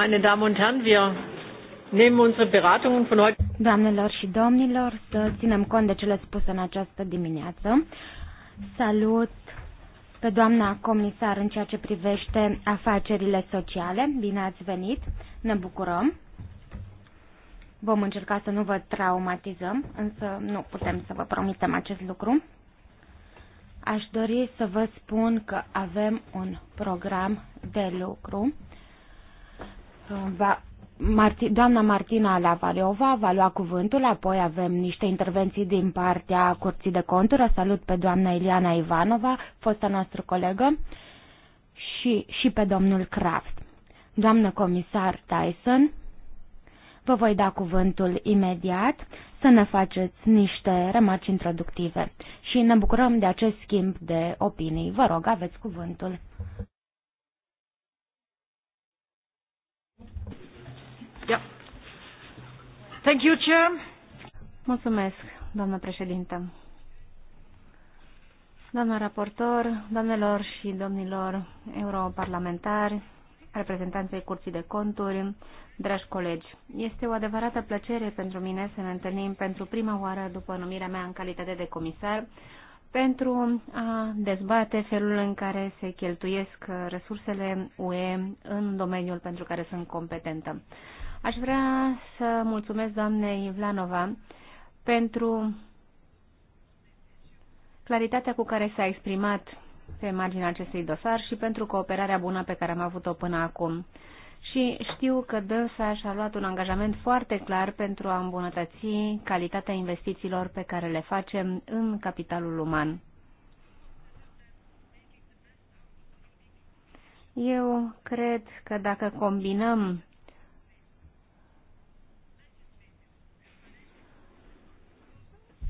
Meine Damen und Herren, wir nehmen unsere Beratungen von heute. Doamnelor și domnilor, să ținem cont de cele spuse în această dimineață. Salut pe doamna comisar în ceea ce privește afacerile sociale. Bine ați venit, ne bucurăm. Vom încerca să nu vă traumatizăm, însă nu putem să vă promitem acest lucru. Aș dori să vă spun că avem un program de lucru va, Marti, doamna Martina Lavareova va lua cuvântul, apoi avem niște intervenții din partea Curții de Conturi. O salut pe doamna Iliana Ivanova, fostă noastră colegă, și, și pe domnul Kraft. Doamnă comisar Tyson, vă voi da cuvântul imediat să ne faceți niște remarci introductive și ne bucurăm de acest schimb de opinii. Vă rog, aveți cuvântul. Yeah. Thank you, Chair. Mulțumesc, doamnă președintă. doamnă raportor, doamnelor și domnilor europarlamentari, reprezentanței Curții de Conturi, dragi colegi, este o adevărată plăcere pentru mine să ne întâlnim pentru prima oară după numirea mea în calitate de comisar pentru a dezbate felul în care se cheltuiesc resursele UE în domeniul pentru care sunt competentă. Aș vrea să mulțumesc doamnei Vlanova pentru claritatea cu care s-a exprimat pe marginea acestui dosar și pentru cooperarea bună pe care am avut-o până acum. Și știu că dânsa și-a luat un angajament foarte clar pentru a îmbunătăți calitatea investițiilor pe care le facem în capitalul uman. Eu cred că dacă combinăm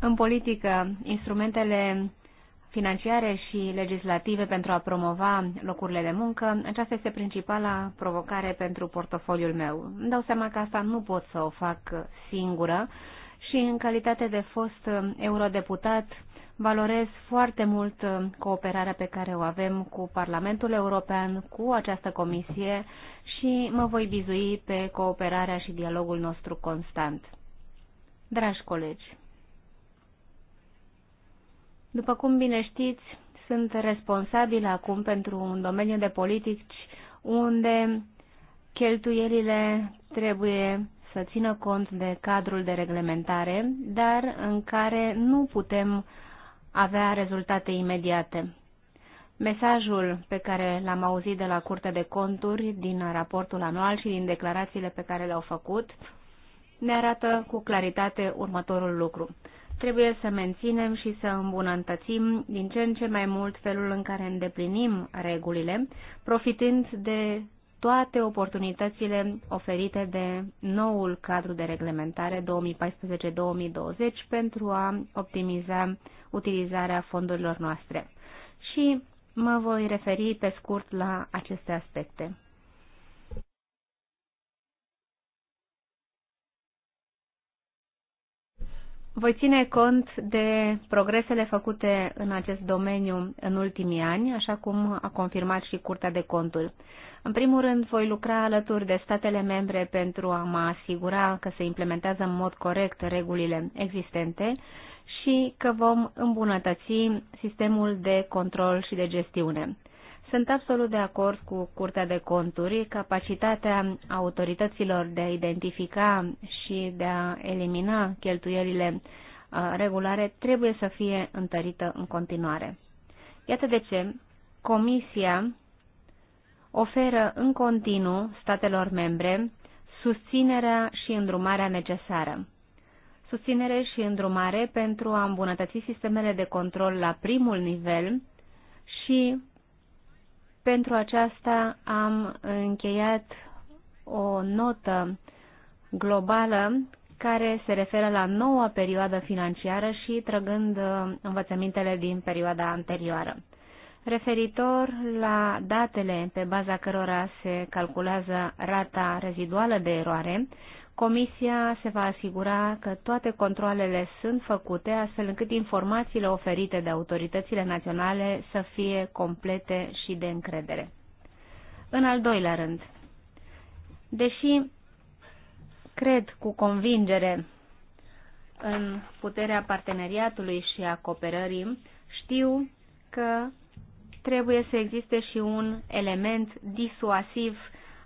În politică, instrumentele financiare și legislative pentru a promova locurile de muncă, aceasta este principala provocare pentru portofoliul meu. Îmi dau seama că asta nu pot să o fac singură și în calitate de fost eurodeputat valorez foarte mult cooperarea pe care o avem cu Parlamentul European, cu această comisie și mă voi bizui pe cooperarea și dialogul nostru constant. Dragi colegi, după cum bine știți, sunt responsabil acum pentru un domeniu de politici unde cheltuielile trebuie să țină cont de cadrul de reglementare, dar în care nu putem avea rezultate imediate. Mesajul pe care l-am auzit de la Curtea de Conturi din raportul anual și din declarațiile pe care le-au făcut ne arată cu claritate următorul lucru trebuie să menținem și să îmbunătățim din ce în ce mai mult felul în care îndeplinim regulile, profitând de toate oportunitățile oferite de noul cadru de reglementare 2014-2020 pentru a optimiza utilizarea fondurilor noastre. Și mă voi referi pe scurt la aceste aspecte. Voi ține cont de progresele făcute în acest domeniu în ultimii ani, așa cum a confirmat și Curtea de Conturi. În primul rând, voi lucra alături de statele membre pentru a mă asigura că se implementează în mod corect regulile existente și că vom îmbunătăți sistemul de control și de gestiune. Sunt absolut de acord cu Curtea de Conturi. Capacitatea autorităților de a identifica și de a elimina cheltuielile uh, regulare trebuie să fie întărită în continuare. Iată de ce Comisia oferă în continuu statelor membre susținerea și îndrumarea necesară. Susținere și îndrumare pentru a îmbunătăți sistemele de control la primul nivel și pentru aceasta am încheiat o notă globală care se referă la noua perioadă financiară și trăgând uh, învățămintele din perioada anterioară. Referitor la datele pe baza cărora se calculează rata reziduală de eroare, Comisia se va asigura că toate controlele sunt făcute, astfel încât informațiile oferite de autoritățile naționale să fie complete și de încredere. În al doilea rând, deși cred cu convingere în puterea parteneriatului și a cooperării, știu că trebuie să existe și un element disuasiv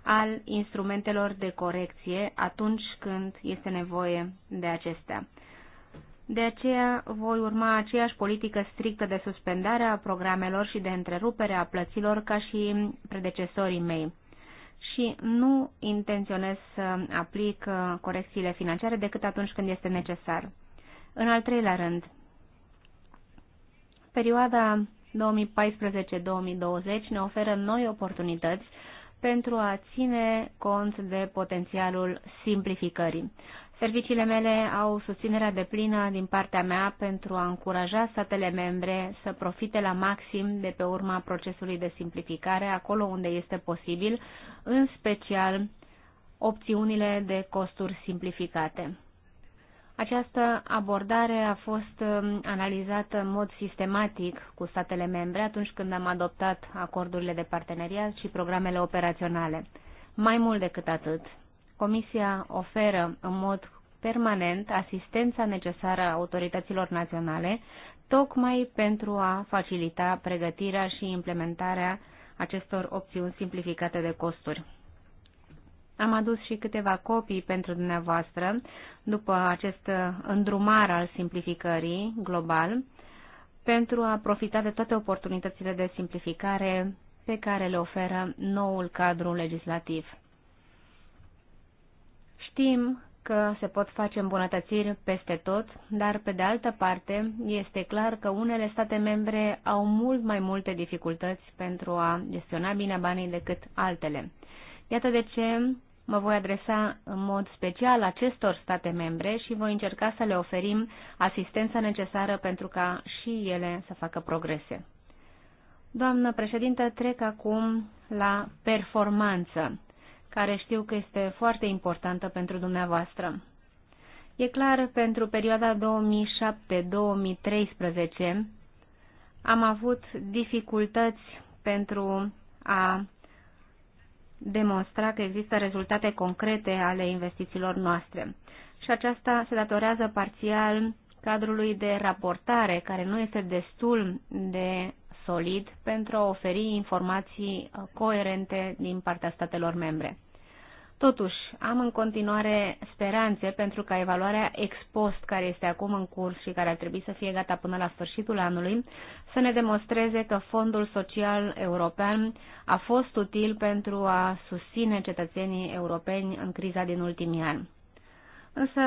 al instrumentelor de corecție atunci când este nevoie de acestea. De aceea voi urma aceeași politică strictă de suspendare a programelor și de întrerupere a plăților ca și predecesorii mei și nu intenționez să aplic uh, corecțiile financiare decât atunci când este necesar. În al treilea rând, perioada 2014-2020 ne oferă noi oportunități pentru a ține cont de potențialul simplificării. Serviciile mele au susținerea de plină din partea mea pentru a încuraja statele membre să profite la maxim de pe urma procesului de simplificare acolo unde este posibil, în special opțiunile de costuri simplificate. Această abordare a fost um, analizată în mod sistematic cu statele membre atunci când am adoptat acordurile de parteneriat și programele operaționale. Mai mult decât atât, Comisia oferă în mod permanent asistența necesară autorităților naționale, tocmai pentru a facilita pregătirea și implementarea acestor opțiuni simplificate de costuri. Am adus și câteva copii pentru dumneavoastră după acest îndrumar al simplificării global pentru a profita de toate oportunitățile de simplificare pe care le oferă noul cadru legislativ. Știm că se pot face îmbunătățiri peste tot, dar pe de altă parte este clar că unele state membre au mult mai multe dificultăți pentru a gestiona bine banii decât altele. Iată de ce mă voi adresa în mod special acestor state membre și voi încerca să le oferim asistența necesară pentru ca și ele să facă progrese. Doamnă președintă, trec acum la performanță, care știu că este foarte importantă pentru dumneavoastră. E clar, pentru perioada 2007-2013 am avut dificultăți pentru a demonstra că există rezultate concrete ale investițiilor noastre. Și aceasta se datorează parțial cadrului de raportare, care nu este destul de solid pentru a oferi informații uh, coerente din partea statelor membre. Totuși, am în continuare speranțe pentru ca evaluarea ex post care este acum în curs și care ar trebui să fie gata până la sfârșitul anului să ne demonstreze că Fondul Social European a fost util pentru a susține cetățenii europeni în criza din ultimii ani. Însă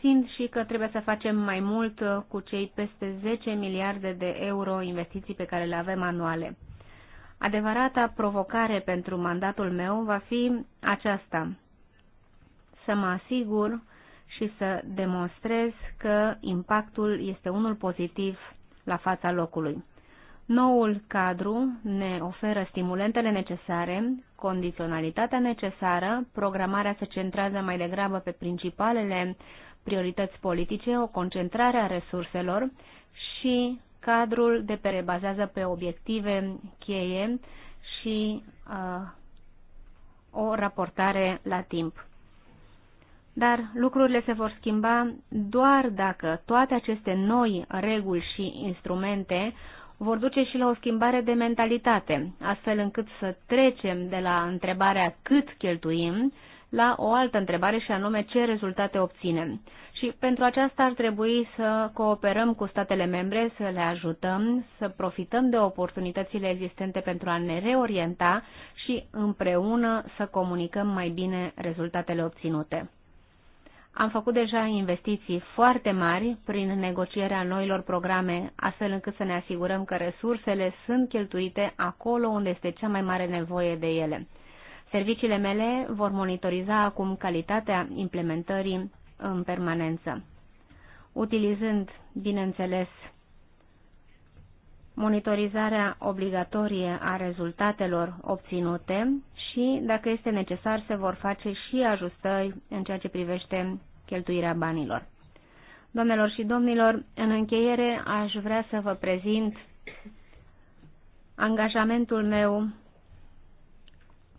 simt și că trebuie să facem mai mult cu cei peste 10 miliarde de euro investiții pe care le avem anuale. Adevărata provocare pentru mandatul meu va fi aceasta, să mă asigur și să demonstrez că impactul este unul pozitiv la fața locului. Noul cadru ne oferă stimulentele necesare, condiționalitatea necesară, programarea se centrează mai degrabă pe principalele priorități politice, o concentrare a resurselor și cadrul de pe bazează pe obiective cheie și uh, o raportare la timp. Dar lucrurile se vor schimba doar dacă toate aceste noi reguli și instrumente vor duce și la o schimbare de mentalitate, astfel încât să trecem de la întrebarea cât cheltuim la o altă întrebare și anume ce rezultate obținem. Și pentru aceasta ar trebui să cooperăm cu statele membre, să le ajutăm, să profităm de oportunitățile existente pentru a ne reorienta și împreună să comunicăm mai bine rezultatele obținute. Am făcut deja investiții foarte mari prin negocierea noilor programe, astfel încât să ne asigurăm că resursele sunt cheltuite acolo unde este cea mai mare nevoie de ele. Serviciile mele vor monitoriza acum calitatea implementării în permanență, utilizând, bineînțeles, monitorizarea obligatorie a rezultatelor obținute și, dacă este necesar, se vor face și ajustări în ceea ce privește cheltuirea banilor. Doamnelor și domnilor, în încheiere aș vrea să vă prezint angajamentul meu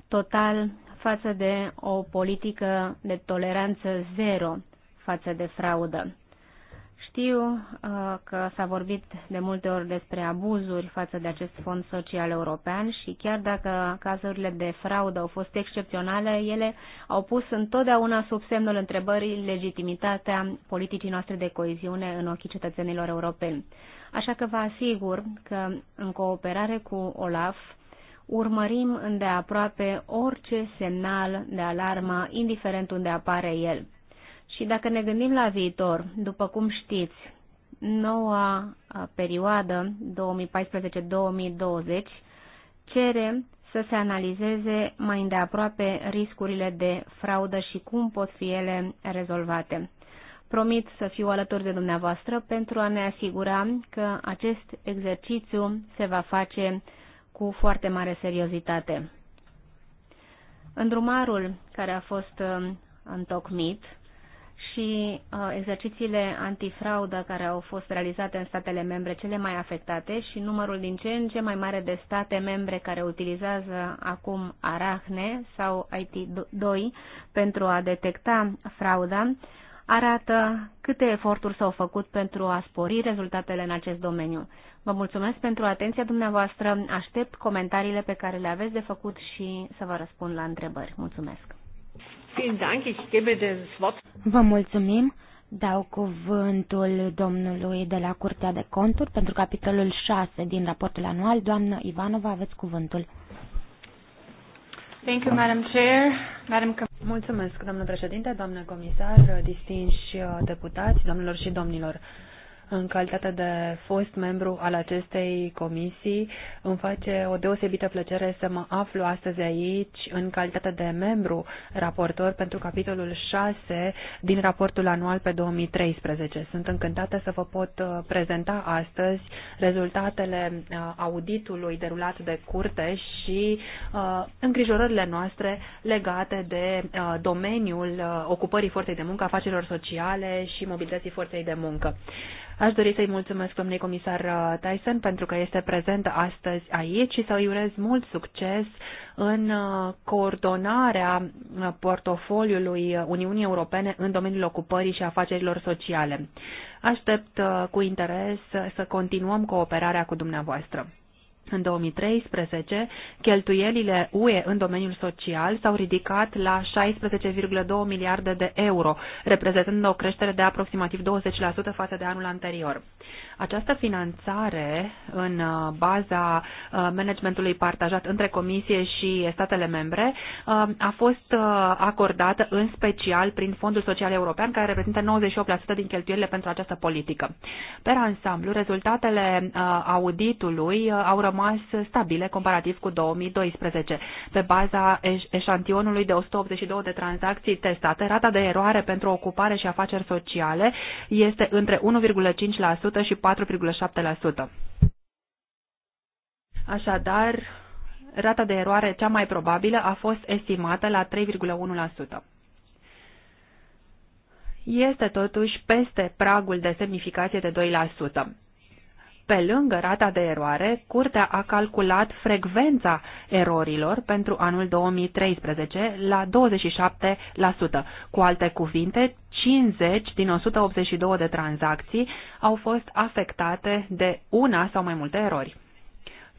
total față de o politică de toleranță zero față de fraudă. Știu uh, că s-a vorbit de multe ori despre abuzuri față de acest fond social european și chiar dacă cazurile de fraudă au fost excepționale, ele au pus întotdeauna sub semnul întrebării legitimitatea politicii noastre de coeziune în ochii cetățenilor europeni. Așa că vă asigur că în cooperare cu OLAF, urmărim îndeaproape orice semnal de alarmă, indiferent unde apare el. Și dacă ne gândim la viitor, după cum știți, noua perioadă 2014-2020 cere să se analizeze mai îndeaproape riscurile de fraudă și cum pot fi ele rezolvate. Promit să fiu alături de dumneavoastră pentru a ne asigura că acest exercițiu se va face uh, cu foarte mare seriozitate. Îndrumarul care a fost uh, întocmit și uh, exercițiile antifraudă care au fost realizate în statele membre cele mai afectate și numărul din ce în ce mai mare de state membre care utilizează acum Arahne sau IT2 pentru a detecta frauda arată câte eforturi s-au făcut pentru a spori rezultatele în acest domeniu. Vă mulțumesc pentru atenția dumneavoastră, aștept comentariile pe care le aveți de făcut și să vă răspund la întrebări. Mulțumesc! Vă mulțumim! Dau cuvântul domnului de la Curtea de Conturi pentru capitolul 6 din raportul anual. Doamnă Ivanova, aveți cuvântul. Thank you, Madam Chair, Madam Mulțumesc, doamnă președinte, doamnă comisar, distinși uh, deputați, domnilor și domnilor în calitate de fost membru al acestei comisii, îmi face o deosebită plăcere să mă aflu astăzi aici în calitate de membru raportor pentru capitolul 6 din raportul anual pe 2013. Sunt încântată să vă pot uh, prezenta astăzi rezultatele uh, auditului derulat de curte și uh, îngrijorările noastre legate de domeniul ocupării forței de muncă, afacerilor sociale și mobilității forței de muncă. Aș dori să-i mulțumesc domnului comisar uh, Tyson pentru că este prezent astăzi aici și să-i urez mult succes în uh, coordonarea uh, portofoliului Uniunii Europene în domeniul ocupării și afacerilor sociale. Aștept cu interes să continuăm cooperarea cu dumneavoastră. În 2013, cheltuielile UE în domeniul social s-au ridicat la 16,2 miliarde de euro, reprezentând o creștere de aproximativ 20% față de anul anterior. Această finanțare în uh, baza uh, managementului partajat între Comisie și statele membre uh, a fost acordată în special prin Fondul Social European, care reprezintă 98% din cheltuielile pentru această politică. Per ansamblu, rezultatele auditului au rămas stabile comparativ cu 2012. Pe baza eșantionului de 182 de tranzacții testate, rata de eroare pentru ocupare și afaceri sociale este între 1,5% și 4,7%. Așadar, rata de eroare cea mai probabilă a fost estimată la 3,1%. Este totuși peste pragul de semnificație de 2%. Pe lângă rata de eroare, curtea a calculat frecvența erorilor pentru anul 2013 la 27%. Cu alte cuvinte, 50 din 182 de tranzacții au fost afectate de una sau mai multe erori.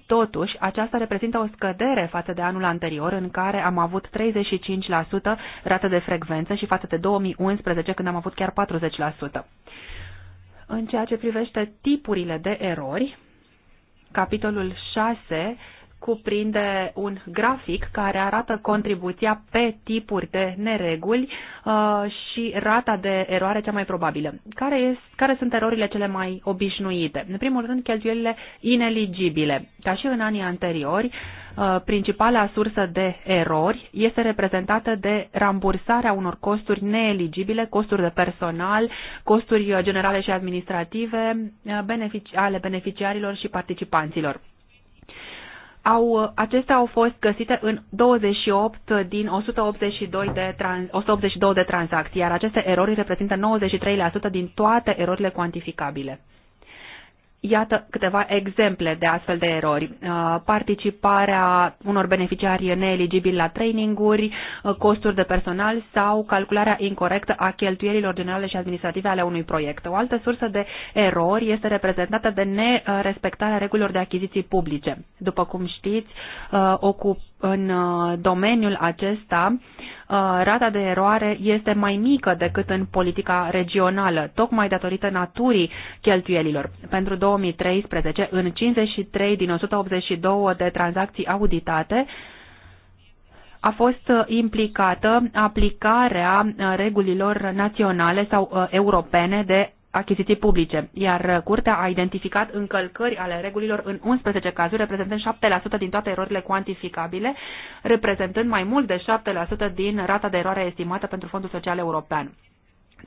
Totuși, aceasta reprezintă o scădere față de anul anterior, în care am avut 35% rată de frecvență și față de 2011, când am avut chiar 40%. În ceea ce privește tipurile de erori, capitolul 6 cuprinde un grafic care arată contribuția pe tipuri de nereguli uh, și rata de eroare cea mai probabilă. Care, este, care sunt erorile cele mai obișnuite? În primul rând, cheltuielile ineligibile. Ca și în anii anteriori, uh, Uh, principala sursă de erori este reprezentată de rambursarea unor costuri neeligibile, costuri de personal, costuri uh, generale și administrative uh, ale beneficiarilor și participanților au, acestea au fost găsite în 28 din 182 de, trans, 182 de tranzacții, iar aceste erori reprezintă 93% din toate erorile cuantificabile. Iată câteva exemple de astfel de erori. Uh, participarea unor beneficiari neeligibili la traininguri, uh, costuri de personal sau calcularea incorrectă a cheltuielilor generale și administrative ale unui proiect. O altă sursă de erori este reprezentată de nerespectarea regulilor de achiziții publice. După cum știți, uh, ocup în uh, domeniul acesta uh, rata de eroare este mai mică decât în politica regională, tocmai datorită naturii cheltuielilor. Pentru 2013, în 53 din 182 de tranzacții auditate, a fost uh, implicată aplicarea regulilor naționale sau europene de achiziții publice, iar uh, Curtea a identificat încălcări ale regulilor în 11 cazuri, reprezentând 7% din toate erorile cuantificabile, reprezentând mai mult de 7% din rata de eroare estimată pentru Fondul Social European.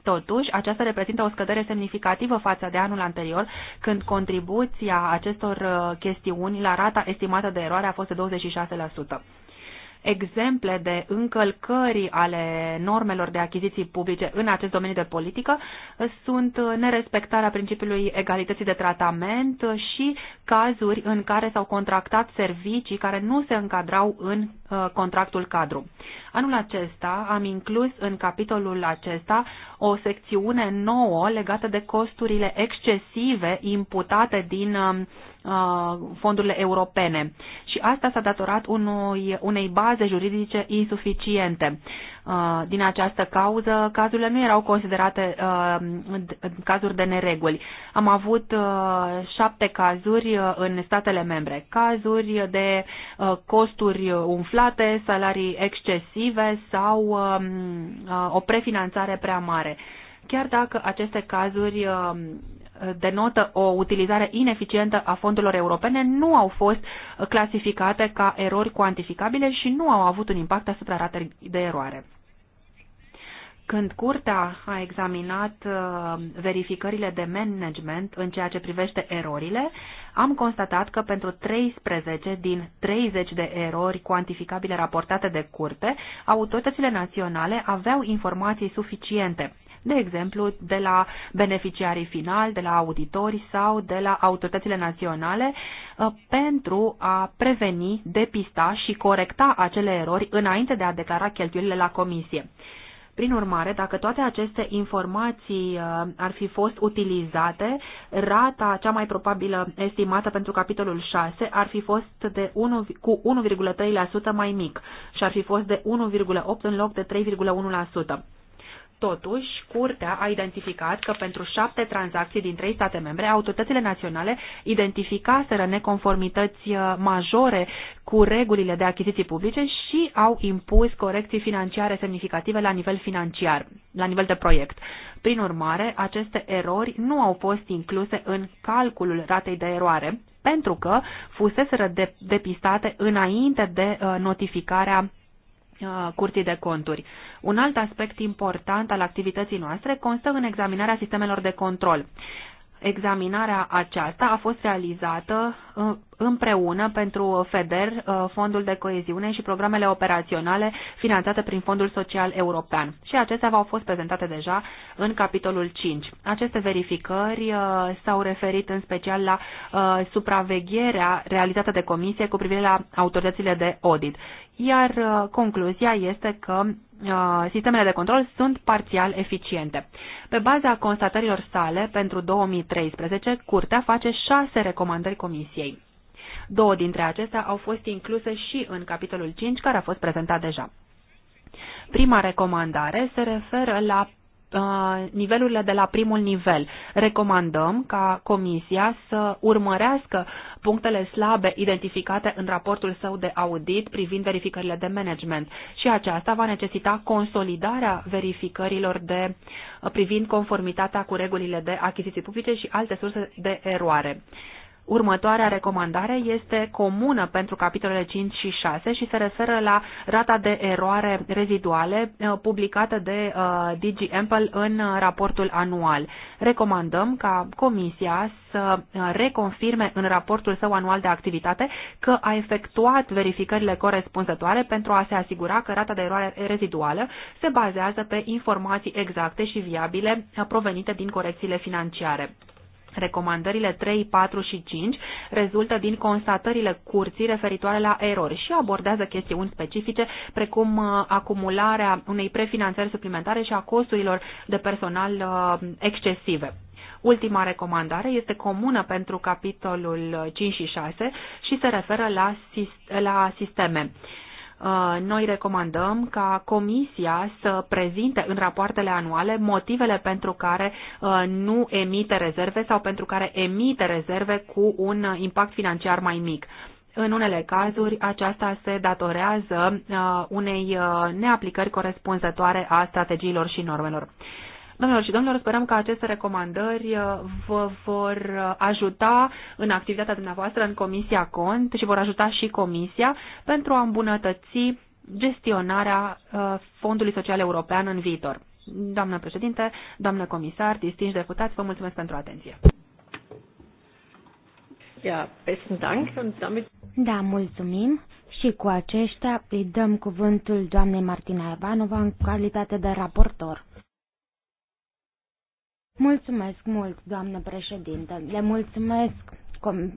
Totuși, aceasta reprezintă o scădere semnificativă față de anul anterior, când contribuția acestor uh, chestiuni la rata estimată de eroare a fost de 26% exemple de încălcări ale normelor de achiziții publice în acest domeniu de politică sunt nerespectarea principiului egalității de tratament și cazuri în care s-au contractat servicii care nu se încadrau în uh, contractul cadru. Anul acesta am inclus în capitolul acesta o secțiune nouă legată de costurile excesive imputate din uh, fondurile europene. Și asta s-a datorat unui, unei baze juridice insuficiente. Uh, din această cauză, cazurile nu erau considerate uh, cazuri de nereguli. Am avut uh, șapte cazuri în statele membre, cazuri de costuri umflate, salarii excesive sau um, o prefinanțare prea mare. Chiar dacă aceste cazuri um, denotă o utilizare ineficientă a fondurilor europene, nu au fost clasificate ca erori cuantificabile și nu au avut un impact asupra ratei de eroare. Când curtea a examinat uh, verificările de management în ceea ce privește erorile, am constatat că pentru 13 din 30 de erori cuantificabile raportate de curte, autoritățile naționale aveau informații suficiente, de exemplu de la beneficiarii finali, de la auditori sau de la autoritățile naționale, uh, pentru a preveni, depista și corecta acele erori înainte de a declara cheltuielile la comisie. Prin urmare, dacă toate aceste informații uh, ar fi fost utilizate, rata cea mai probabilă estimată pentru capitolul 6 ar fi fost de 1, cu 1,3% mai mic și ar fi fost de 1,8 în loc de 3,1%. Totuși, Curtea a identificat că pentru șapte tranzacții din trei state membre, autoritățile naționale identificaseră neconformități uh, majore cu regulile de achiziții publice și au impus corecții financiare semnificative la nivel financiar, la nivel de proiect. Prin urmare, aceste erori nu au fost incluse în calculul ratei de eroare, pentru că fuseseră depistate înainte de uh, notificarea Uh, curții de Conturi. Un alt aspect important al activității noastre constă în examinarea sistemelor de control. Examinarea aceasta a fost realizată uh, împreună pentru FEDER, uh, Fondul de Coeziune și programele operaționale finanțate prin Fondul Social European. Și acestea au fost prezentate deja în capitolul 5. Aceste verificări s-au referit în special la supravegherea realizată de comisie cu privire la autoritățile de audit iar uh, concluzia este că uh, sistemele de control sunt parțial eficiente. Pe baza constatărilor sale, pentru 2013, Curtea face șase recomandări Comisiei. Două dintre acestea au fost incluse și în capitolul 5, care a fost prezentat deja. Prima recomandare se referă la Uh, nivelurile de la primul nivel. Recomandăm ca Comisia să urmărească punctele slabe identificate în raportul său de audit privind verificările de management și aceasta va necesita consolidarea verificărilor de uh, privind conformitatea cu regulile de achiziții publice și alte surse de eroare. Următoarea recomandare este comună pentru capitolele 5 și 6 și se referă la rata de eroare reziduale uh, publicată de uh, DG Ample în uh, raportul anual. Recomandăm ca Comisia să reconfirme în raportul său anual de activitate că a efectuat verificările corespunzătoare pentru a se asigura că rata de eroare reziduală se bazează pe informații exacte și viabile provenite din corecțiile financiare. Recomandările 3, 4 și 5 rezultă din constatările curții referitoare la erori și abordează chestiuni specifice precum uh, acumularea unei prefinanțări suplimentare și a costurilor de personal uh, excesive. Ultima recomandare este comună pentru capitolul 5 uh, și 6 și se referă la, la sisteme. Uh, noi recomandăm ca Comisia să prezinte în rapoartele anuale motivele pentru care uh, nu emite rezerve sau pentru care emite rezerve cu un impact financiar mai mic. În unele cazuri, aceasta se datorează uh, unei neaplicări corespunzătoare a strategiilor și normelor. Domnilor și domnilor, sperăm că aceste recomandări uh, vă vor uh, ajuta în activitatea dumneavoastră în Comisia Cont și vor ajuta și Comisia pentru a îmbunătăți gestionarea uh, Fondului Social European în viitor. Doamnă președinte, doamnă comisar, distinși deputați, vă mulțumesc pentru atenție. Da, mulțumim. Și cu aceștia îi dăm cuvântul doamnei Martina Ivanova în calitate de raportor. Mulțumesc mult, doamnă președintă. Le mulțumesc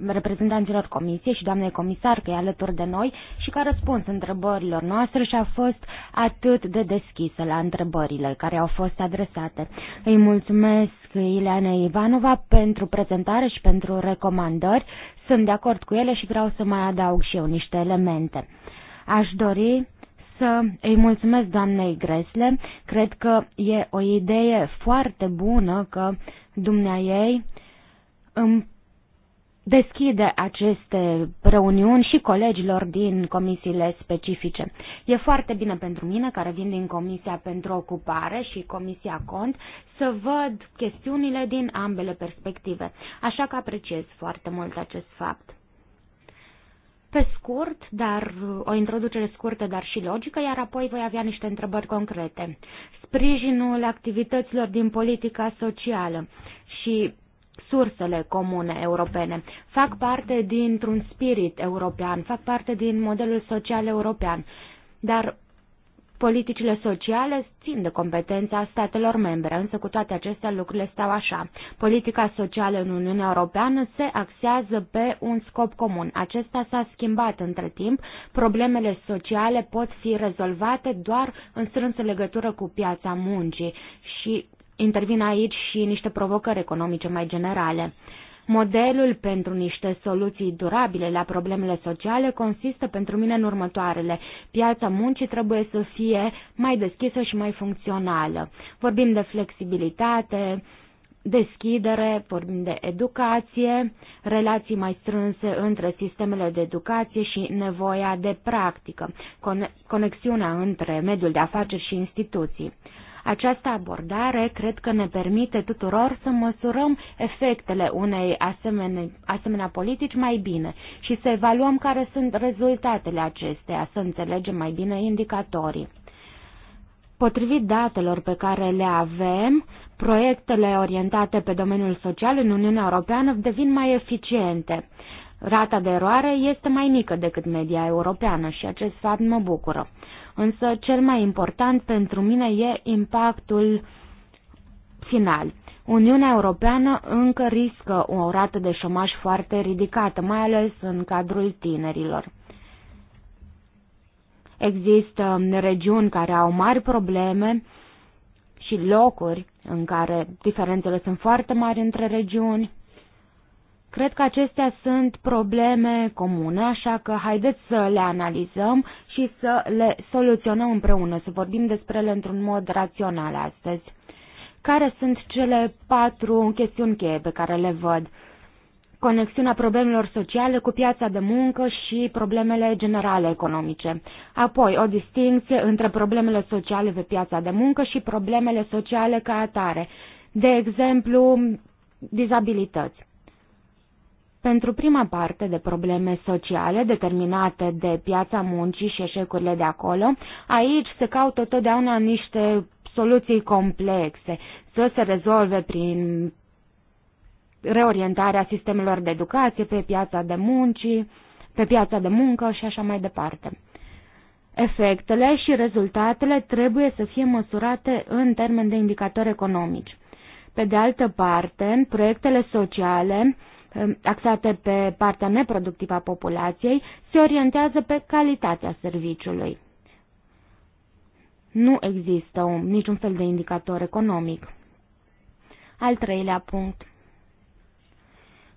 reprezentanților comisiei și doamnei comisar că e alături de noi și că a răspuns întrebărilor noastre și a fost atât de deschisă la întrebările care au fost adresate. Îi mulțumesc Ileana Ivanova pentru prezentare și pentru recomandări. Sunt de acord cu ele și vreau să mai adaug și eu niște elemente. Aș dori să îi mulțumesc doamnei Gresle. Cred că e o idee foarte bună că dumnea ei îmi deschide aceste reuniuni și colegilor din comisiile specifice. E foarte bine pentru mine, care vin din Comisia pentru Ocupare și Comisia Cont, să văd chestiunile din ambele perspective, așa că apreciez foarte mult acest fapt pe scurt, dar uh, o introducere scurtă, dar și logică, iar apoi voi avea niște întrebări concrete. Sprijinul activităților din politica socială și sursele comune europene. Fac parte dintr-un spirit european, fac parte din modelul social european. Dar Politicile sociale țin de competența statelor membre, însă cu toate acestea lucrurile stau așa. Politica socială în Uniunea Europeană se axează pe un scop comun. Acesta s-a schimbat între timp. Problemele sociale pot fi rezolvate doar în strânsă legătură cu piața muncii și intervin aici și niște provocări economice mai generale. Modelul pentru niște soluții durabile la problemele sociale consistă pentru mine în următoarele. Piața muncii trebuie să fie mai deschisă și mai funcțională. Vorbim de flexibilitate, deschidere, vorbim de educație, relații mai strânse între sistemele de educație și nevoia de practică, conexiunea între mediul de afaceri și instituții. Această abordare cred că ne permite tuturor să măsurăm efectele unei asemenea, asemenea politici mai bine și să evaluăm care sunt rezultatele acesteia, să înțelegem mai bine indicatorii. Potrivit datelor pe care le avem, proiectele orientate pe domeniul social în Uniunea Europeană devin mai eficiente. Rata de eroare este mai mică decât media europeană și acest fapt mă bucură însă cel mai important pentru mine e impactul final. Uniunea Europeană încă riscă o rată de șomaș foarte ridicată, mai ales în cadrul tinerilor. Există regiuni care au mari probleme și locuri în care diferențele sunt foarte mari între regiuni. Cred că acestea sunt probleme comune, așa că haideți să le analizăm și să le soluționăm împreună, să vorbim despre ele într-un mod rațional astăzi. Care sunt cele patru chestiuni cheie pe care le văd? conexiunea problemelor sociale cu piața de muncă și problemele generale economice. Apoi, o distinție între problemele sociale pe piața de muncă și problemele sociale ca atare, de exemplu, dizabilități. Pentru prima parte de probleme sociale determinate de piața muncii și eșecurile de acolo, aici se caută totdeauna niște soluții complexe, să se rezolve prin reorientarea sistemelor de educație pe piața de muncii, pe piața de muncă și așa mai departe. Efectele și rezultatele trebuie să fie măsurate în termen de indicatori economici. Pe de altă parte, proiectele sociale Um, axate pe partea neproductivă a populației, se orientează pe calitatea serviciului. Nu există un, niciun fel de indicator economic. Al treilea punct.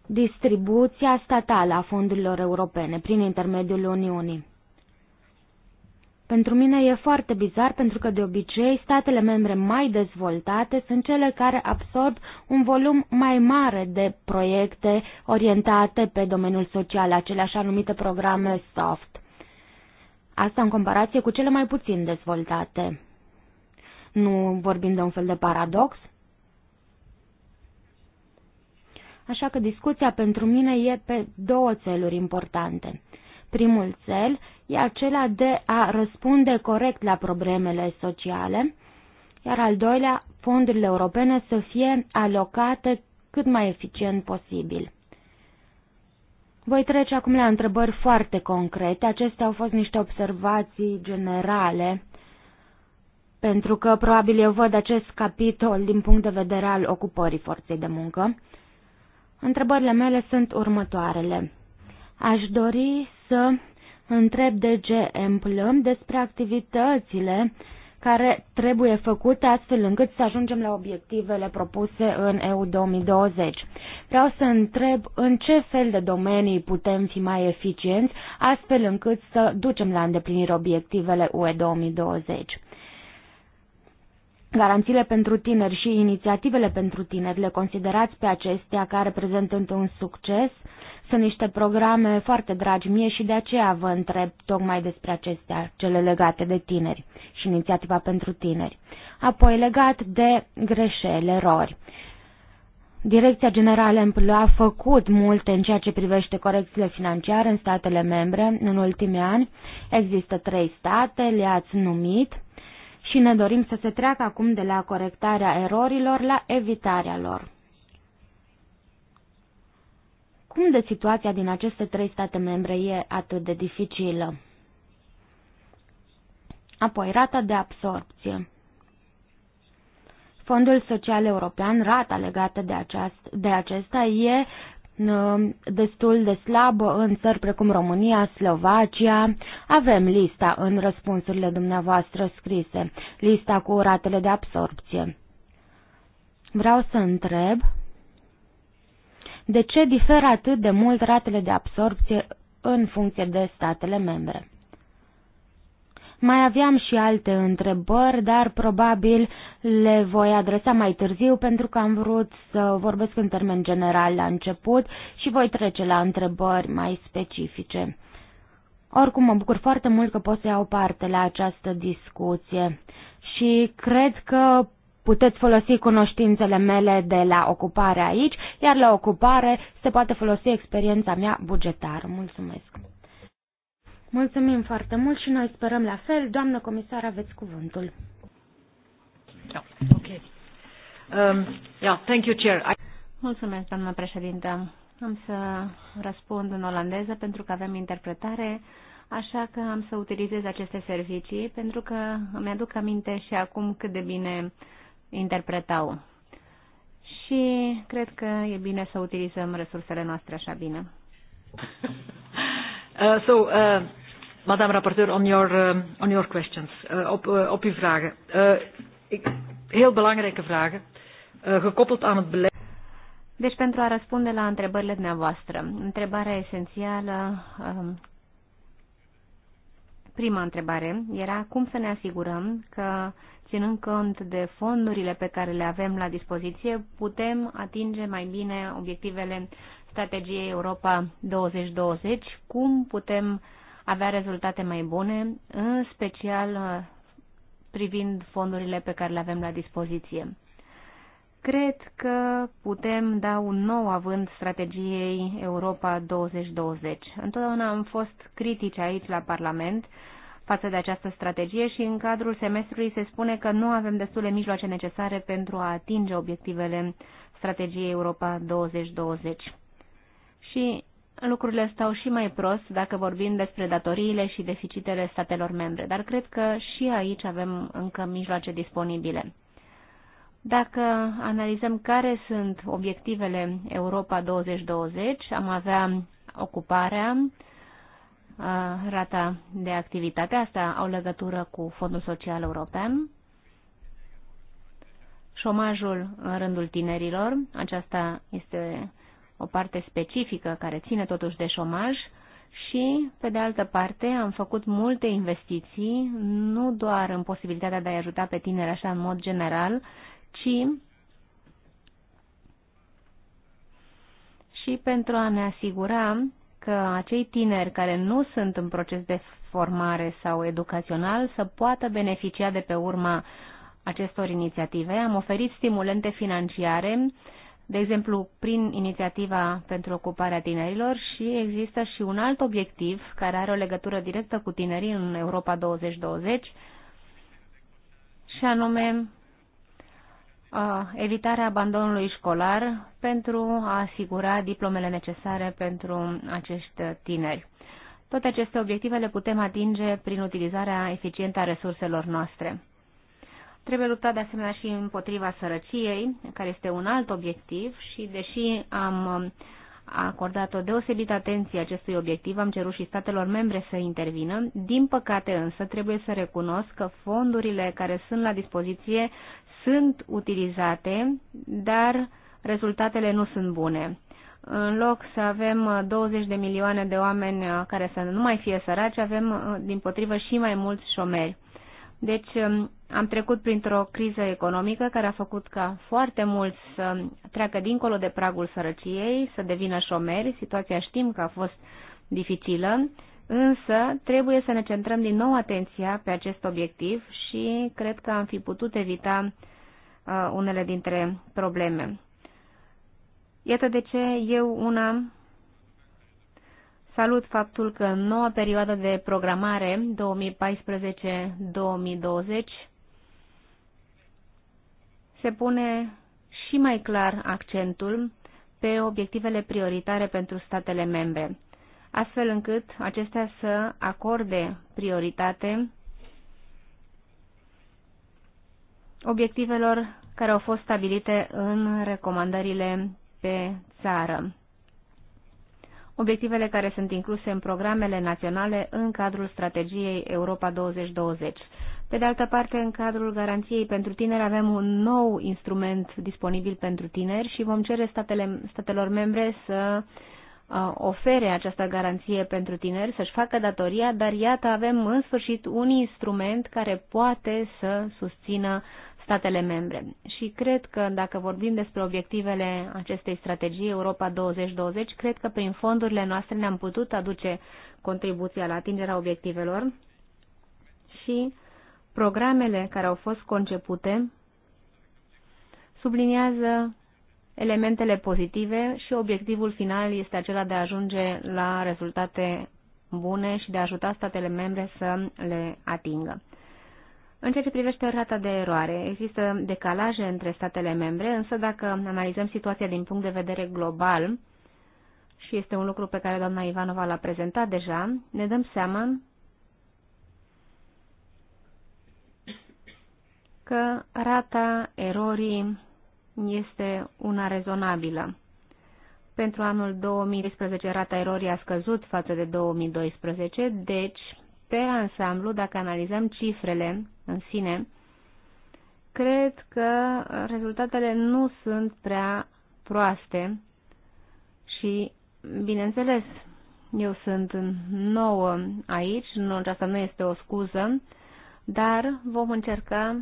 Distribuția statală a fondurilor europene prin intermediul Uniunii. Pentru mine e foarte bizar pentru că de obicei statele membre mai dezvoltate sunt cele care absorb un volum mai mare de proiecte orientate pe domeniul social, acele așa numite programe soft. Asta în comparație cu cele mai puțin dezvoltate. Nu vorbim de un fel de paradox? Așa că discuția pentru mine e pe două țeluri importante. Primul cel e acela de a răspunde corect la problemele sociale, iar al doilea, fondurile europene să fie alocate cât mai eficient posibil. Voi trece acum la întrebări foarte concrete. Acestea au fost niște observații generale, pentru că probabil eu văd acest capitol din punct de vedere al ocupării forței de muncă. Întrebările mele sunt următoarele. Aș dori să Întreb de ce Emplăm despre activitățile care trebuie făcute astfel încât să ajungem la obiectivele propuse în EU 2020. Vreau să întreb în ce fel de domenii putem fi mai eficienți astfel încât să ducem la îndeplinire obiectivele UE 2020. Garanțiile pentru tineri și inițiativele pentru tineri, le considerați pe acestea ca reprezentând un succes? Sunt niște programe foarte dragi mie și de aceea vă întreb tocmai despre acestea, cele legate de tineri și inițiativa pentru tineri. Apoi, legat de greșeli, erori. Direcția Generală Emplu a făcut multe în ceea ce privește corecțiile financiare în statele membre în ultimii ani. Există trei state, le-ați numit și ne dorim să se treacă acum de la corectarea erorilor la evitarea lor. Cum de situația din aceste trei state membre e atât de dificilă? Apoi, rata de absorpție. Fondul Social European, rata legată de, aceast, de acesta, e Um, destul de slabă în țări precum România, Slovacia. Avem lista în răspunsurile dumneavoastră scrise, lista cu ratele de absorpție. Vreau să întreb de ce diferă atât de mult ratele de absorpție în funcție de statele membre. Mai aveam și alte întrebări, dar probabil le voi adresa mai târziu pentru că am vrut să vorbesc în termen general la început și voi trece la întrebări mai specifice. Oricum, mă bucur foarte mult că pot să iau parte la această discuție și cred că puteți folosi cunoștințele mele de la ocupare aici, iar la ocupare se poate folosi experiența mea bugetară. Mulțumesc! Mulțumim foarte mult și noi sperăm la fel. Doamnă comisar, aveți cuvântul. Yeah, da. ok. Um, yeah, thank you, Chair. I... Mulțumesc, doamnă președintă. Am să răspund în olandeză pentru că avem interpretare, așa că am să utilizez aceste servicii pentru că îmi aduc aminte și acum cât de bine interpretau. Și cred că e bine să utilizăm resursele noastre așa bine. Uh, so, uh, Madame rapporteur, on your, uh, on your questions, uh, op, uh, op uw vragen. Uh, ik, heel belangrijke vragen, uh, gekoppeld aan het beleid. Deci pentru a răspunde la întrebările dumneavoastră, întrebarea esențială, ehm, prima întrebare, era cum să ne asigurăm că, ținând cont de fondurile pe care le avem la dispoziție, putem atinge mai bine obiectivele strategiei Europa 2020, cum putem uh, avea rezultate mai bune, în special uh, privind fondurile pe care le avem la dispoziție. Cred că putem da un nou având strategiei Europa 2020. Întotdeauna am fost critici aici la Parlament față de această strategie și în cadrul semestrului se spune că nu avem destule mijloace necesare pentru a atinge obiectivele strategiei Europa 2020. Și lucrurile stau și mai prost dacă vorbim despre datoriile și deficitele statelor membre, dar cred că și aici avem încă mijloace disponibile. Dacă analizăm care sunt obiectivele Europa 2020, am avea ocuparea, rata de activitate, asta au legătură cu Fondul Social European, șomajul în rândul tinerilor, aceasta este o parte specifică care ține totuși de șomaj și, pe de altă parte, am făcut multe investiții, nu doar în posibilitatea de a ajuta pe tineri așa în mod general, ci și pentru a ne asigura că acei tineri care nu sunt în proces de formare sau educațional să poată beneficia de pe urma acestor inițiative. Am oferit stimulente financiare de exemplu, prin inițiativa pentru ocuparea tinerilor și există și un alt obiectiv care are o legătură directă cu tinerii în Europa 2020 și anume evitarea abandonului școlar pentru a asigura diplomele necesare pentru acești tineri. Toate aceste obiective le putem atinge prin utilizarea eficientă a resurselor noastre. Trebuie luptat de asemenea și împotriva sărăciei, care este un alt obiectiv și deși am um, acordat o deosebită atenție acestui obiectiv, am cerut și statelor membre să intervină. Din păcate însă trebuie să recunosc că fondurile care sunt la dispoziție sunt utilizate, dar rezultatele nu sunt bune. În loc să avem 20 uh, de milioane de oameni uh, care să nu mai fie săraci, avem uh, din potrivă și mai mulți șomeri. Deci um, am trecut printr-o criză economică care a făcut ca foarte mulți să treacă dincolo de pragul sărăciei, să devină șomeri. Situația știm că a fost dificilă, însă trebuie să ne centrăm din nou atenția pe acest obiectiv și cred că am fi putut evita uh, unele dintre probleme. Iată de ce eu una Salut faptul că în noua perioadă de programare 2014-2020 se pune și mai clar accentul pe obiectivele prioritare pentru statele membre, astfel încât acestea să acorde prioritate obiectivelor care au fost stabilite în recomandările pe țară obiectivele care sunt incluse în programele naționale în cadrul strategiei Europa 2020. Pe de altă parte, în cadrul garanției pentru tineri avem un nou instrument disponibil pentru tineri și vom cere statele, statelor membre să uh, ofere această garanție pentru tineri, să-și facă datoria, dar iată avem în sfârșit un instrument care poate să susțină statele membre. Și cred că dacă vorbim despre obiectivele acestei strategii Europa 2020, cred că prin fondurile noastre ne-am putut aduce contribuția la atingerea obiectivelor și programele care au fost concepute subliniază elementele pozitive și obiectivul final este acela de a ajunge la rezultate bune și de a ajuta statele membre să le atingă. În ceea ce privește rata de eroare, există decalaje între statele membre, însă dacă analizăm situația din punct de vedere global, și este un lucru pe care doamna Ivanova l-a prezentat deja, ne dăm seama că rata erorii este una rezonabilă. Pentru anul 2012 rata erorii a scăzut față de 2012, deci pe ansamblu, dacă analizăm cifrele în sine, cred că rezultatele nu sunt prea proaste și, bineînțeles, eu sunt nouă aici, nu, aceasta nu este o scuză, dar vom încerca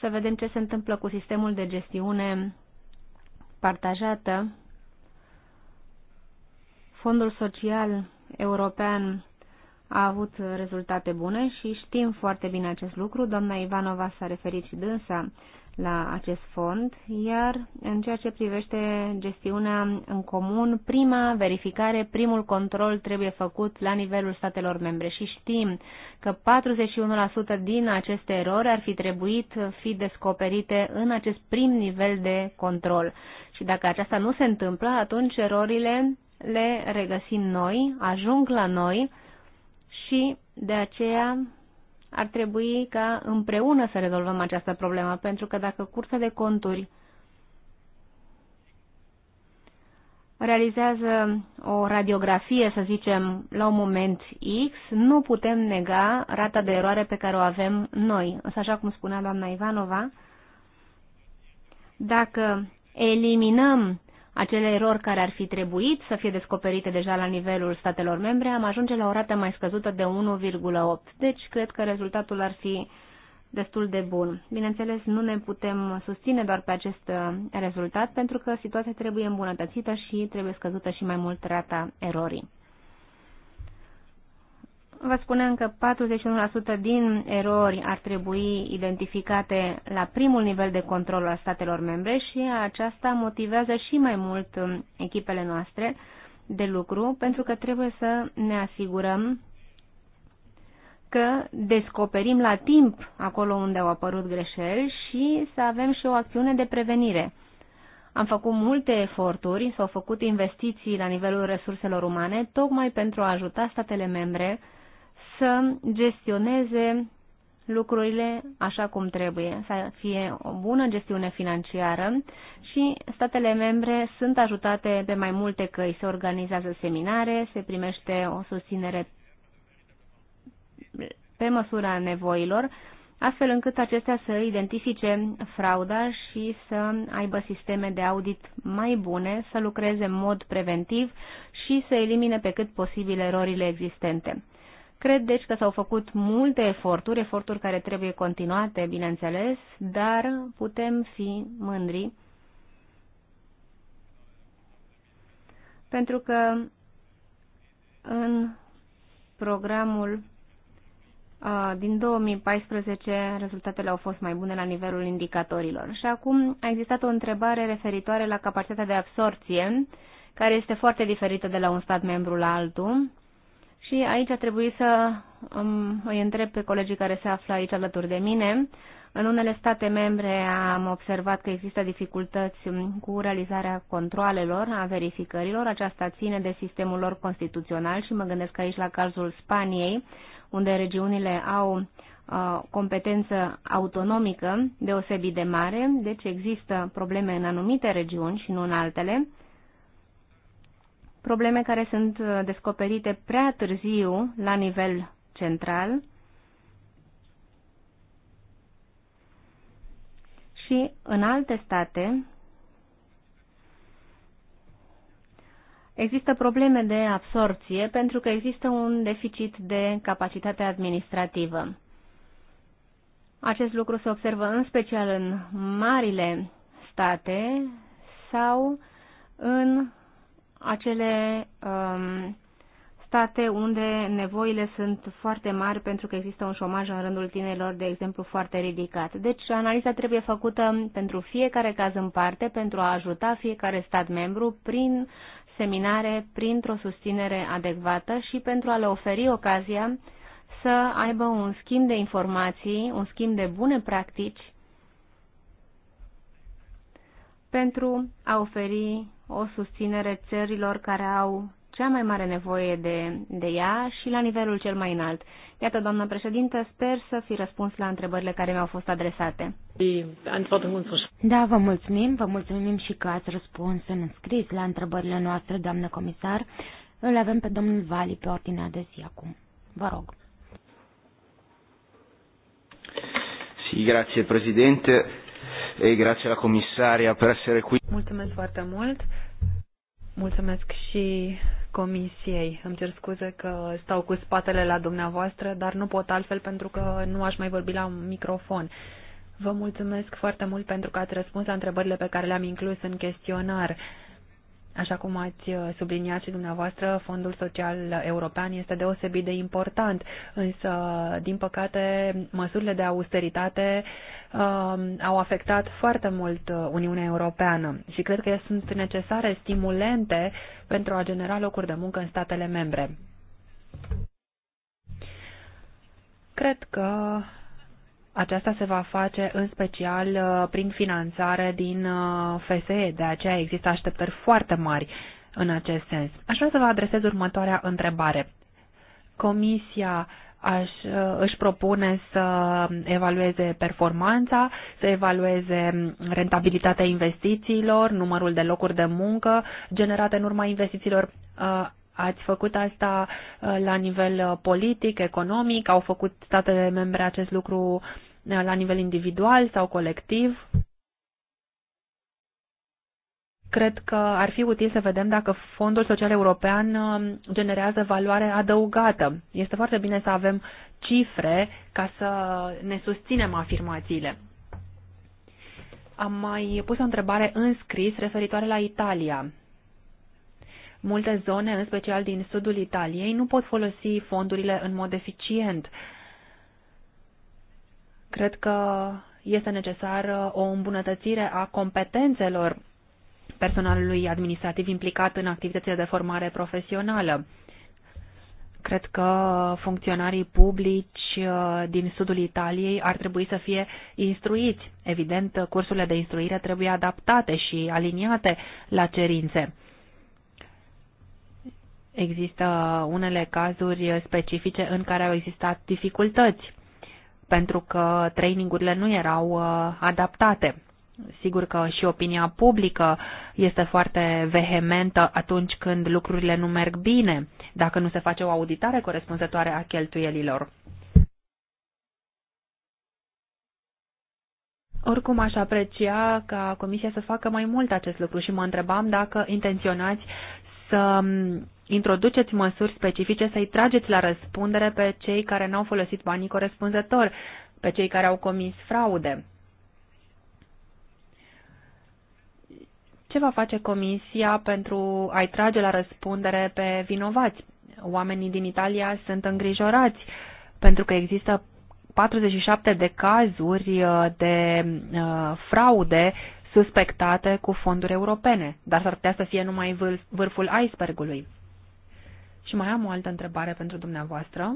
să vedem ce se întâmplă cu sistemul de gestiune partajată, fondul social european a avut rezultate bune și știm foarte bine acest lucru. Doamna Ivanova s-a referit și dânsa la acest fond, iar în ceea ce privește gestiunea în comun, prima verificare, primul control trebuie făcut la nivelul statelor membre și știm că 41% din aceste erori ar fi trebuit fi descoperite în acest prim nivel de control. Și dacă aceasta nu se întâmplă, atunci erorile le regăsim noi, ajung la noi și de aceea ar trebui ca împreună să rezolvăm această problemă, pentru că dacă cursa de conturi realizează o radiografie, să zicem, la un moment X, nu putem nega rata de eroare pe care o avem noi. Însă, așa cum spunea doamna Ivanova, dacă eliminăm acele erori care ar fi trebuit să fie descoperite deja la nivelul statelor membre, am ajunge la o rată mai scăzută de 1,8. Deci, cred că rezultatul ar fi destul de bun. Bineînțeles, nu ne putem susține doar pe acest uh, rezultat, pentru că situația trebuie îmbunătățită și trebuie scăzută și mai mult rata erorii. Vă spuneam că 41% din erori ar trebui identificate la primul nivel de control al statelor membre și aceasta motivează și mai mult um, echipele noastre de lucru pentru că trebuie să ne asigurăm că descoperim la timp acolo unde au apărut greșeli și să avem și o acțiune de prevenire. Am făcut multe eforturi, s-au făcut investiții la nivelul resurselor umane, tocmai pentru a ajuta statele membre să gestioneze lucrurile așa cum trebuie, să fie o bună gestiune financiară și statele membre sunt ajutate pe mai multe căi. Se organizează seminare, se primește o susținere pe măsura nevoilor, astfel încât acestea să identifice frauda și să aibă sisteme de audit mai bune, să lucreze în mod preventiv și să elimine pe cât posibil erorile existente. Cred deci că s-au făcut multe eforturi, eforturi care trebuie continuate, bineînțeles, dar putem fi mândri pentru că în programul din 2014 rezultatele au fost mai bune la nivelul indicatorilor. Și acum a existat o întrebare referitoare la capacitatea de absorție, care este foarte diferită de la un stat membru la altul. Și aici a trebuit să um, îi întreb pe colegii care se află aici alături de mine. În unele state membre am observat că există dificultăți um, cu realizarea controalelor, a verificărilor. Aceasta ține de sistemul lor constituțional și mă gândesc aici la cazul Spaniei, unde regiunile au uh, competență autonomică deosebit de mare, deci există probleme în anumite regiuni și nu în altele probleme care sunt uh, descoperite prea târziu la nivel central și în alte state Există probleme de absorție pentru că există un deficit de capacitate administrativă. Acest lucru se observă în special în marile state sau în acele um, state unde nevoile sunt foarte mari pentru că există un șomaj în rândul tinerilor, de exemplu, foarte ridicat. Deci, analiza trebuie făcută pentru fiecare caz în parte, pentru a ajuta fiecare stat membru prin seminare, printr-o susținere adecvată și pentru a le oferi ocazia să aibă un schimb de informații, un schimb de bune practici pentru a oferi o susținere țărilor care au cea mai mare nevoie de, de ea și la nivelul cel mai înalt. Iată, doamnă președintă, sper să fi răspuns la întrebările care mi-au fost adresate. Da, vă mulțumim, vă mulțumim și că ați răspuns în scris la întrebările noastre, doamnă comisar. Îl avem pe domnul Vali pe ordinea de zi acum. Vă rog. Sì, grazie Presidente. Ei, grazie la comisaria per essere qui. Mulțumesc foarte mult. Mulțumesc și comisiei. Îmi cer scuze că stau cu spatele la dumneavoastră, dar nu pot altfel pentru că nu aș mai vorbi la un microfon. Vă mulțumesc foarte mult pentru că ați răspuns la întrebările pe care le-am inclus în chestionar. Așa cum ați uh, subliniat și dumneavoastră, Fondul Social European este deosebit de important, însă, din păcate, măsurile de austeritate uh, au afectat foarte mult uh, Uniunea Europeană și cred că sunt necesare stimulente pentru a genera locuri de muncă în statele membre. Cred că aceasta se va face în special uh, prin finanțare din uh, FSE, de aceea există așteptări foarte mari în acest sens. Aș vrea să vă adresez următoarea întrebare. Comisia aș, uh, își propune să evalueze performanța, să evalueze rentabilitatea investițiilor, numărul de locuri de muncă generate în urma investițiilor Ați făcut asta uh, la nivel uh, politic, economic? Au făcut statele membre acest lucru uh, la nivel individual sau colectiv? Cred că ar fi util să vedem dacă Fondul Social European um, generează valoare adăugată. Este foarte bine să avem cifre ca să ne susținem afirmațiile. Am mai pus o întrebare în scris referitoare la Italia. Multe zone, în special din sudul Italiei, nu pot folosi fondurile în mod eficient. Cred că este necesară o îmbunătățire a competențelor personalului administrativ implicat în activitățile de formare profesională. Cred că funcționarii publici uh, din sudul Italiei ar trebui să fie instruiți. Evident, cursurile de instruire trebuie adaptate și aliniate la cerințe. Există unele cazuri specifice în care au existat dificultăți pentru că trainingurile nu erau uh, adaptate. Sigur că și opinia publică este foarte vehementă atunci când lucrurile nu merg bine, dacă nu se face o auditare corespunzătoare a cheltuielilor. Oricum aș aprecia ca Comisia să facă mai mult acest lucru și mă întrebam dacă intenționați să introduceți măsuri specifice să-i trageți la răspundere pe cei care n-au folosit banii corespunzător, pe cei care au comis fraude. Ce va face Comisia pentru a-i trage la răspundere pe vinovați? Oamenii din Italia sunt îngrijorați pentru că există 47 de cazuri uh, de uh, fraude suspectate cu fonduri europene, dar s-ar putea să fie numai vârful icebergului. Și mai am o altă întrebare pentru dumneavoastră.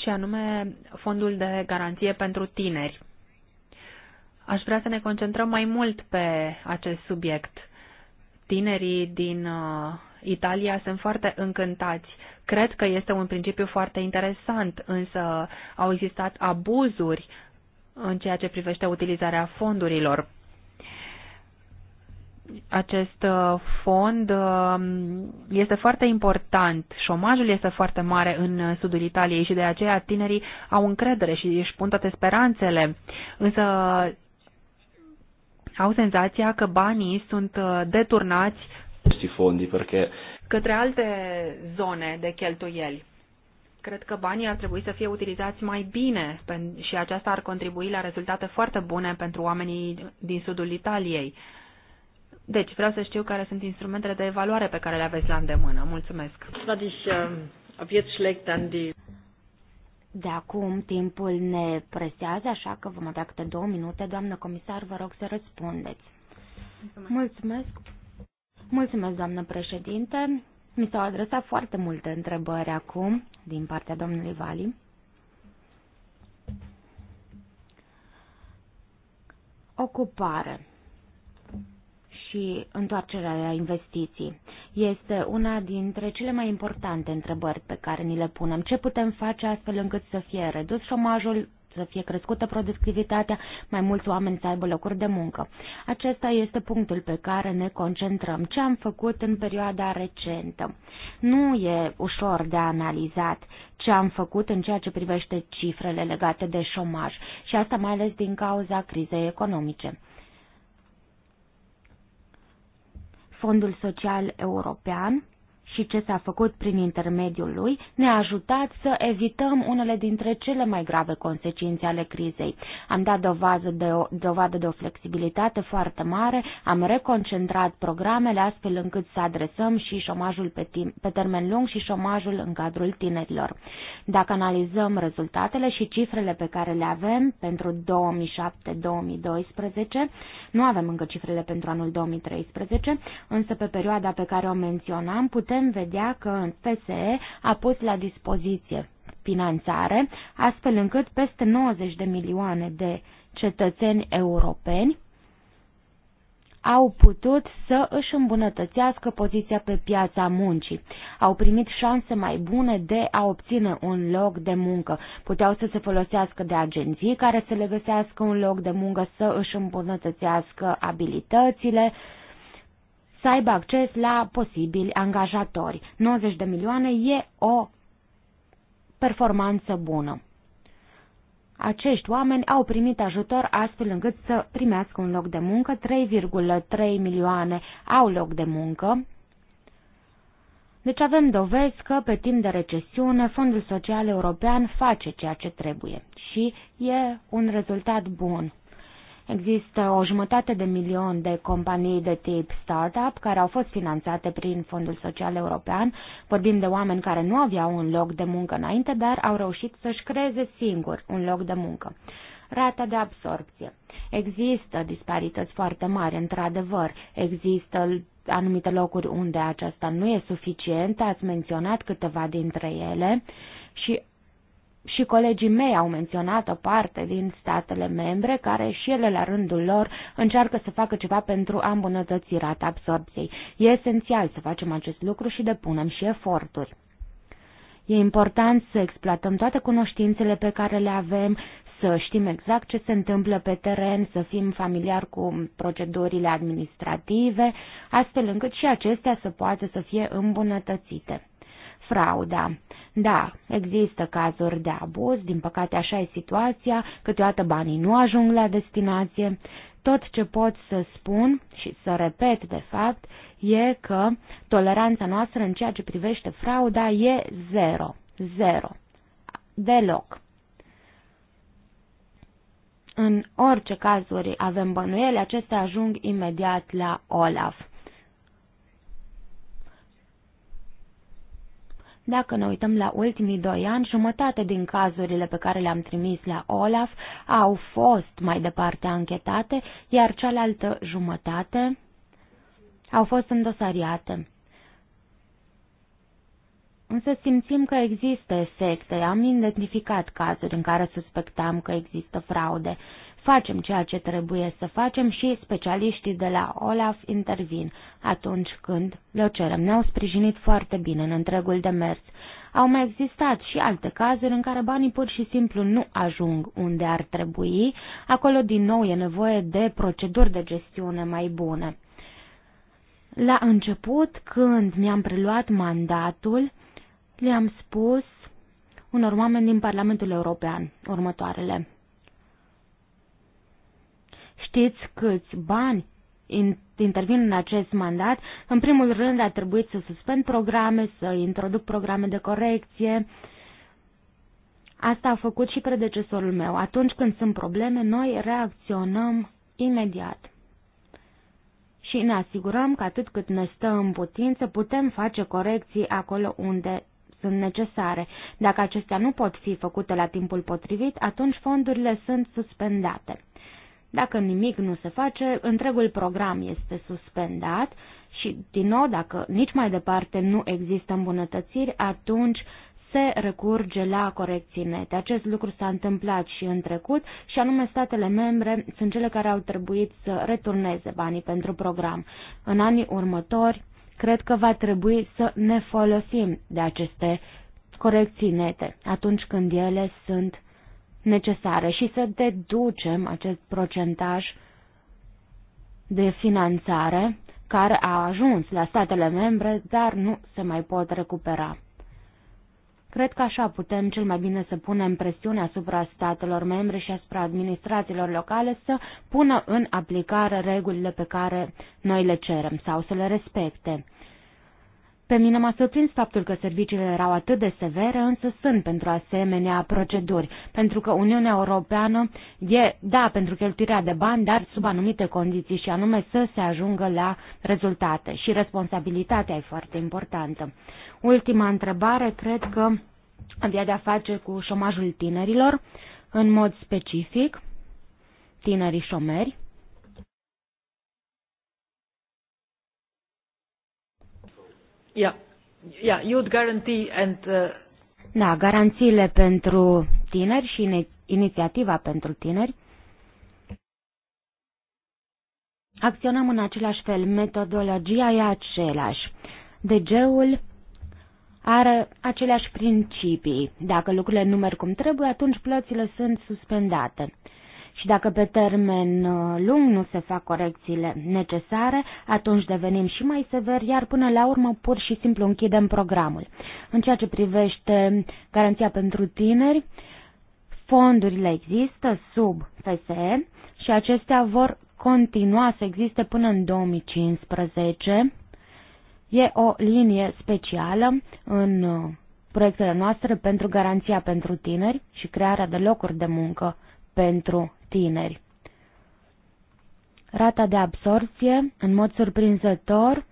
Și anume fondul de garanție pentru tineri. Aș vrea să ne concentrăm mai mult pe acest subiect. Tinerii din uh, Italia sunt foarte încântați. Cred că este un principiu foarte interesant, însă au existat abuzuri în ceea ce privește utilizarea fondurilor acest uh, fond uh, este foarte important. Șomajul este foarte mare în uh, sudul Italiei și de aceea tinerii au încredere și își pun toate speranțele. Însă au senzația că banii sunt deturnați fondi, către alte zone de cheltuieli. Cred că banii ar trebui să fie utilizați mai bine și aceasta ar contribui la rezultate foarte bune pentru oamenii din sudul Italiei. Deci, vreau să știu care sunt instrumentele de evaluare pe care le aveți la îndemână. Mulțumesc. Ähm, de acum timpul ne presează, așa că vom avea câte două minute. Doamnă comisar, vă rog să răspundeți. Mulțumesc. Mulțumesc, Mulțumesc doamnă președinte. Mi s-au adresat foarte multe întrebări acum din partea domnului Vali. Ocupare și întoarcerea la investiții. Este una dintre cele mai importante întrebări pe care ni le punem. Ce putem face astfel încât să fie redus șomajul, să fie crescută productivitatea, mai mulți oameni să aibă locuri de muncă. Acesta este punctul pe care ne concentrăm. Ce am făcut în perioada recentă? Nu e ușor de analizat ce am făcut în ceea ce privește cifrele legate de șomaj și asta mai ales din cauza crizei economice. Fondul Social European și ce s-a făcut prin intermediul lui ne-a ajutat să evităm unele dintre cele mai grave consecințe ale crizei. Am dat dovadă de o, dovadă de o flexibilitate foarte mare, am reconcentrat programele astfel încât să adresăm și șomajul pe, tim- pe termen lung și șomajul în cadrul tinerilor. Dacă analizăm rezultatele și cifrele pe care le avem pentru 2007-2012, nu avem încă cifrele pentru anul 2013, însă pe perioada pe care o menționam putem putem vedea că în PSE a pus la dispoziție finanțare, astfel încât peste 90 de milioane de cetățeni europeni au putut să își îmbunătățească poziția pe piața muncii. Au primit șanse mai bune de a obține un loc de muncă. Puteau să se folosească de agenții care să le găsească un loc de muncă, să își îmbunătățească abilitățile, să aibă acces la posibili angajatori. 90 de milioane e o performanță bună. Acești oameni au primit ajutor astfel încât să primească un loc de muncă, 3,3 milioane au loc de muncă. Deci avem dovezi că pe timp de recesiune Fondul Social European face ceea ce trebuie și e un rezultat bun Există o jumătate de milion de companii de tip startup care au fost finanțate prin Fondul Social European. Vorbim de oameni care nu aveau un loc de muncă înainte, dar au reușit să-și creeze singur un loc de muncă rata de absorpție. Există disparități foarte mari, într-adevăr. Există anumite locuri unde aceasta nu e suficientă, ați menționat câteva dintre ele și și colegii mei au menționat o parte din statele membre care și ele la rândul lor încearcă să facă ceva pentru a îmbunătăți rata absorpției. E esențial să facem acest lucru și depunem și eforturi. E important să exploatăm toate cunoștințele pe care le avem, să știm exact ce se întâmplă pe teren, să fim familiar cu procedurile administrative, astfel încât și acestea să poată să fie îmbunătățite frauda. Da, există cazuri de abuz, din păcate așa e situația, câteodată banii nu ajung la destinație. Tot ce pot să spun și să repet de fapt e că toleranța noastră în ceea ce privește frauda e zero. Zero. Deloc în orice cazuri avem bănuieli, acestea ajung imediat la Olaf. Dacă ne uităm la ultimii doi ani, jumătate din cazurile pe care le-am trimis la Olaf au fost mai departe anchetate, iar cealaltă jumătate au fost îndosariate. Însă simțim că există efecte. Am identificat cazuri în care suspectam că există fraude Facem ceea ce trebuie să facem și specialiștii de la OLAF intervin atunci când le cerem. Ne-au sprijinit foarte bine în întregul demers. Au mai existat și alte cazuri în care banii pur și simplu nu ajung unde ar trebui. Acolo din nou e nevoie de proceduri de gestiune mai bune. La început, când mi-am preluat mandatul, le-am spus unor oameni din Parlamentul European următoarele. Știți câți bani intervin în acest mandat? În primul rând a trebuit să suspend programe, să introduc programe de corecție. Asta a făcut și predecesorul meu. Atunci când sunt probleme, noi reacționăm imediat și ne asigurăm că atât cât ne stă în putință putem face corecții acolo unde sunt necesare. Dacă acestea nu pot fi făcute la timpul potrivit, atunci fondurile sunt suspendate. Dacă nimic nu se face, întregul program este suspendat și, din nou, dacă nici mai departe nu există îmbunătățiri, atunci se recurge la corecții nete. Acest lucru s-a întâmplat și în trecut și anume statele membre sunt cele care au trebuit să returneze banii pentru program. În anii următori, cred că va trebui să ne folosim de aceste corecții nete atunci când ele sunt necesare și să deducem acest procentaj de finanțare care a ajuns la statele membre, dar nu se mai pot recupera. Cred că așa putem cel mai bine să punem presiune asupra statelor membre și asupra administrațiilor locale să pună în aplicare regulile pe care noi le cerem sau să le respecte. Pe mine m-a surprins faptul că serviciile erau atât de severe, însă sunt pentru asemenea proceduri, pentru că Uniunea Europeană e, da, pentru cheltuirea de bani, dar sub anumite condiții și anume să se ajungă la rezultate. Și responsabilitatea e foarte importantă. Ultima întrebare, cred că avea de-a face cu șomajul tinerilor, în mod specific, tinerii șomeri. Yeah. Yeah, youth guarantee and uh... Da, garanțiile pentru tineri și inițiativa pentru tineri. Acționăm în același fel, metodologia e aceeași. DG-ul are aceleași principii. Dacă lucrurile nu merg cum trebuie, atunci plățile sunt suspendate. Și dacă pe termen uh, lung nu se fac corecțiile necesare, atunci devenim și mai severi, iar până la urmă pur și simplu închidem programul. În ceea ce privește garanția pentru tineri, fondurile există sub FSE și acestea vor continua să existe până în 2015. E o linie specială în uh, proiectele noastre pentru garanția pentru tineri și crearea de locuri de muncă pentru tineri. Rata de absorție, în mod surprinzător,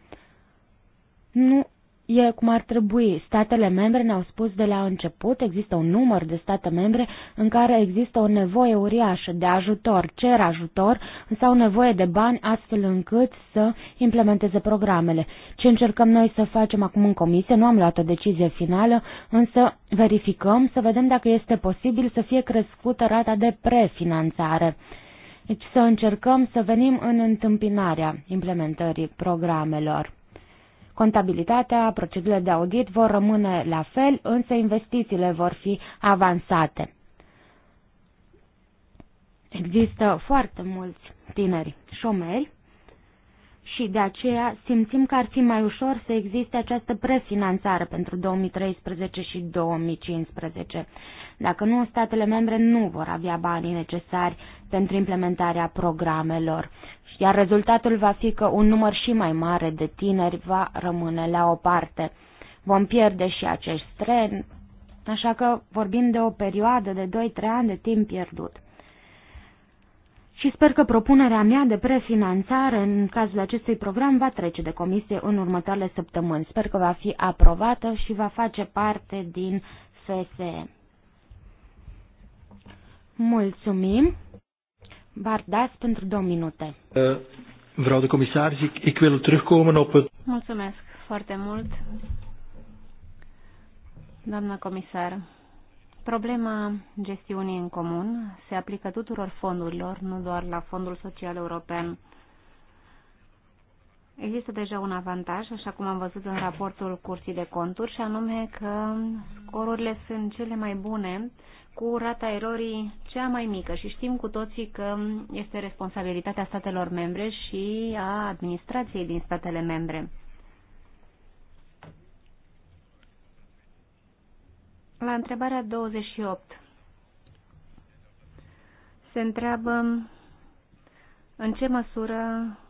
nu e cum ar trebui. Statele membre ne-au spus de la început, există un număr de state membre în care există o nevoie uriașă de ajutor, cer ajutor, însă au nevoie de bani astfel încât să implementeze programele. Ce încercăm noi să facem acum în comisie, nu am luat o decizie finală, însă verificăm să vedem dacă este posibil să fie crescută rata de prefinanțare. Deci să încercăm să venim în întâmpinarea implementării programelor. Contabilitatea, procedurile de audit vor rămâne la fel, însă investițiile vor fi avansate. Există foarte mulți tineri șomeri și de aceea simțim că ar fi mai ușor să existe această prefinanțare pentru 2013 și 2015. Dacă nu, statele membre nu vor avea banii necesari pentru implementarea programelor, iar rezultatul va fi că un număr și mai mare de tineri va rămâne la o parte. Vom pierde și acești tren, așa că vorbim de o perioadă de 2-3 ani de timp pierdut. Și sper că propunerea mea de prefinanțare în cazul acestui program va trece de comisie în următoarele săptămâni. Sper că va fi aprobată și va face parte din FSE. Mulțumim! Bardas pentru două minute. Eh, vreau de comisar, ik, ik wil terugkomen op het... Mulțumesc foarte mult, doamna comisar. Problema gestiunii în comun se aplică tuturor fondurilor, nu doar la Fondul Social European. Există deja un avantaj, așa cum am văzut în raportul Curții de Conturi, și anume că scorurile sunt cele mai bune cu rata erorii cea mai mică și știm cu toții că este responsabilitatea statelor membre și a administrației din statele membre. La întrebarea 28 se întreabă în ce măsură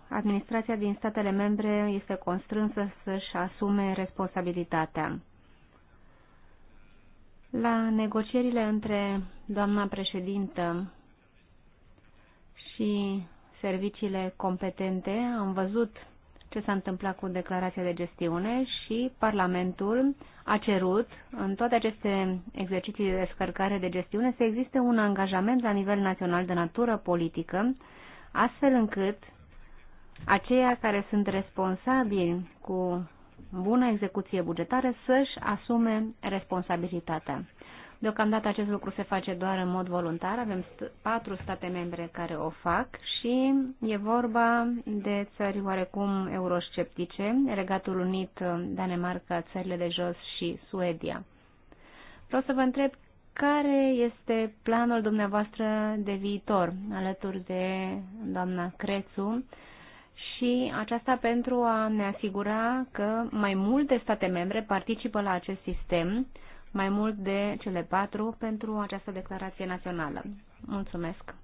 administrația din statele membre este constrânsă să-și asume responsabilitatea. La negocierile între doamna președintă și serviciile competente am văzut ce s-a întâmplat cu declarația de gestiune și Parlamentul a cerut în toate aceste exerciții de descărcare de gestiune să existe un angajament la nivel național de natură politică, astfel încât aceia care sunt responsabili cu bună execuție bugetară să-și asume responsabilitatea. Deocamdată acest lucru se face doar în mod voluntar, avem patru state membre care o fac și e vorba de țări oarecum eurosceptice, Regatul Unit, Danemarca, țările de jos și Suedia. Vreau să vă întreb care este planul dumneavoastră de viitor alături de doamna Crețu și aceasta pentru a ne asigura că mai multe state membre participă la acest sistem, mai mult de cele patru, pentru această declarație națională. Mulțumesc!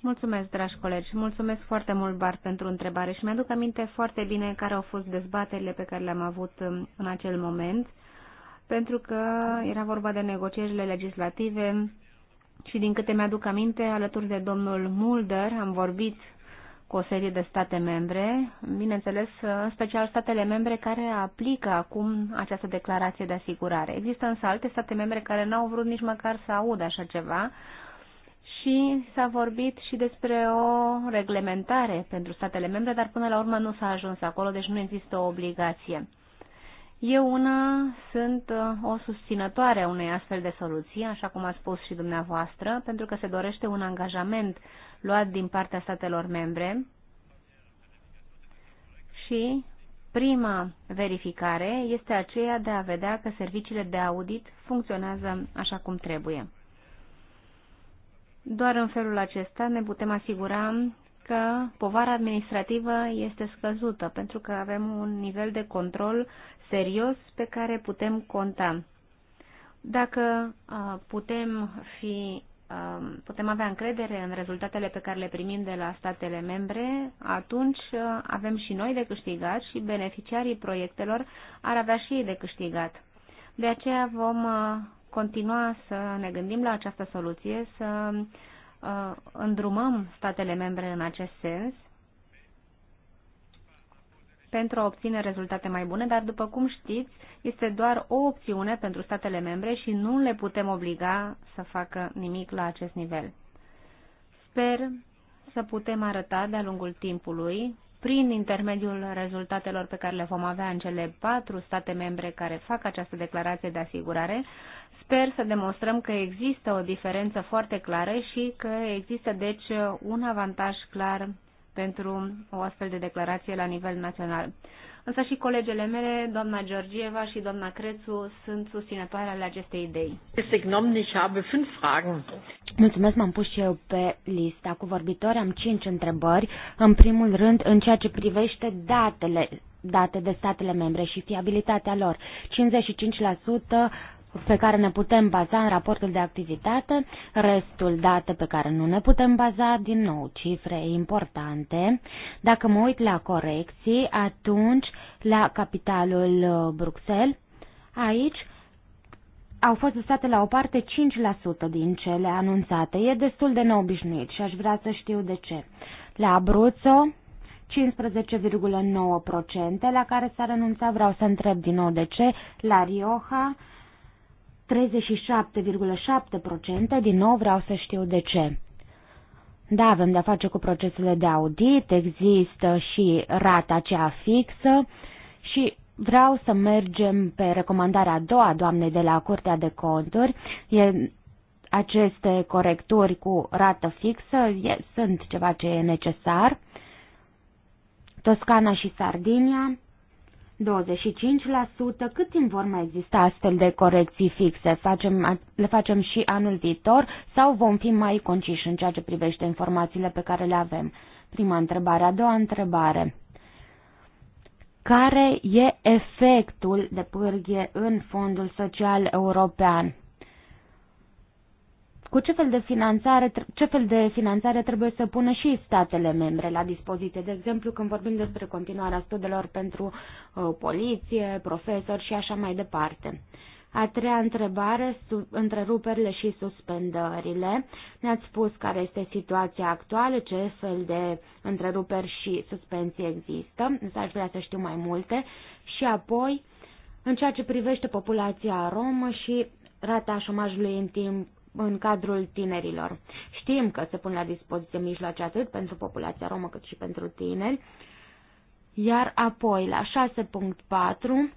Mulțumesc, dragi colegi. Mulțumesc foarte mult, Bart, pentru întrebare și mi-aduc aminte foarte bine care au fost dezbaterile pe care le-am avut în acel moment, pentru că era vorba de negocierile legislative și din câte mi-aduc aminte, alături de domnul Mulder am vorbit cu o serie de state membre, bineînțeles, în special statele membre care aplică acum această declarație de asigurare. Există însă alte state membre care n-au vrut nici măcar să audă așa ceva și s-a vorbit și despre o reglementare pentru statele membre, dar până la urmă nu s-a ajuns acolo, deci nu există o obligație. Eu una sunt uh, o susținătoare a unei astfel de soluții, așa cum a spus și dumneavoastră, pentru că se dorește un angajament luat din partea statelor membre și prima verificare este aceea de a vedea că serviciile de audit funcționează așa cum trebuie. Doar în felul acesta ne putem asigura că povara administrativă este scăzută, pentru că avem un nivel de control serios pe care putem conta. Dacă putem, fi, putem avea încredere în rezultatele pe care le primim de la statele membre, atunci avem și noi de câștigat și beneficiarii proiectelor ar avea și ei de câștigat. De aceea vom continua să ne gândim la această soluție, să uh, Uh, îndrumăm statele membre în acest sens pentru a obține rezultate mai bune, dar după cum știți, este doar o opțiune pentru statele membre și nu le putem obliga să facă nimic la acest nivel. Sper să putem arăta de-a lungul timpului prin intermediul rezultatelor pe care le vom avea în cele patru state membre care fac această declarație de asigurare, sper să demonstrăm că există o diferență foarte clară și că există deci un avantaj clar pentru o astfel de declarație la nivel național. Însă și colegele mele, doamna Georgieva și doamna Crețu, sunt susținătoare ale acestei idei. Mulțumesc, m-am pus și eu pe lista cu vorbitori. Am cinci întrebări. În primul rând, în ceea ce privește datele date de statele membre și fiabilitatea lor. 55% pe care ne putem baza în raportul de activitate, restul date pe care nu ne putem baza, din nou, cifre importante. Dacă mă uit la corecții, atunci la capitalul uh, Bruxelles, aici au fost lăsate la o parte 5% din cele anunțate. E destul de neobișnuit și aș vrea să știu de ce. La Abruzzo, 15,9%, la care s-a renunțat, vreau să întreb din nou de ce, la Rioja, 37,7%, din nou vreau să știu de ce. Da, avem de-a face cu procesele de audit, există și rata aceea fixă și vreau să mergem pe recomandarea a doua doamnei de la Curtea de Conturi. E, aceste corecturi cu rată fixă e, sunt ceva ce e necesar. Toscana și Sardinia 25%, cât timp vor mai exista astfel de corecții fixe? Facem, le facem și anul viitor sau vom fi mai conciși în ceea ce privește informațiile pe care le avem? Prima întrebare. A doua întrebare. Care e efectul de pârghie în Fondul Social European? cu ce fel de finanțare, ce fel de finanțare trebuie să pună și statele membre la dispoziție. De exemplu, când vorbim despre continuarea studiilor pentru uh, poliție, profesori și așa mai departe. A treia întrebare, întreruperile și suspendările. Ne-ați spus care este situația actuală, ce fel de întreruperi și suspensii există, însă aș vrea să știu mai multe. Și apoi, în ceea ce privește populația romă și rata șomajului în timp în cadrul tinerilor. Știm că se pun la dispoziție mijloace atât pentru populația romă cât și pentru tineri. Iar apoi, la 6.4,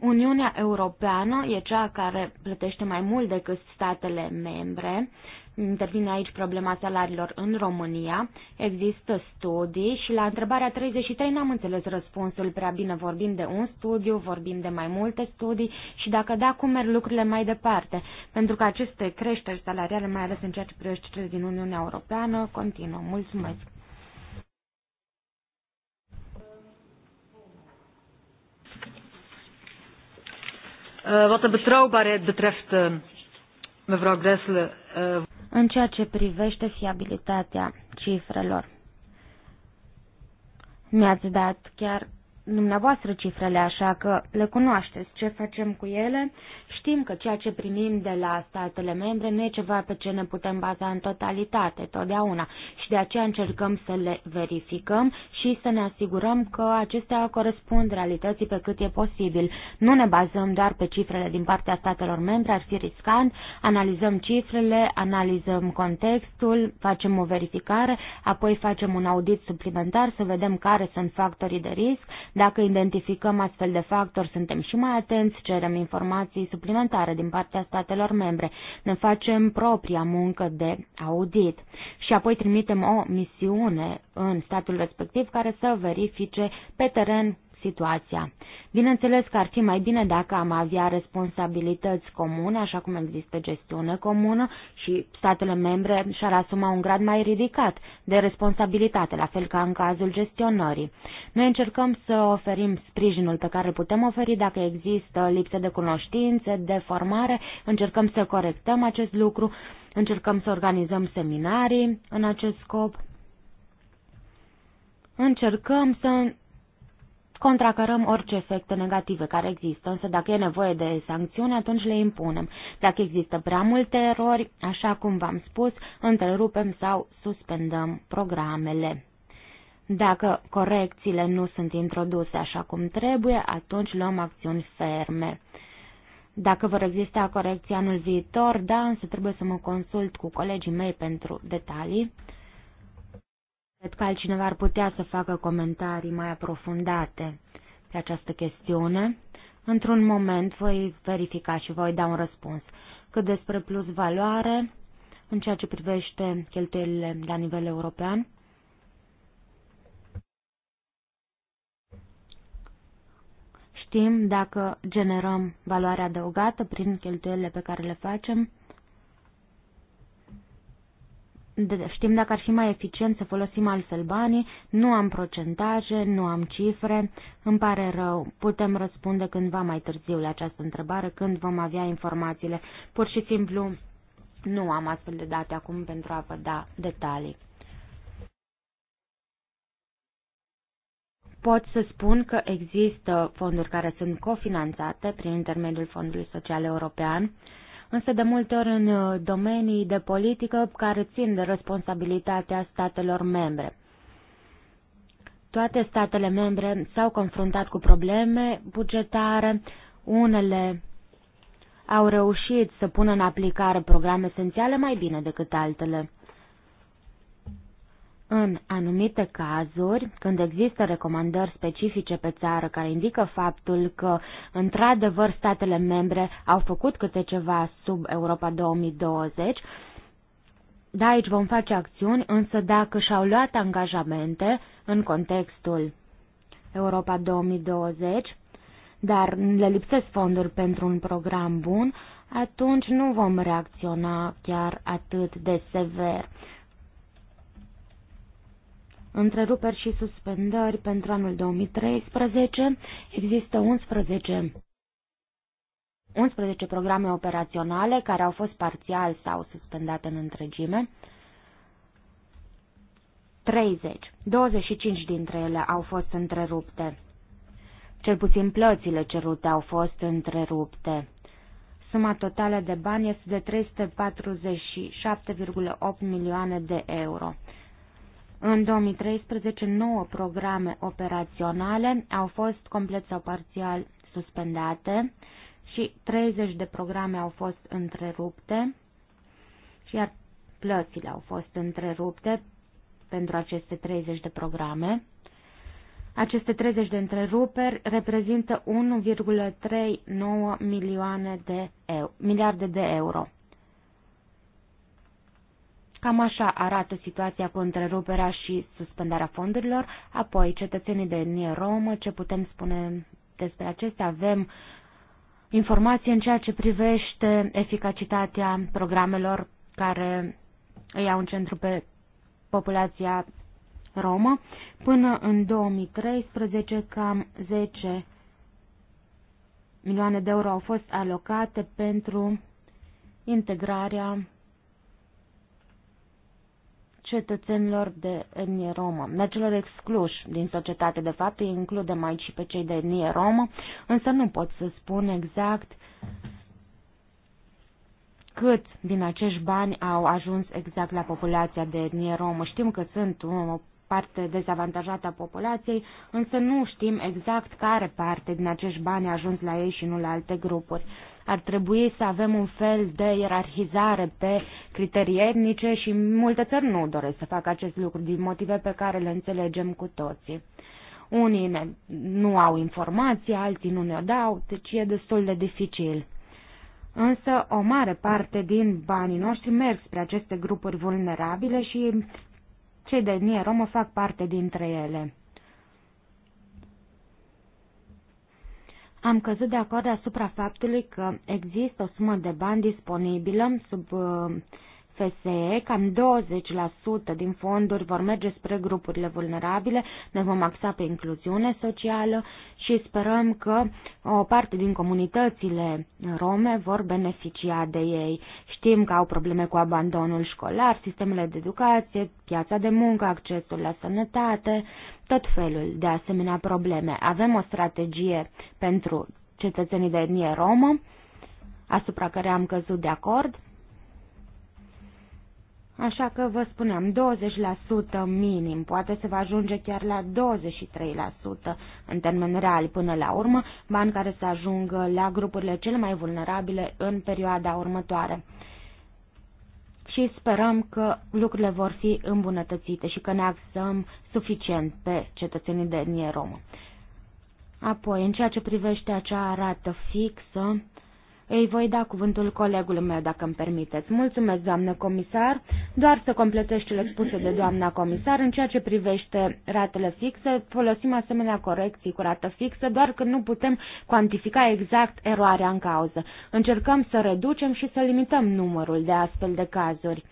Uniunea Europeană e cea care plătește mai mult decât statele membre intervine aici problema salariilor în România. Există studii și la întrebarea 33 n-am înțeles răspunsul prea bine. Vorbim de un studiu, vorbim de mai multe studii și dacă da, cum merg lucrurile mai departe? Pentru că aceste creșteri salariale, mai ales în ceea ce privește cele din Uniunea Europeană, continuă. Mulțumesc! Uh, wat de betrouwbaarheid betreft, uh, mevrouw Gressle. Uh în ceea ce privește fiabilitatea cifrelor. Mi-ați dat chiar dumneavoastră cifrele, așa că le cunoașteți ce facem cu ele. Știm că ceea ce primim de la statele membre nu e ceva pe ce ne putem baza în totalitate, totdeauna, și de aceea încercăm să le verificăm și să ne asigurăm că acestea corespund realității pe cât e posibil. Nu ne bazăm doar pe cifrele din partea statelor membre, ar fi riscant, analizăm cifrele, analizăm contextul, facem o verificare, apoi facem un audit suplimentar să vedem care sunt factorii de risc, dacă identificăm astfel de factori, suntem și mai atenți, cerem informații suplimentare din partea statelor membre, ne facem propria muncă de audit și apoi trimitem o misiune în statul respectiv care să verifice pe teren situația. Bineînțeles că ar fi mai bine dacă am avea responsabilități comune, așa cum există gestiune comună și statele membre și-ar asuma un grad mai ridicat de responsabilitate, la fel ca în cazul gestionării. Noi încercăm să oferim sprijinul pe care putem oferi dacă există lipsă de cunoștințe, de formare, încercăm să corectăm acest lucru, încercăm să organizăm seminarii în acest scop. Încercăm să contracărăm orice efecte negative care există, însă dacă e nevoie de sancțiuni, atunci le impunem. Dacă există prea multe erori, așa cum v-am spus, întrerupem sau suspendăm programele. Dacă corecțiile nu sunt introduse așa cum trebuie, atunci luăm acțiuni ferme. Dacă vor exista corecții anul viitor, da, însă trebuie să mă consult cu colegii mei pentru detalii. Cred că altcineva ar putea să facă comentarii mai aprofundate pe această chestiune. Într-un moment voi verifica și voi da un răspuns. Cât despre plus valoare, în ceea ce privește cheltuielile la nivel european, știm dacă generăm valoare adăugată prin cheltuielile pe care le facem, știm dacă ar fi mai eficient să folosim altfel banii, nu am procentaje, nu am cifre, îmi pare rău, putem răspunde cândva mai târziu la această întrebare, când vom avea informațiile. Pur și simplu nu am astfel de date acum pentru a vă da detalii. pot să spun că există fonduri care sunt cofinanțate prin intermediul Fondului Social European însă de multe ori în uh, domenii de politică care țin de responsabilitatea statelor membre. Toate statele membre s-au confruntat cu probleme bugetare, unele au reușit să pună în aplicare programe esențiale mai bine decât altele. În anumite cazuri, când există recomandări specifice pe țară care indică faptul că, într-adevăr, statele membre au făcut câte ceva sub Europa 2020, da, aici vom face acțiuni, însă dacă și-au luat angajamente în contextul Europa 2020, dar le lipsesc fonduri pentru un program bun, atunci nu vom reacționa chiar atât de sever întreruperi și suspendări pentru anul 2013. Există 11 11 programe operaționale care au fost parțial sau suspendate în întregime. 30. 25 dintre ele au fost întrerupte. Cel puțin plățile cerute au fost întrerupte. Suma totală de bani este de 347,8 milioane de euro. În 2013, nouă programe operaționale au fost complet sau parțial suspendate și 30 de programe au fost întrerupte și iar plățile au fost întrerupte pentru aceste 30 de programe. Aceste 30 de întreruperi reprezintă 1,39 milioane de euro, miliarde de euro. Cam așa arată situația cu întreruperea și suspendarea fondurilor, apoi cetățenii de etnie romă, ce putem spune despre acestea, avem informații în ceea ce privește eficacitatea programelor care îi au în centru pe populația romă. Până în 2013, cam 10 milioane de euro au fost alocate pentru integrarea cetățenilor de etnie romă, de celor excluși din societate. De fapt, îi includem aici și pe cei de etnie romă, însă nu pot să spun exact cât din acești bani au ajuns exact la populația de etnie romă. Știm că sunt o parte dezavantajată a populației, însă nu știm exact care parte din acești bani a ajuns la ei și nu la alte grupuri. Ar trebui să avem un fel de ierarhizare pe criterii etnice și multe țări nu doresc să facă acest lucru din motive pe care le înțelegem cu toții. Unii ne, nu au informații, alții nu ne-o dau, deci e destul de dificil. Însă o mare parte din banii noștri merg spre aceste grupuri vulnerabile și cei de etnie romă fac parte dintre ele. am căzut de acord asupra faptului că există o sumă de bani disponibilă sub uh, FSE, cam 20% din fonduri vor merge spre grupurile vulnerabile, ne vom axa pe incluziune socială și sperăm că o parte din comunitățile rome vor beneficia de ei. Știm că au probleme cu abandonul școlar, sistemele de educație, piața de muncă, accesul la sănătate, tot felul de asemenea probleme. Avem o strategie pentru cetățenii de etnie romă, asupra care am căzut de acord Așa că vă spuneam, 20% minim, poate să va ajunge chiar la 23% în termen real până la urmă, bani care să ajungă la grupurile cele mai vulnerabile în perioada următoare. Și sperăm că lucrurile vor fi îmbunătățite și că ne axăm suficient pe cetățenii de etnie romă. Apoi, în ceea ce privește acea rată fixă, ei voi da cuvântul colegului meu, dacă îmi permiteți. Mulțumesc, doamnă comisar. Doar să completez cele spuse de doamna comisar. În ceea ce privește ratele fixe, folosim asemenea corecții cu rată fixă, doar că nu putem cuantifica exact eroarea în cauză. Încercăm să reducem și să limităm numărul de astfel de cazuri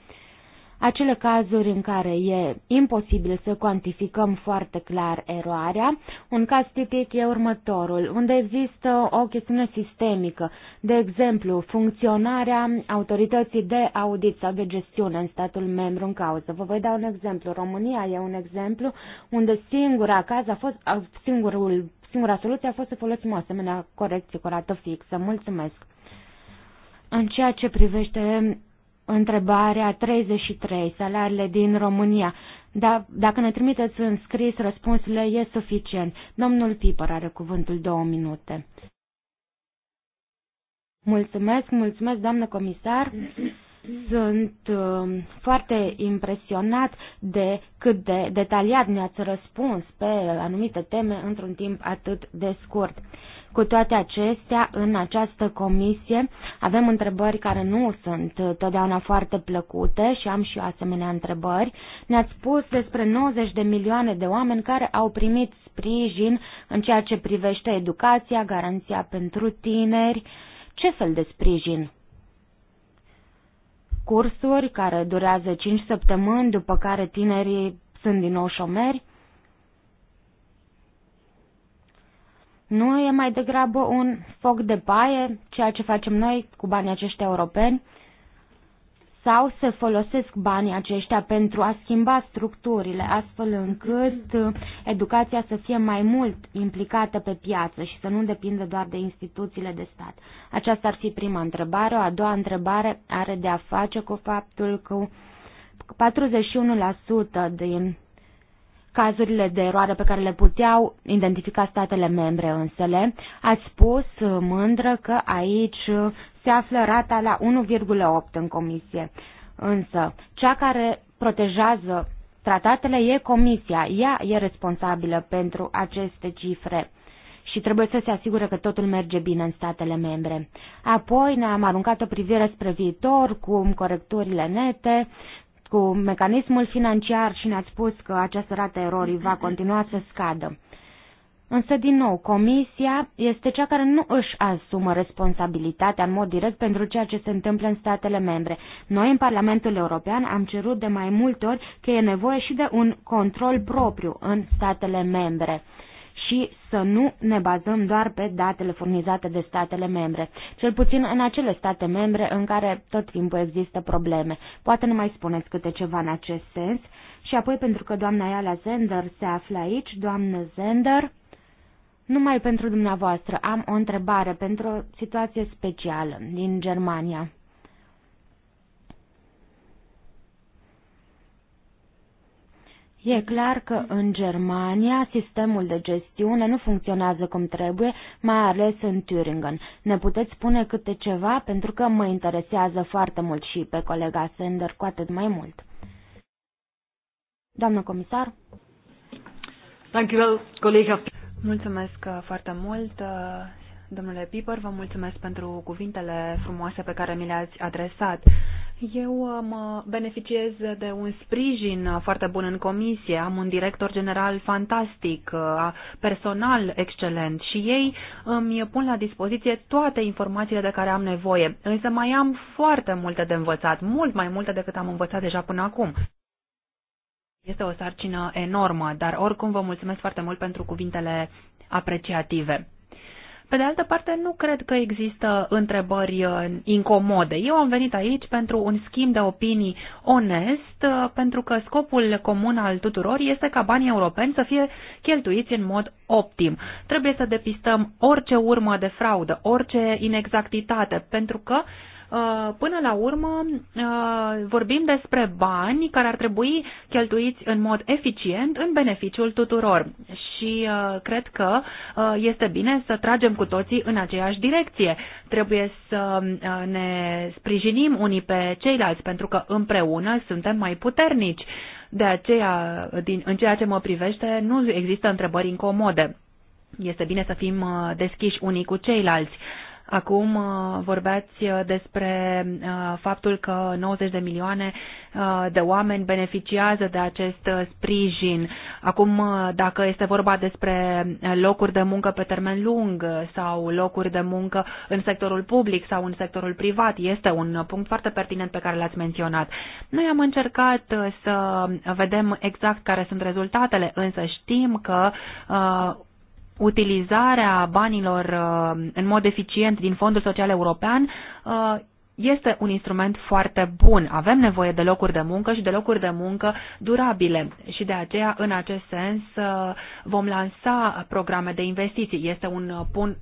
acele cazuri în care e imposibil să cuantificăm foarte clar eroarea. Un caz tipic e următorul, unde există o chestiune sistemică, de exemplu, funcționarea autorității de audit sau de gestiune în statul membru în cauză. Vă voi da un exemplu. România e un exemplu unde singura caz a fost, singurul, singura soluție a fost să folosim o asemenea corecție curată fixă. Mulțumesc! În ceea ce privește întrebarea 33, salariile din România. Da, dacă ne trimiteți în scris răspunsurile, e suficient. Domnul Piper are cuvântul două minute. Mulțumesc, mulțumesc, doamnă comisar. Sunt uh, foarte impresionat de cât de detaliat ne-ați răspuns pe anumite teme într-un timp atât de scurt. Uh, cu toate acestea, în această comisie avem întrebări care nu sunt totdeauna foarte plăcute și am și asemenea întrebări. Ne-ați spus despre 90 de milioane de oameni care au primit sprijin în ceea ce privește educația, garanția pentru tineri. Ce fel de sprijin? Cursuri care durează 5 săptămâni, după care tinerii sunt din nou șomeri? Nu e mai degrabă un foc de paie, ceea ce facem noi cu banii aceștia europeni? Sau se folosesc banii aceștia pentru a schimba structurile, astfel încât uh, educația să fie mai mult implicată pe piață și să nu depindă doar de instituțiile de stat? Aceasta ar fi prima întrebare. O a doua întrebare are de a face cu faptul că 41% din cazurile de eroare pe care le puteau identifica statele membre însele. Ați spus uh, mândră că aici uh, se află rata la 1,8 în comisie. Însă, cea care protejează tratatele e comisia. Ea e responsabilă pentru aceste cifre și trebuie să se asigure că totul merge bine în statele membre. Apoi ne-am aruncat o privire spre viitor cum corecturile nete, cu mecanismul financiar și ne-ați spus că această rată erorii va continua să scadă. Însă, din nou, comisia este cea care nu își asumă responsabilitatea în mod direct pentru ceea ce se întâmplă în statele membre. Noi, în Parlamentul European, am cerut de mai multe ori că e nevoie și de un control propriu în statele membre și să nu ne bazăm doar pe datele furnizate de statele membre, cel puțin în acele state membre în care tot timpul există probleme. Poate ne mai spuneți câte ceva în acest sens. Și apoi, pentru că doamna Iala Zender se află aici, doamnă Zender, numai pentru dumneavoastră am o întrebare pentru o situație specială din Germania. E clar că în Germania sistemul de gestiune nu funcționează cum trebuie, mai ales în Thüringen. Ne puteți spune câte ceva pentru că mă interesează foarte mult și pe colega Sender cu atât mai mult. Doamnă comisar. Mulțumesc foarte mult, Domnule Piper, vă mulțumesc pentru cuvintele frumoase pe care mi le-ați adresat. Eu uh, mă beneficiez de un sprijin foarte bun în comisie, am un director general fantastic, uh, personal excelent și ei îmi pun la dispoziție toate informațiile de care am nevoie, însă mai am foarte multe de învățat, mult mai multe decât am învățat deja până acum. Este o sarcină enormă, dar oricum vă mulțumesc foarte mult pentru cuvintele apreciative. Pe de altă parte, nu cred că există întrebări uh, incomode. Eu am venit aici pentru un schimb de opinii onest, uh, pentru că scopul comun al tuturor este ca banii europeni să fie cheltuiți în mod optim. Trebuie să depistăm orice urmă de fraudă, orice inexactitate, pentru că Uh, până la urmă uh, vorbim despre bani care ar trebui cheltuiți în mod eficient în beneficiul tuturor și uh, cred că este bine să tragem cu toții în aceeași direcție. Trebuie să ne sprijinim unii pe ceilalți pentru că împreună suntem mai puternici. De aceea, din, în ceea ce mă privește, nu există întrebări incomode. Este bine să fim deschiși unii cu ceilalți. Acum uh, vorbeați uh, despre uh, faptul că 90 de milioane de oameni beneficiază de acest sprijin. Acum, dacă este vorba despre locuri de muncă pe termen lung sau locuri de muncă în sectorul public sau în sectorul privat, este un punct foarte pertinent pe care l-ați menționat. Noi am încercat să vedem exact care sunt rezultatele, însă știm că utilizarea banilor uh, în mod eficient din Fondul Social European uh, este un instrument foarte bun. Avem nevoie de locuri de muncă și de locuri de muncă durabile și de aceea, în acest sens, uh, vom lansa programe de investiții. Este un,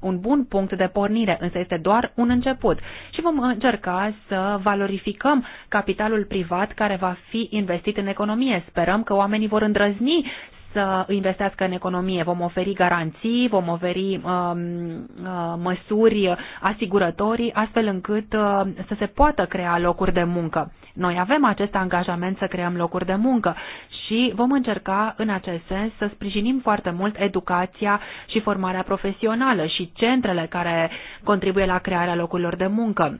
un bun punct de pornire, însă este doar un început și vom încerca să valorificăm capitalul privat care va fi investit în economie. Sperăm că oamenii vor îndrăzni să investească în economie. Vom oferi garanții, vom oferi um, uh, măsuri asigurătorii, astfel încât uh, să se poată crea locuri de muncă. Noi avem acest angajament să creăm locuri de muncă și vom încerca în acest sens să sprijinim foarte mult educația și formarea profesională și centrele care contribuie la crearea locurilor de muncă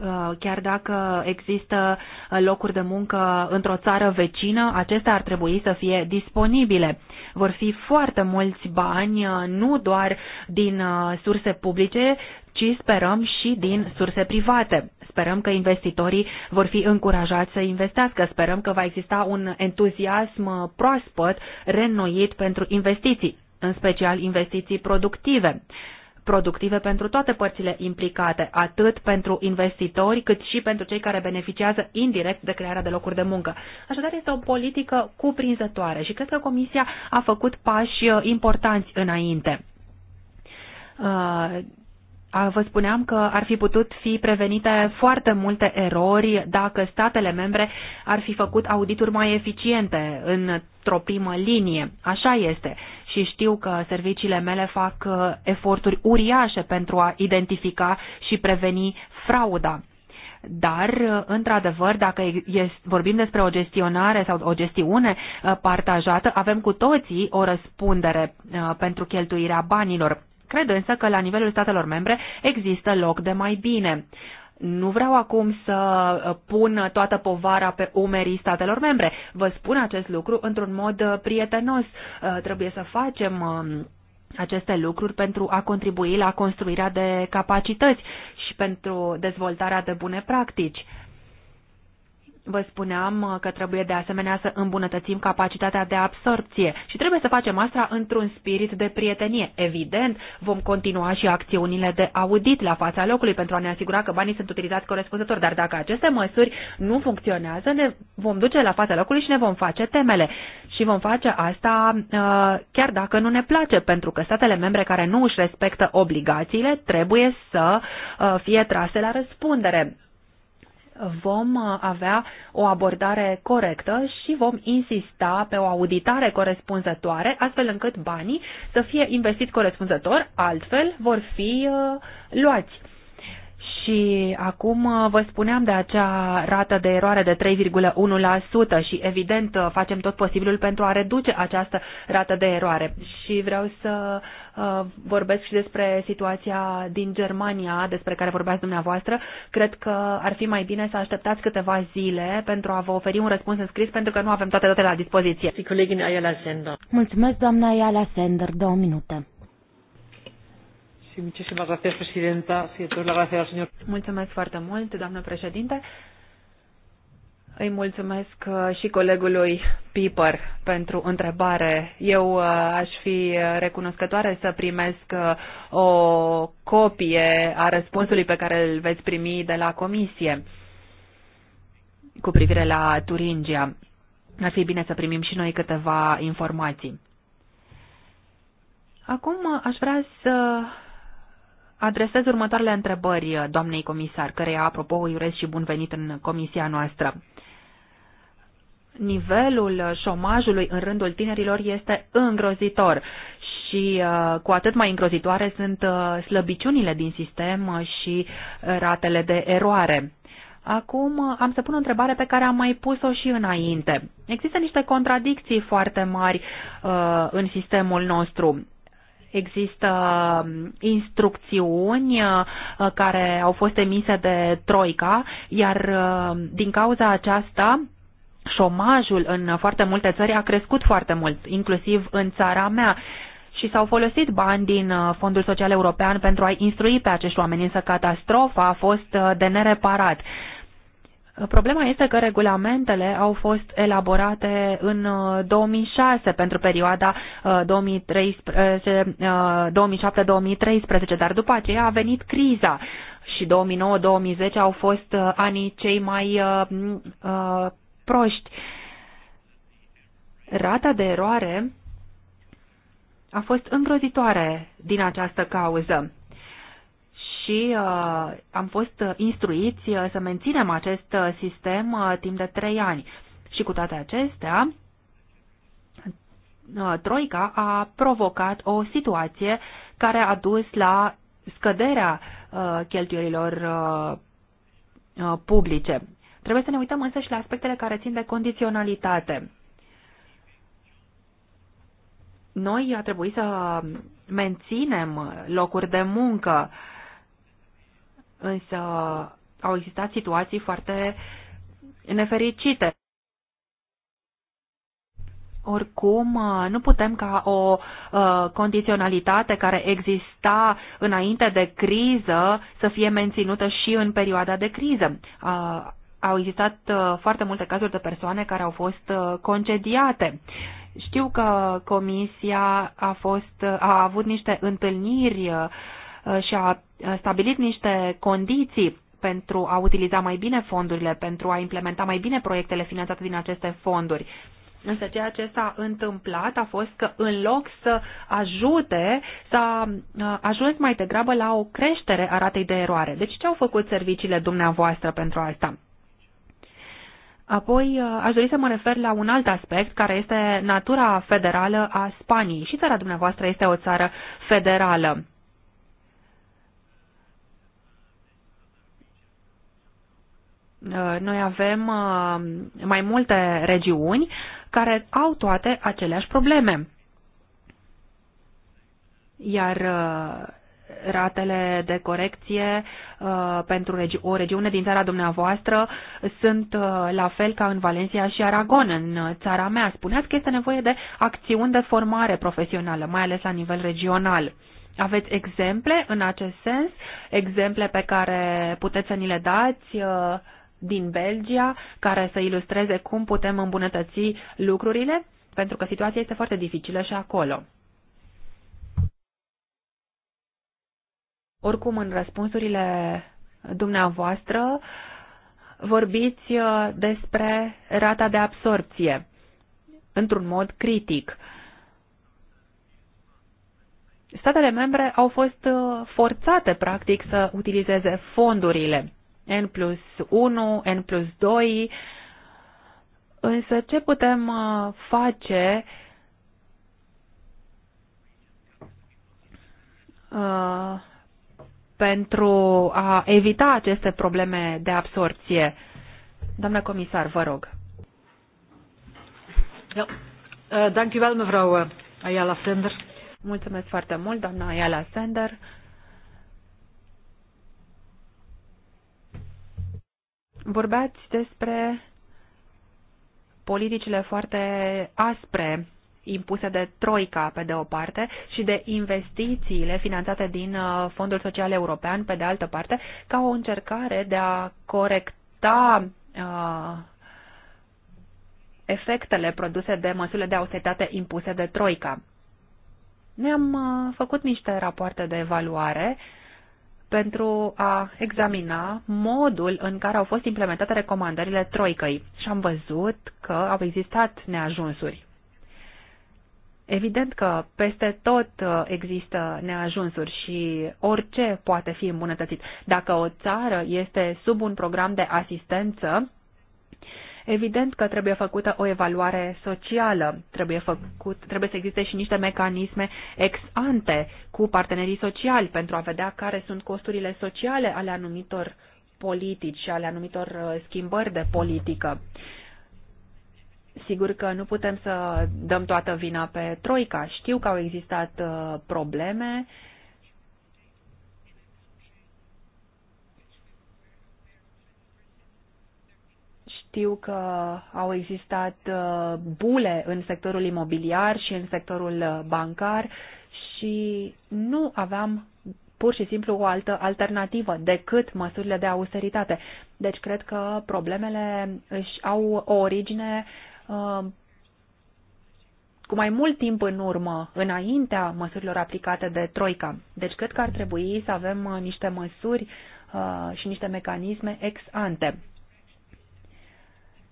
Uh, chiar dacă există uh, locuri de muncă într-o țară vecină, acestea ar trebui să fie disponibile. Vor fi foarte mulți bani, uh, nu doar din surse publice, ci sperăm și din surse private. Sperăm că investitorii vor fi încurajați să investească, sperăm că va exista un entuziasm proaspăt, renoit pentru investiții, în special investiții productive productive pentru toate părțile implicate, atât pentru investitori, cât și pentru cei care beneficiază indirect de crearea de locuri de muncă. Așadar, este o politică cuprinzătoare și cred că Comisia a făcut pași uh, importanți înainte. Uh, vă spuneam că ar fi putut fi prevenite foarte multe erori dacă statele membre ar fi făcut audituri mai eficiente într-o primă linie. Așa este și știu că serviciile mele fac uh, eforturi uriașe pentru a identifica și preveni frauda dar, uh, într-adevăr, dacă vorbim despre o gestionare sau o gestiune uh, partajată, avem cu toții o răspundere pentru cheltuirea banilor. Cred însă că la nivelul statelor membre există loc de mai bine. Nu vreau acum să uh, pun toată povara pe umerii statelor membre. Vă spun acest lucru într-un mod uh, prietenos. Uh, trebuie să facem um, aceste lucruri pentru a contribui la construirea de capacități și pentru dezvoltarea de bune practici. Vă spuneam uh, că trebuie de asemenea să îmbunătățim capacitatea de absorpție și trebuie să facem asta într-un spirit de prietenie. Evident, vom continua și acțiunile de audit la fața locului pentru a ne asigura că banii sunt utilizați corespunzător, dar dacă aceste măsuri nu funcționează, ne vom duce la fața locului și ne vom face temele. Și vom face asta uh, chiar dacă nu ne place, pentru că statele membre care nu își respectă obligațiile trebuie să uh, fie trase la răspundere vom uh, avea o abordare corectă și vom insista pe o auditare corespunzătoare, astfel încât banii să fie investiți corespunzător, altfel vor fi uh, luați. Și acum uh, vă spuneam de acea rată de eroare de 3,1% și evident facem tot posibilul pentru a reduce această rată de eroare. Și vreau să Uh, vorbesc și despre situația din Germania, despre care vorbeați dumneavoastră. Cred că ar fi mai bine să așteptați câteva zile pentru a vă oferi un răspuns în scris, pentru că nu avem toate datele la dispoziție. Mulțumesc, doamna Ayala Sender. Două minute. Mulțumesc foarte mult, doamnă președinte. Îi mulțumesc uh, și colegului Piper pentru întrebare. Eu uh, aș fi recunoscătoare să primesc uh, o copie a răspunsului pe care îl veți primi de la comisie cu privire la Turingia. Ar fi bine să primim și noi câteva informații. Acum aș vrea să adresez următoarele întrebări doamnei comisar, căreia, apropo, îi urez și bun venit în comisia noastră nivelul șomajului în rândul tinerilor este îngrozitor și uh, cu atât mai îngrozitoare sunt uh, slăbiciunile din sistem și ratele de eroare. Acum uh, am să pun o întrebare pe care am mai pus-o și înainte. Există niște contradicții foarte mari uh, în sistemul nostru există um, instrucțiuni care au fost emise de Troica, iar din cauza aceasta șomajul în foarte multe țări a crescut foarte mult, inclusiv în țara mea și s-au folosit bani din uh, Fondul Social European pentru a instrui pe acești oameni, însă catastrofa a fost uh, de nereparat. Problema este că regulamentele au fost elaborate în 2006 uh, pentru perioada 2007-2013, dar după aceea a venit criza și 2009-2010 au fost anii cei mai proști. Rata de eroare a fost îngrozitoare din această cauză și uh, am fost instruiți uh, să menținem acest uh, sistem uh, timp de trei ani. Și cu toate acestea, uh, Troica a provocat o situație care a dus la scăderea uh, cheltuielilor uh, uh publice. Trebuie să ne uităm însă și la aspectele care țin de condiționalitate. Noi a trebuit să menținem locuri de muncă, însă au existat situații foarte nefericite. Oricum, nu putem ca o uh, condiționalitate care exista înainte de criză să fie menținută și în perioada de criză. Uh, au existat uh, foarte multe cazuri de persoane care au fost uh, concediate. Știu că comisia a, fost, uh, a avut niște întâlniri și a stabilit niște condiții pentru a utiliza mai bine fondurile, pentru a implementa mai bine proiectele finanțate din aceste fonduri. Însă ceea ce s-a întâmplat a fost că în loc să ajute, s-a ajuns mai degrabă la o creștere a ratei de eroare. Deci ce au făcut serviciile dumneavoastră pentru asta? Apoi uh, aș dori să mă refer la un alt aspect care este natura federală a Spaniei. Și țara dumneavoastră este o țară federală. Uh, noi avem uh, mai multe regiuni care au toate aceleași probleme. Iar ratele de corecție uh, pentru regi o regiune din țara dumneavoastră sunt uh, la fel ca în Valencia și Aragon, în uh, țara mea. Spuneați că este nevoie de acțiuni de formare profesională, mai ales la nivel regional. Aveți exemple în acest sens? Exemple pe care puteți să ni le dați? Uh, din Belgia, care să ilustreze cum putem îmbunătăți lucrurile, pentru că situația este foarte dificilă și acolo. Oricum, în răspunsurile dumneavoastră, vorbiți uh, despre rata de absorpție într-un mod critic. Statele membre au fost uh, forțate, practic, să utilizeze fondurile N plus 1, N plus 2, însă ce putem uh, face uh, pentru a evita aceste probleme de absorție? Doamna comisar, vă rog. Da. Mulțumesc foarte mult, doamna Ayala Sender. Vorbeați despre politicile foarte aspre impuse de Troica, pe de o parte, și de investițiile finanțate din uh, Fondul Social European, pe de altă parte, ca o încercare de a corecta uh, efectele produse de măsurile de austeritate impuse de Troica. ne am uh, făcut niște rapoarte de evaluare pentru a examina modul în care au fost implementate recomandările Troicăi și am văzut că au existat neajunsuri. Evident că peste tot uh, există neajunsuri și orice poate fi îmbunătățit. Dacă o țară este sub un program de asistență, Evident că trebuie făcută o evaluare socială, trebuie, făcut, trebuie să existe și niște mecanisme ex ante cu partenerii sociali pentru a vedea care sunt costurile sociale ale anumitor politici și ale anumitor uh, schimbări de politică. Uh, Sigur că nu putem să dăm toată vina pe Troica. Știu că au existat uh, probleme. Știu că au existat uh, bule în sectorul imobiliar și în sectorul uh, bancar și nu aveam pur și simplu o altă alternativă decât măsurile de austeritate. Deci cred că problemele își au o origine Um, cu mai mult timp în urmă, înaintea măsurilor aplicate de Troica. Deci cred că ar trebui să avem uh, niște măsuri uh, și niște mecanisme ex ante.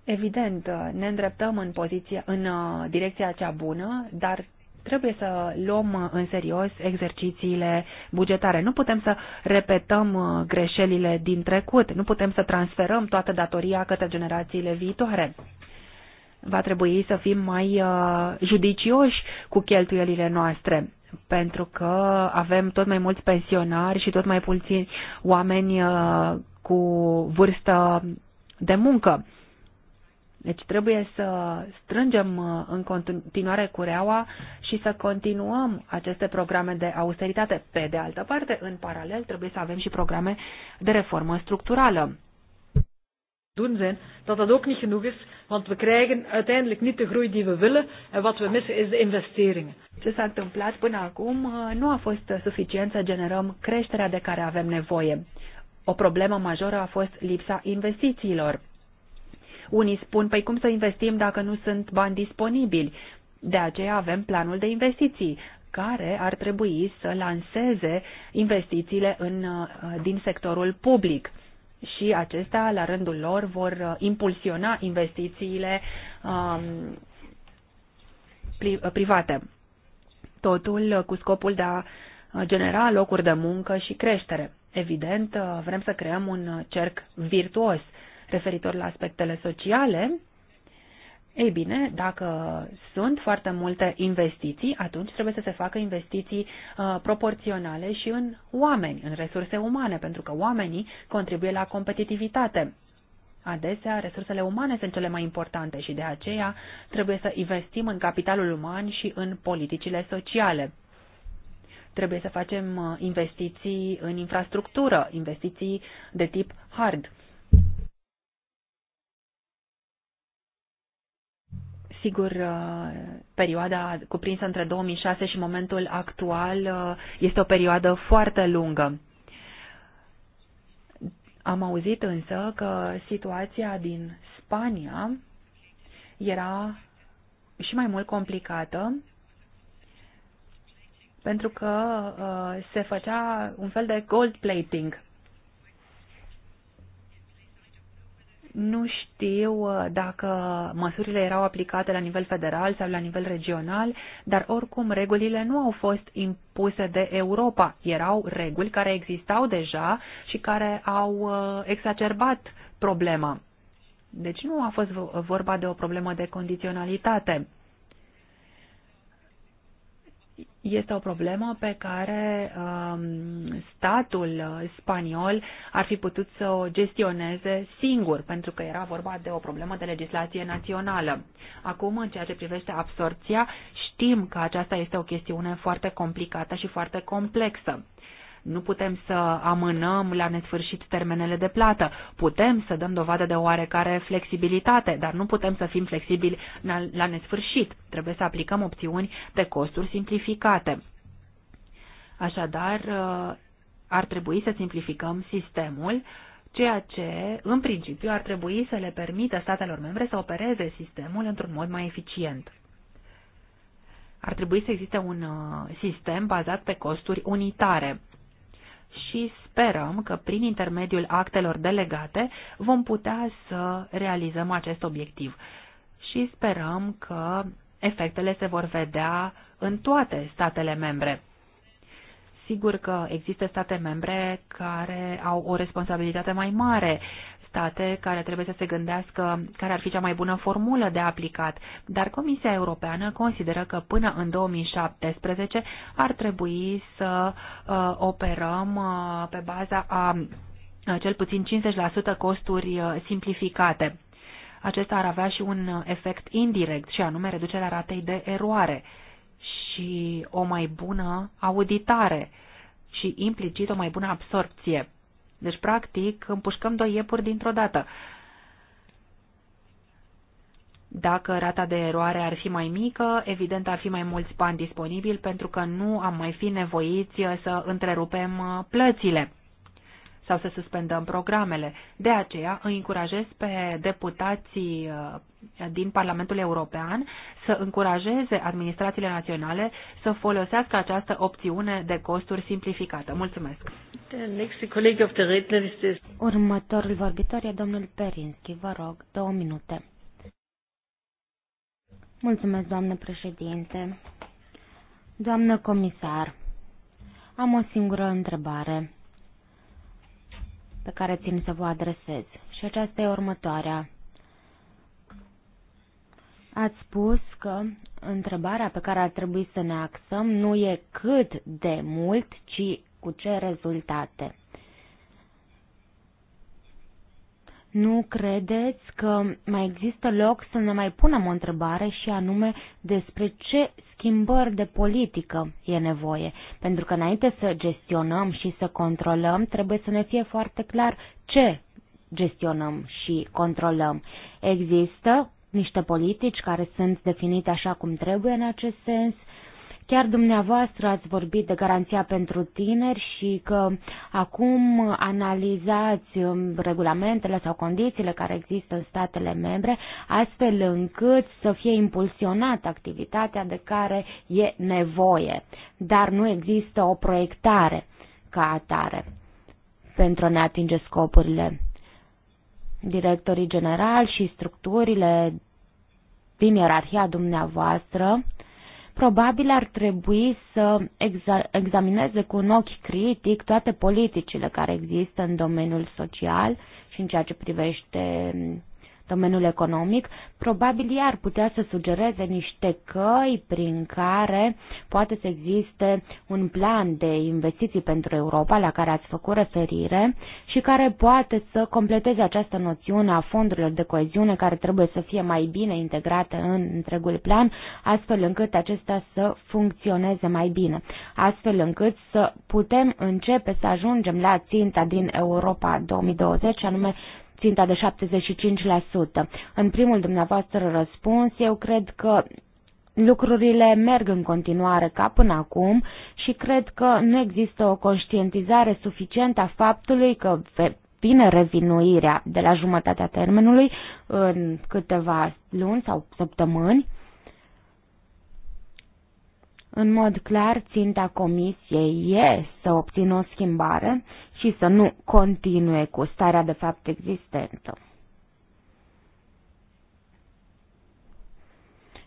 Evident, uh, ne îndreptăm în, poziția, în direcția cea bună, dar trebuie să luăm în serios exercițiile bugetare. Nu putem să repetăm greșelile din trecut, nu putem să transferăm toată datoria către generațiile viitoare va trebui să fim mai uh, judicioși cu cheltuielile noastre pentru că avem tot mai mulți pensionari și tot mai puțini oameni uh, cu vârstă de muncă. Deci trebuie să strângem uh, în continuare cureaua și să continuăm aceste programe de austeritate. Pe de altă parte, în paralel, trebuie să avem și programe de reformă structurală doen zijn, dat dat ook niet genoeg is, want we krijgen uiteindelijk niet de groei die we willen en wat we missen is de investeringen. Ce s-a întâmplat până acum uh, nu a fost uh, suficient să generăm creșterea de care avem nevoie. O problemă majoră a fost lipsa investițiilor. Unii spun, păi cum să investim dacă nu sunt bani disponibili? De aceea avem planul de investiții, care ar trebui să lanseze investițiile în, uh, din sectorul public și acestea, la rândul lor, vor uh, impulsiona investițiile um, uh, private. Totul uh, cu scopul de a genera locuri de muncă și creștere. Evident, vrem să creăm un cerc virtuos referitor la aspectele sociale. Ei bine, dacă sunt foarte multe investiții, atunci trebuie să se facă investiții uh, proporționale și în oameni, în resurse umane, pentru că oamenii contribuie la competitivitate. Adesea, resursele umane sunt cele mai importante și de aceea trebuie să investim în capitalul uman și în politicile sociale. Trebuie să facem uh, investiții în infrastructură, investiții de tip hard Sigur, uh, perioada cuprinsă între 2006 și momentul actual uh, este o perioadă foarte lungă. Am auzit însă că situația din Spania era și mai mult complicată pentru că uh, se făcea un fel de gold plating Nu știu uh, dacă măsurile erau aplicate la nivel federal sau la nivel regional, dar oricum regulile nu au fost impuse de Europa. Erau reguli care existau deja și care au uh, exacerbat problema. Deci nu a fost vorba de o problemă de condiționalitate este o problemă pe care um, statul spaniol ar fi putut să o gestioneze singur, pentru că era vorba de o problemă de legislație națională. Acum, în ceea ce privește absorpția, știm că aceasta este o chestiune foarte complicată și foarte complexă. Nu putem să amânăm la nesfârșit termenele de plată. Putem să dăm dovadă de oarecare flexibilitate, dar nu putem să fim flexibili la nesfârșit. Trebuie să aplicăm opțiuni de costuri simplificate. Așadar, uh, ar trebui să simplificăm sistemul, ceea ce, în principiu, ar trebui să le permită statelor membre să opereze sistemul într-un mod mai eficient. Ar trebui să existe un uh, sistem bazat pe costuri unitare și sperăm că prin intermediul actelor delegate vom putea să realizăm acest obiectiv. Și sperăm că efectele se vor vedea în toate statele membre. Sigur că există state membre care au o responsabilitate mai mare state care trebuie să se gândească care ar fi cea mai bună formulă de aplicat, dar Comisia Europeană consideră că până în 2017 ar trebui să uh, operăm uh, pe baza a uh, cel puțin 50% costuri uh, simplificate. Acesta ar avea și un efect indirect, și anume reducerea ratei de eroare și o mai bună auditare și implicit o mai bună absorpție. Deci, practic, împușcăm doi iepuri dintr-o dată. Dacă rata de eroare ar fi mai mică, evident ar fi mai mulți bani disponibili pentru că nu am mai fi nevoiți să întrerupem uh, plățile sau să suspendăm programele. De aceea îi încurajez pe deputații uh, din Parlamentul European să încurajeze administrațiile naționale să folosească această opțiune de costuri simplificată. Mulțumesc! Următorul vorbitor e domnul Perinski. Vă rog, două minute. Mulțumesc, doamnă președinte. Doamnă comisar, am o singură întrebare pe care țin să vă adresez. Și aceasta e următoarea. Ați spus că întrebarea pe care ar trebui să ne axăm nu e cât de mult, ci cu ce rezultate. Nu credeți că mai există loc să ne mai punem o întrebare și anume despre ce schimbări de politică e nevoie? Pentru că înainte să gestionăm și să controlăm, trebuie să ne fie foarte clar ce gestionăm și controlăm. Există niște politici care sunt definite așa cum trebuie în acest sens, Chiar dumneavoastră ați vorbit de garanția pentru tineri și că acum analizați um, regulamentele sau condițiile care există în statele membre, astfel încât să fie impulsionată activitatea de care e nevoie, dar nu există o proiectare ca atare pentru a ne atinge scopurile. Directorii generali și structurile din ierarhia dumneavoastră probabil ar trebui să examineze cu un ochi critic toate politicile care există în domeniul social și în ceea ce privește domeniul economic, probabil iar putea să sugereze niște căi prin care poate să existe un plan de investiții pentru Europa la care ați făcut referire și care poate să completeze această noțiune a fondurilor de coeziune care trebuie să fie mai bine integrate în întregul plan, astfel încât acestea să funcționeze mai bine, astfel încât să putem începe să ajungem la ținta din Europa 2020, anume ținta de 75%. În primul dumneavoastră răspuns, eu cred că lucrurile merg în continuare ca până acum și cred că nu există o conștientizare suficientă a faptului că vine revinuirea de la jumătatea termenului în câteva luni sau săptămâni. În mod clar, ținta comisiei e să obțină o schimbare și să nu continue cu starea de fapt existentă.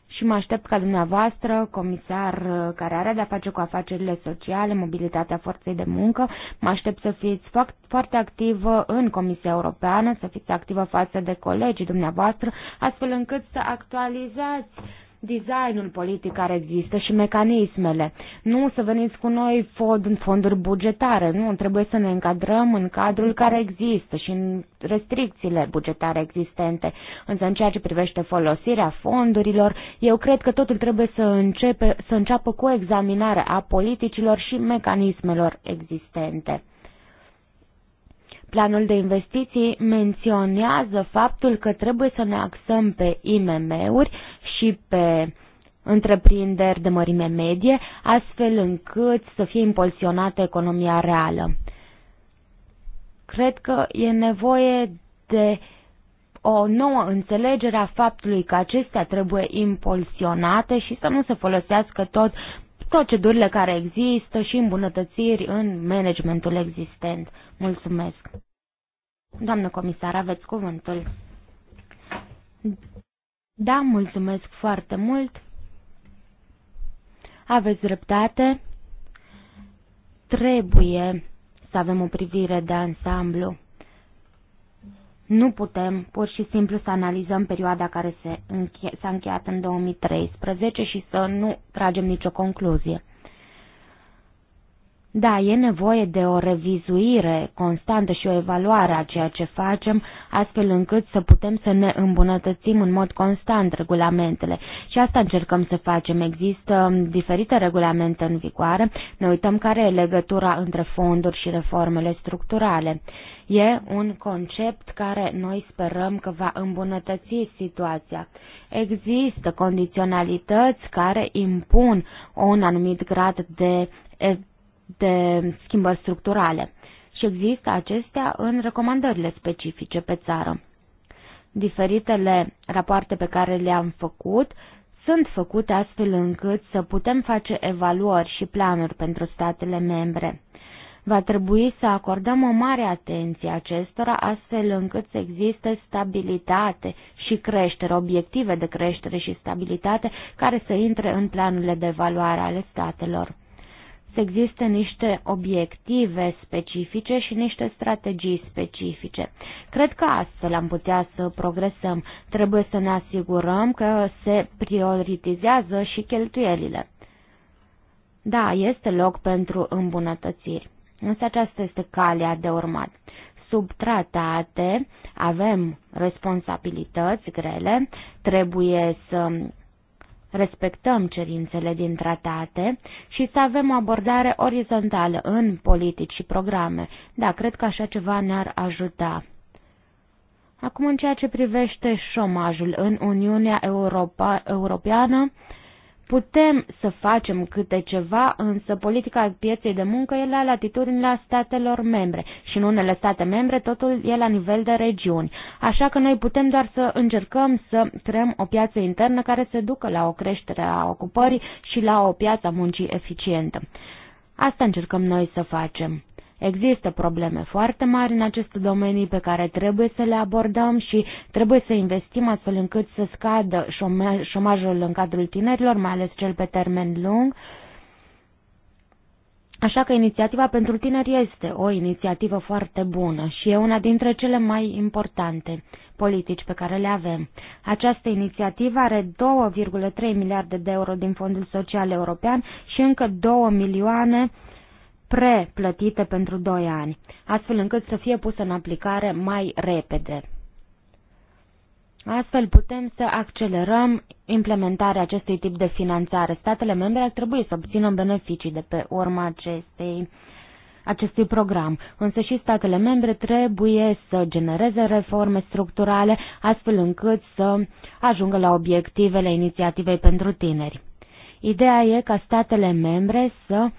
și mă aștept ca dumneavoastră, comisar care are de-a face cu afacerile sociale, mobilitatea forței de muncă, mă aștept să fiți foarte activă în Comisia Europeană, să fiți activă față de colegii dumneavoastră, astfel încât să actualizați designul politic care există și mecanismele. Nu să veniți cu noi fond, fonduri bugetare, nu, trebuie să ne încadrăm în cadrul care există și în restricțiile bugetare existente. Însă în ceea ce privește folosirea fondurilor, eu cred că totul trebuie să, începe, să înceapă cu examinarea a politicilor și mecanismelor existente. Planul de investiții menționează faptul că trebuie să ne axăm pe IMM-uri și pe întreprinderi de mărime medie, astfel încât să fie impulsionată economia reală. Cred că e nevoie de o nouă înțelegere a faptului că acestea trebuie impulsionate și să nu se folosească tot procedurile care există și îmbunătățiri în managementul existent. Mulțumesc. Doamnă comisar, aveți cuvântul. Da, mulțumesc foarte mult. Aveți dreptate. Trebuie să avem o privire de ansamblu. Nu putem pur și simplu să analizăm perioada care se înche- s-a încheiat în 2013 și să nu tragem nicio concluzie. Da, e nevoie de o revizuire constantă și o evaluare a ceea ce facem, astfel încât să putem să ne îmbunătățim în mod constant regulamentele. Și asta încercăm să facem. Există diferite regulamente în vigoare, ne uităm care e legătura între fonduri și reformele structurale. E un concept care noi sperăm că va îmbunătăți situația. Există condiționalități care impun un anumit grad de, de schimbări structurale și există acestea în recomandările specifice pe țară. Diferitele rapoarte pe care le-am făcut sunt făcute astfel încât să putem face evaluări și planuri pentru statele membre. Va trebui să acordăm o mare atenție acestora astfel încât să existe stabilitate și creștere, obiective de creștere și stabilitate care să intre în planurile de evaluare ale statelor. Să existe niște obiective specifice și niște strategii specifice. Cred că astfel am putea să progresăm. Trebuie să ne asigurăm că se prioritizează și cheltuielile. Da, este loc pentru îmbunătățiri. Însă aceasta este calea de urmat. Sub tratate avem responsabilități grele, trebuie să respectăm cerințele din tratate și să avem o abordare orizontală în politici și programe. Da, cred că așa ceva ne-ar ajuta. Acum, în ceea ce privește șomajul în Uniunea Europa, Europeană, Putem să facem câte ceva, însă politica pieței de muncă e la latitudinea statelor membre și în unele state membre totul e la nivel de regiuni. Așa că noi putem doar să încercăm să creăm o piață internă care să ducă la o creștere a ocupării și la o piață a muncii eficientă. Asta încercăm noi să facem. Există probleme foarte mari în aceste domenii pe care trebuie să le abordăm și trebuie să investim astfel încât să scadă șomajul în cadrul tinerilor, mai ales cel pe termen lung. Așa că inițiativa pentru tineri este o inițiativă foarte bună și e una dintre cele mai importante politici pe care le avem. Această inițiativă are 2,3 miliarde de euro din Fondul Social European și încă 2 milioane uh, preplătite pentru 2 ani, astfel încât să fie pusă în aplicare mai repede. Astfel putem să accelerăm implementarea acestui tip de finanțare. Statele membre ar trebui să obțină beneficii de pe urma acestei, acestui program, însă și statele membre trebuie să genereze reforme structurale astfel încât să ajungă la obiectivele inițiativei pentru tineri. Ideea e ca statele membre să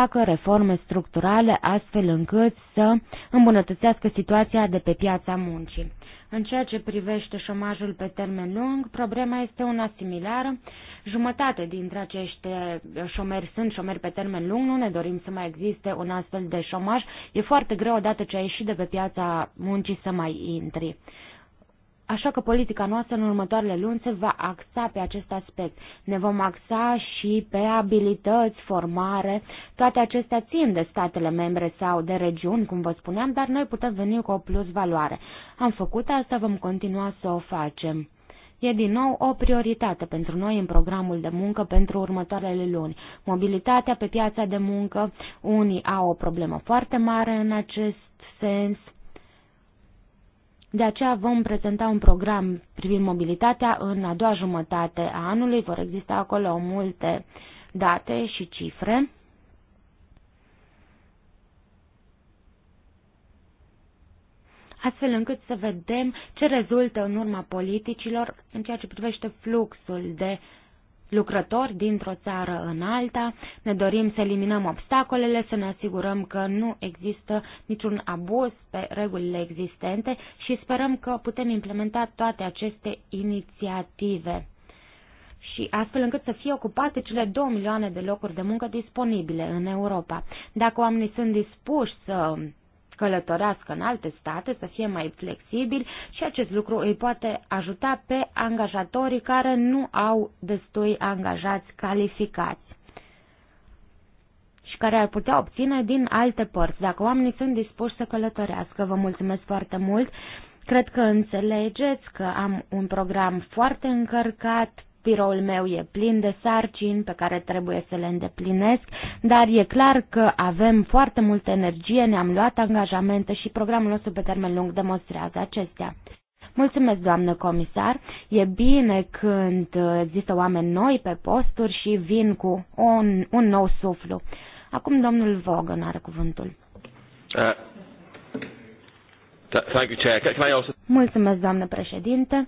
facă reforme structurale astfel încât să îmbunătățească situația de pe piața muncii. În ceea ce privește șomajul pe termen lung, problema este una similară. Jumătate dintre acești eh, șomeri sunt șomeri pe termen lung, nu ne dorim să mai existe un astfel de șomaj. E foarte greu odată ce ai ieșit de pe piața muncii să mai intri. Așa că politica noastră în următoarele luni se va axa pe acest aspect. Ne vom axa și pe abilități, formare. Toate acestea țin de statele membre sau de regiuni, cum vă spuneam, dar noi putem veni cu o plus valoare. Am făcut asta, vom continua să o facem. E din nou o prioritate pentru noi în programul de muncă pentru următoarele luni. Mobilitatea pe piața de muncă, unii au o problemă foarte mare în acest sens, de aceea vom prezenta un program privind mobilitatea în a doua jumătate a anului. Vor exista acolo multe date și cifre. astfel încât să vedem ce rezultă în urma politicilor în ceea ce privește fluxul de lucrători dintr-o țară în alta, ne dorim să eliminăm obstacolele, să ne asigurăm că nu există niciun abuz pe regulile existente și sperăm că putem implementa toate aceste inițiative și astfel încât să fie ocupate cele 2 milioane de locuri de muncă disponibile în Europa. Dacă oamenii sunt dispuși să călătorească în alte state, să fie mai flexibil și acest lucru îi poate ajuta pe angajatorii care nu au destui angajați calificați și care ar putea obține din alte părți, dacă oamenii sunt dispuși să călătorească. Vă mulțumesc foarte mult! Cred că înțelegeți că am un program foarte încărcat biroul meu e plin de sarcini pe care trebuie să le îndeplinesc, dar e clar că avem foarte multă energie, ne-am luat angajamente și programul nostru pe termen lung demonstrează acestea. Mulțumesc, doamnă comisar. E bine când există oameni noi pe posturi și vin cu un, un nou suflu. Acum domnul Vogan are cuvântul. Uh, thank you, Chair. Can I also... Mulțumesc, doamnă președinte.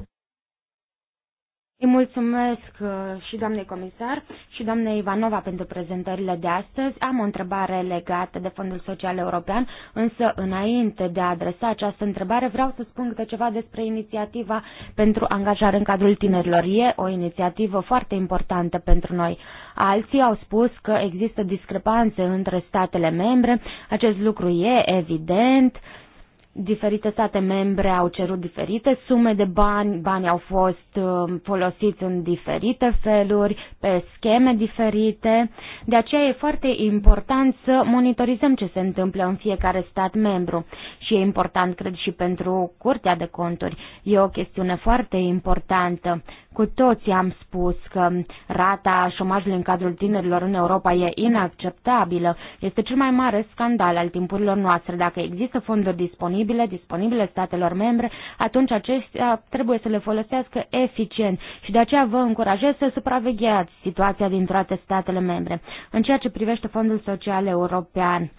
Îi mulțumesc uh, și doamnei comisar și doamnei Ivanova pentru prezentările de astăzi. Am o întrebare legată de Fondul Social European, însă înainte de a adresa această întrebare vreau să spun câte ceva despre inițiativa pentru angajare în cadrul tinerilor. E o inițiativă foarte importantă pentru noi. Alții au spus că există discrepanțe între statele membre, acest lucru e evident diferite state membre au cerut diferite sume de bani, bani au fost um, folosiți în diferite feluri, pe scheme diferite. De aceea e foarte important să monitorizăm ce se întâmplă în fiecare stat membru și e important, cred, și pentru Curtea de Conturi. E o chestiune foarte importantă cu toții am spus că rata șomajului în cadrul tinerilor în Europa e inacceptabilă. Este cel mai mare scandal al timpurilor noastre. Dacă există fonduri disponibile, disponibile statelor membre, atunci acestea trebuie să le folosească eficient și de aceea vă încurajez să supravegheați situația din toate statele membre. În ceea ce privește Fondul Social European,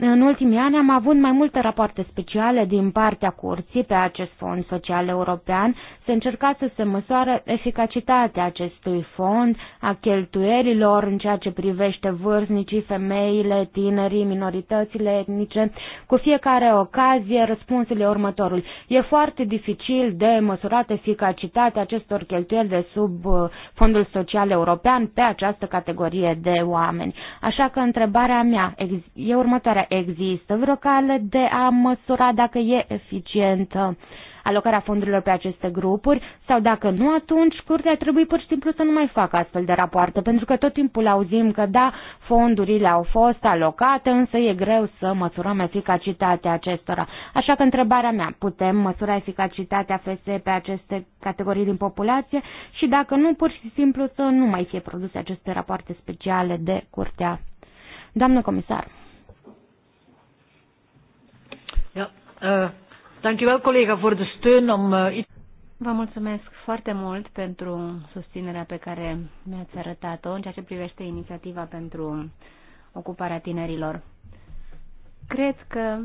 în ultimii ani am avut mai multe rapoarte speciale din partea curții pe acest fond social european. Se încerca să se măsoară eficacitatea acestui fond, a cheltuierilor în ceea ce privește vârstnicii, femeile, tinerii, minoritățile etnice. Cu fiecare ocazie, răspunsul e următorul. E foarte dificil de măsurat eficacitatea acestor cheltuieli de sub uh, fondul social european pe această categorie de oameni. Așa că întrebarea mea e următoarea există, vreo cale de a măsura dacă e eficientă alocarea fondurilor pe aceste grupuri sau dacă nu, atunci curtea trebuie pur și simplu să nu mai facă astfel de rapoarte, pentru că tot timpul auzim că da, fondurile au fost alocate, însă e greu să măsurăm eficacitatea acestora. Așa că întrebarea mea, putem măsura eficacitatea FSE pe aceste categorii din populație și dacă nu, pur și simplu să nu mai fie produse aceste rapoarte speciale de curtea. Doamnă comisar. Uh, eh, dankjewel collega voor de steun om... Eh, Vă mulțumesc foarte mult pentru susținerea pe care mi-ați arătat-o în ceea ce privește inițiativa pentru ocuparea tinerilor. Cred că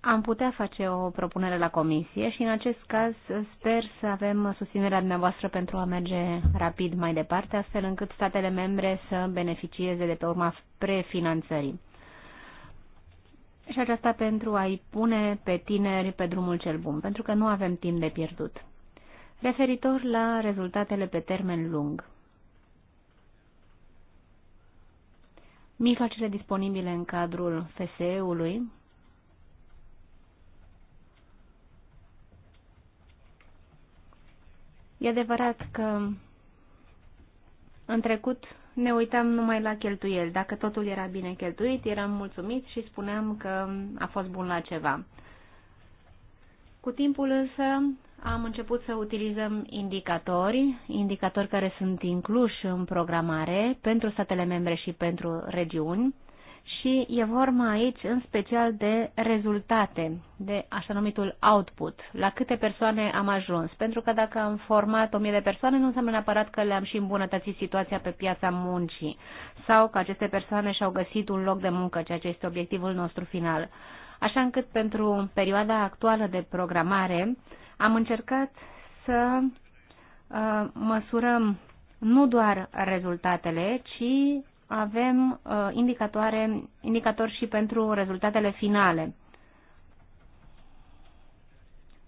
am putea face o propunere la comisie și în acest caz sper să avem susținerea dumneavoastră pentru a merge rapid mai departe, astfel încât statele membre să beneficieze de pe urma prefinanțării și aceasta pentru a-i pune pe tineri pe drumul cel bun, pentru că nu avem timp de pierdut. Referitor la rezultatele pe termen lung. Mijloacele disponibile în cadrul FSE-ului E adevărat că în trecut ne uitam numai la cheltuieli. Dacă totul era bine cheltuit, eram mulțumiți și spuneam că a fost bun la ceva. Cu timpul însă am început să utilizăm indicatori, indicatori care sunt incluși în programare pentru statele membre și pentru regiuni și e vorba aici în special de rezultate, de așa numitul output, la câte persoane am ajuns. Pentru că dacă am format 1000 de persoane, nu înseamnă neapărat că le-am și îmbunătățit situația pe piața muncii sau că aceste persoane și-au găsit un loc de muncă, ceea ce este obiectivul nostru final. Așa încât pentru perioada actuală de programare am încercat să uh, măsurăm nu doar rezultatele, ci avem uh, indicatoare, indicatori și pentru rezultatele finale.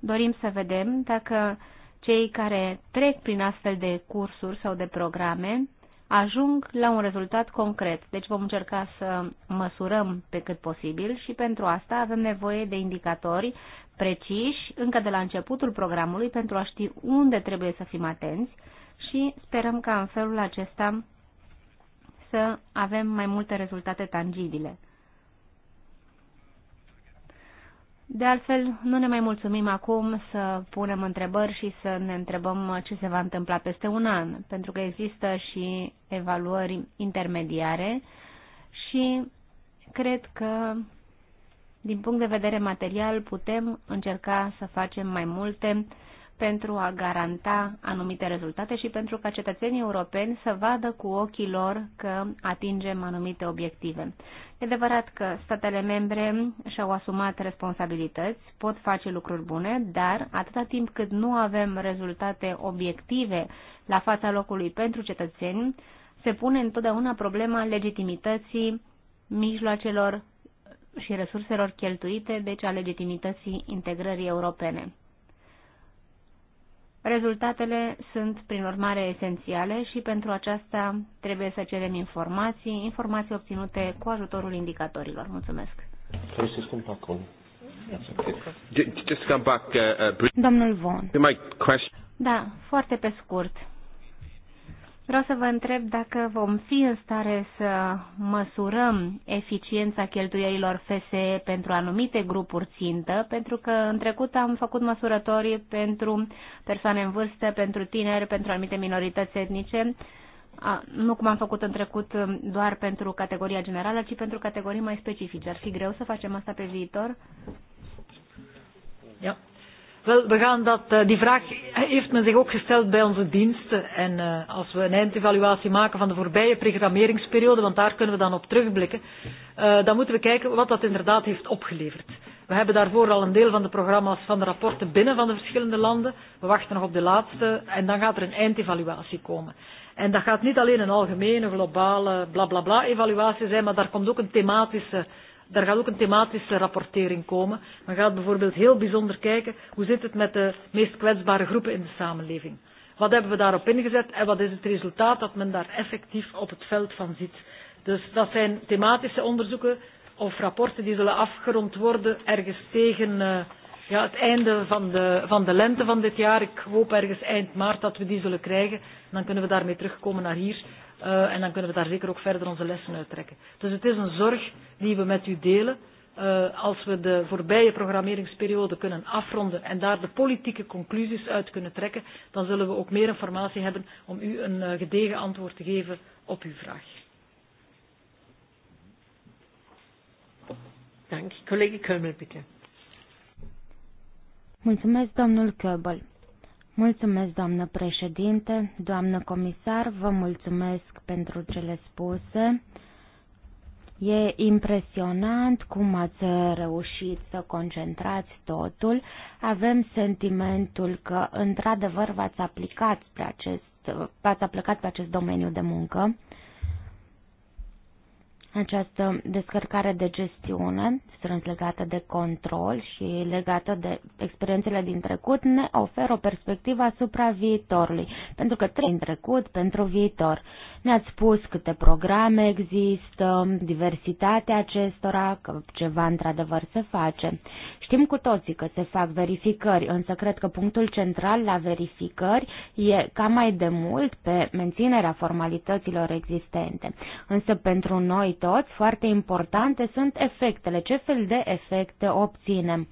Dorim să vedem dacă cei care trec prin astfel de cursuri sau de programe ajung la un rezultat concret. Deci vom încerca să măsurăm pe cât posibil și pentru asta avem nevoie de indicatori preciși încă de la începutul programului pentru a ști unde trebuie să fim atenți și sperăm ca în felul acesta să avem mai multe rezultate tangibile. De altfel, nu ne mai mulțumim acum să punem întrebări și să ne întrebăm ce se va întâmpla peste un an, pentru că există și evaluări intermediare și cred că, din punct de vedere material, putem încerca să facem mai multe pentru a garanta anumite rezultate și pentru ca cetățenii europeni să vadă cu ochii lor că atingem anumite obiective. E adevărat că statele membre și-au asumat responsabilități, pot face lucruri bune, dar atâta timp cât nu avem rezultate obiective la fața locului pentru cetățeni, se pune întotdeauna problema legitimității mijloacelor și resurselor cheltuite, deci a legitimității integrării europene. Rezultatele sunt, prin urmare, esențiale și pentru aceasta trebuie să cerem informații, informații obținute cu ajutorul indicatorilor. Mulțumesc. Uh, uh, Domnul Von. Da, foarte pe scurt. Vreau să vă întreb dacă vom fi în stare să măsurăm eficiența cheltuielilor FSE pentru anumite grupuri țintă, pentru că în trecut am făcut măsurători pentru persoane în vârstă, pentru tineri, pentru anumite minorități etnice, nu cum am făcut în trecut doar pentru categoria generală, ci pentru categorii mai specifice. Ar fi greu să facem asta pe viitor? Yeah. Wel, we gaan dat, uh, die vraag heeft men zich ook gesteld bij onze diensten. En uh, als we een eindevaluatie maken van de voorbije programmeringsperiode, want daar kunnen we dan op terugblikken, uh, dan moeten we kijken wat dat inderdaad heeft opgeleverd. We hebben daarvoor al een deel van de programma's van de rapporten binnen van de verschillende landen. We wachten nog op de laatste en dan gaat er een eindevaluatie komen. En dat gaat niet alleen een algemene, globale, bla bla, bla, evaluatie zijn, maar daar komt ook een thematische Daar gaat ook een thematische rapportering komen. Men gaat bijvoorbeeld heel bijzonder kijken hoe zit het met de meest kwetsbare groepen in de samenleving. Wat hebben we daarop ingezet en wat is het resultaat dat men daar effectief op het veld van ziet. Dus dat zijn thematische onderzoeken of rapporten die zullen afgerond worden ergens tegen uh, ja, het einde van de, van de lente van dit jaar. Ik hoop ergens eind maart dat we die zullen krijgen. dan kunnen we daarmee terugkomen naar hier Uh, en dan kunnen we daar zeker ook verder onze lessen uit trekken. Dus het is een zorg die we met u delen. Uh, als we de voorbije programmeringsperiode kunnen afronden en daar de politieke conclusies uit kunnen trekken, dan zullen we ook meer informatie hebben om u een uh, gedegen antwoord te geven op uw vraag. Dank. Collega Keumel, bitte. Mulțumesc, domnul Keubel. Mulțumesc, doamnă președinte, doamnă comisar, vă mulțumesc pentru cele spuse. E impresionant cum ați reușit să concentrați totul. Avem sentimentul că, într-adevăr, v-ați aplicat pe acest, v-ați aplicat pe acest domeniu de muncă această descărcare de gestiune, strâns legată de control și legată de experiențele din trecut, ne oferă o perspectivă asupra viitorului, pentru că trei trecut pentru viitor. Ne-ați spus câte programe există, diversitatea acestora, că ceva într-adevăr se face. Știm cu toții că se fac verificări, însă cred că punctul central la verificări e ca mai de mult pe menținerea formalităților existente. Însă pentru noi toți foarte importante sunt efectele, ce fel de efecte obținem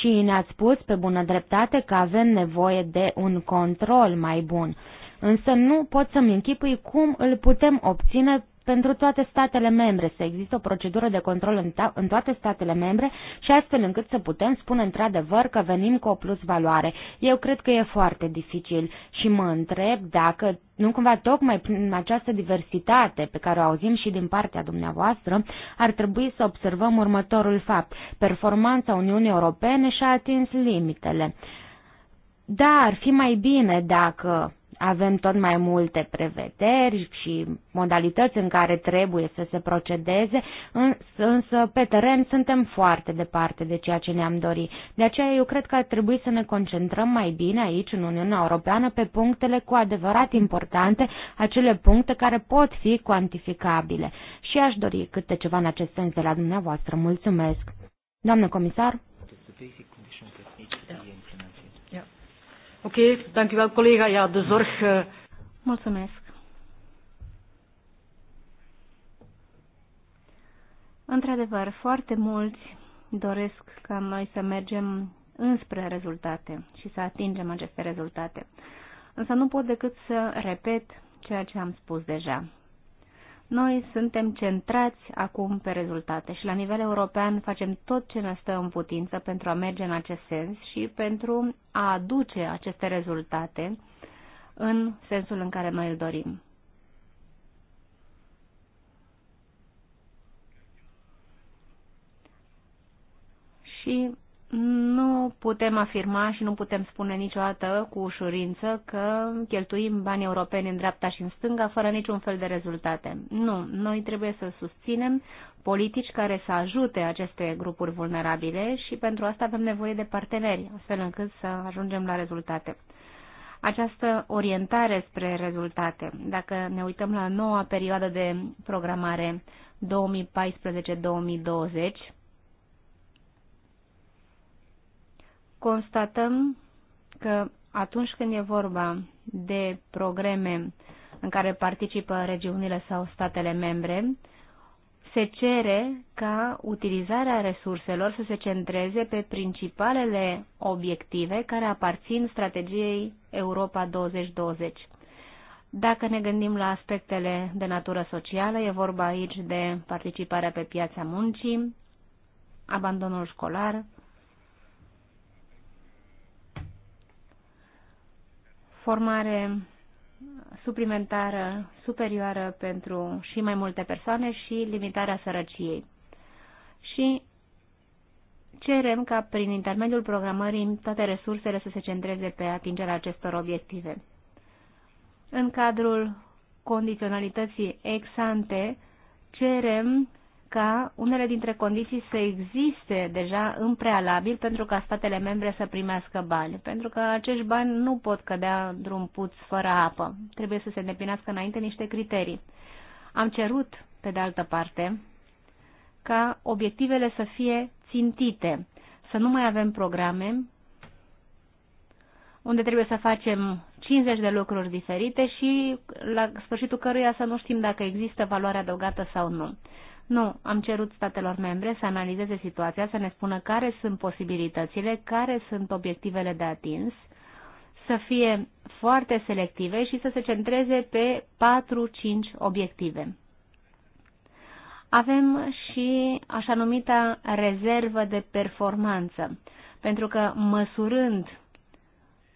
și ne-ați spus pe bună dreptate că avem nevoie de un control mai bun însă nu pot să-mi închipui cum îl putem obține pentru toate statele membre, să există o procedură de control în, ta- în toate statele membre și astfel încât să putem spune într-adevăr că venim cu o plus valoare. Eu cred că e foarte dificil și mă întreb dacă nu cumva tocmai prin această diversitate pe care o auzim și din partea dumneavoastră, ar trebui să observăm următorul fapt. Performanța Uniunii Europene și-a atins limitele. Dar ar fi mai bine dacă avem tot mai multe prevederi și modalități în care trebuie să se procedeze, însă pe teren suntem foarte departe de ceea ce ne-am dorit. De aceea eu cred că ar trebui să ne concentrăm mai bine aici în Uniunea Europeană pe punctele cu adevărat importante, acele puncte care pot fi cuantificabile. Și aș dori câte ceva în acest sens de la dumneavoastră. Mulțumesc! Doamnă comisar! Ok, dank u wel collega. Ja, de zorg... Uh... Mulțumesc. Într-adevăr, foarte mulți doresc ca noi să mergem înspre rezultate și să atingem aceste rezultate. Însă nu pot decât să repet ceea ce am spus deja. Noi suntem centrați acum pe rezultate și la nivel european facem tot ce ne stă în putință pentru a merge în acest sens și pentru a aduce aceste rezultate în sensul în care noi îl dorim. Și putem afirma și nu putem spune niciodată cu ușurință că cheltuim bani europeni în dreapta și în stânga fără niciun fel de rezultate. Nu, noi trebuie să susținem politici care să ajute aceste grupuri vulnerabile și pentru asta avem nevoie de parteneri, astfel încât să ajungem la rezultate. Această orientare spre rezultate, dacă ne uităm la noua perioadă de programare 2014-2020, constatăm că atunci când e vorba de programe în care participă regiunile sau statele membre, se cere ca utilizarea resurselor să se centreze pe principalele obiective care aparțin strategiei Europa 2020. Dacă ne gândim la aspectele de natură socială, e vorba aici de participarea pe piața muncii, abandonul școlar, formare suplimentară superioară pentru și mai multe persoane și limitarea sărăciei. Și cerem ca prin intermediul programării toate resursele să se centreze pe atingerea acestor obiective. În cadrul condiționalității ex ante, cerem ca unele dintre condiții să existe deja în prealabil pentru ca statele membre să primească bani, pentru că acești bani nu pot cădea într-un puț fără apă. Trebuie să se îndeplinească înainte niște criterii. Am cerut, pe de altă parte, ca obiectivele să fie țintite, să nu mai avem programe unde trebuie să facem 50 de lucruri diferite și la sfârșitul căruia să nu știm dacă există valoare adăugată sau nu. Nu, am cerut statelor membre să analizeze situația, să ne spună care sunt posibilitățile, care sunt obiectivele de atins, să fie foarte selective și să se centreze pe 4-5 obiective. Avem și așa numita rezervă de performanță, pentru că măsurând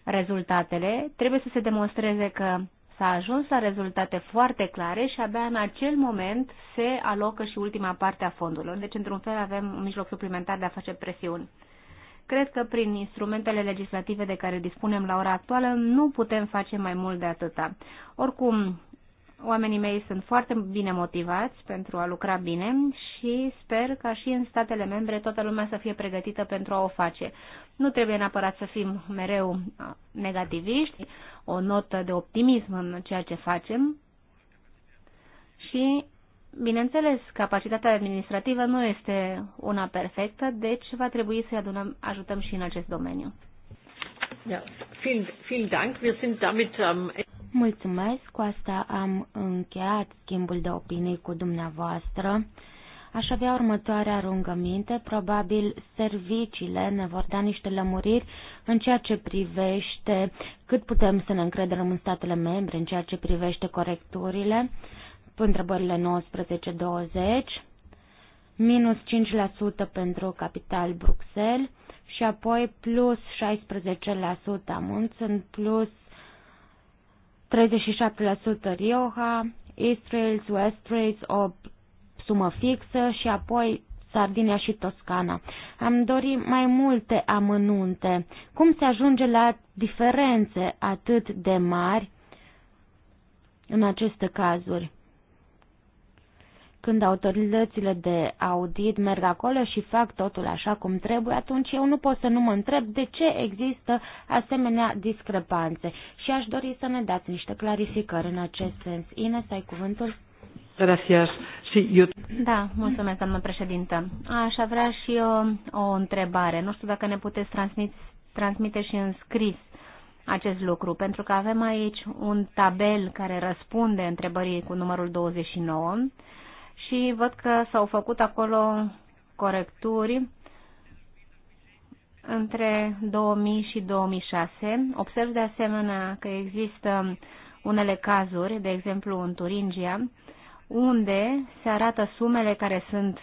rezultatele, trebuie să se demonstreze că S-a ajuns la rezultate foarte clare și abia în acel moment se alocă și ultima parte a fondurilor. Deci, într-un fel, avem un mijloc suplimentar de a face presiuni. Cred că prin instrumentele legislative de care dispunem la ora actuală nu putem face mai mult de atâta. Oricum, Oamenii mei sunt foarte bine motivați pentru a lucra bine și sper ca și în statele membre toată lumea să fie pregătită pentru a o face. Nu trebuie neapărat să fim mereu negativiști, o notă de optimism în ceea ce facem și, bineînțeles, capacitatea administrativă nu este una perfectă, deci va trebui să-i adunăm, ajutăm și în acest domeniu. Ja, vielen, vielen Dank. Wir sind damit am ähm, um... Mulțumesc, cu asta am încheiat schimbul de opinii cu dumneavoastră. Aș avea următoarea rugăminte, probabil serviciile ne vor da niște lămuriri în ceea ce privește cât putem să ne încredem în statele membre, în ceea ce privește corecturile, întrebările 19-20, minus 5% pentru capital Bruxelles și apoi plus 16% amunț în plus 37% Rioja, East Rails, West Rails, o sumă fixă și apoi Sardinia și Toscana. Am dorit mai multe amănunte. Cum se ajunge la diferențe atât de mari în aceste cazuri? Când autoritățile de audit merg acolo și fac totul așa cum trebuie, atunci eu nu pot să nu mă întreb de ce există asemenea discrepanțe. Și aș dori să ne dați niște clarificări în acest sens. Ines, ai cuvântul? Gracias. Sí, yo... Da, mulțumesc, doamnă președintă. Aș avea și eu o întrebare. Nu știu dacă ne puteți transmite, transmite și în scris acest lucru, pentru că avem aici un tabel care răspunde întrebării cu numărul 29 și văd că s-au făcut acolo corecturi între 2000 și 2006. Observ de asemenea că există unele cazuri, de exemplu în Turingia, unde se arată sumele care sunt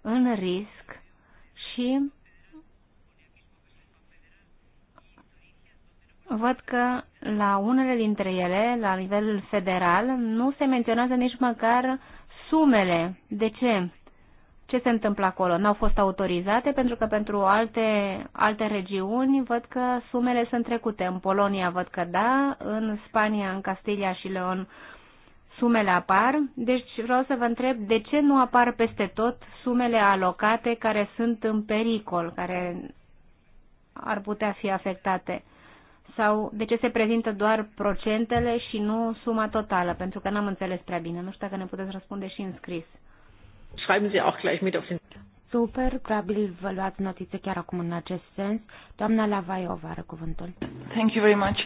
în risc și văd că la unele dintre ele, la nivel federal, nu se menționează nici măcar sumele. De ce? Ce se întâmplă acolo? N-au fost autorizate pentru că pentru alte, alte regiuni văd că sumele sunt trecute. În Polonia văd că da, în Spania, în Castilia și Leon sumele apar. Deci vreau să vă întreb de ce nu apar peste tot sumele alocate care sunt în pericol, care ar putea fi afectate. Sau de ce se prezintă doar procentele și nu suma totală? Pentru că n-am înțeles prea bine. Nu știu dacă ne puteți răspunde și în scris. Schreiben Sie auch gleich mit auf den... Super, probabil vă luați notițe chiar acum în acest sens. Doamna Lavaiova are cuvântul. Thank you very much.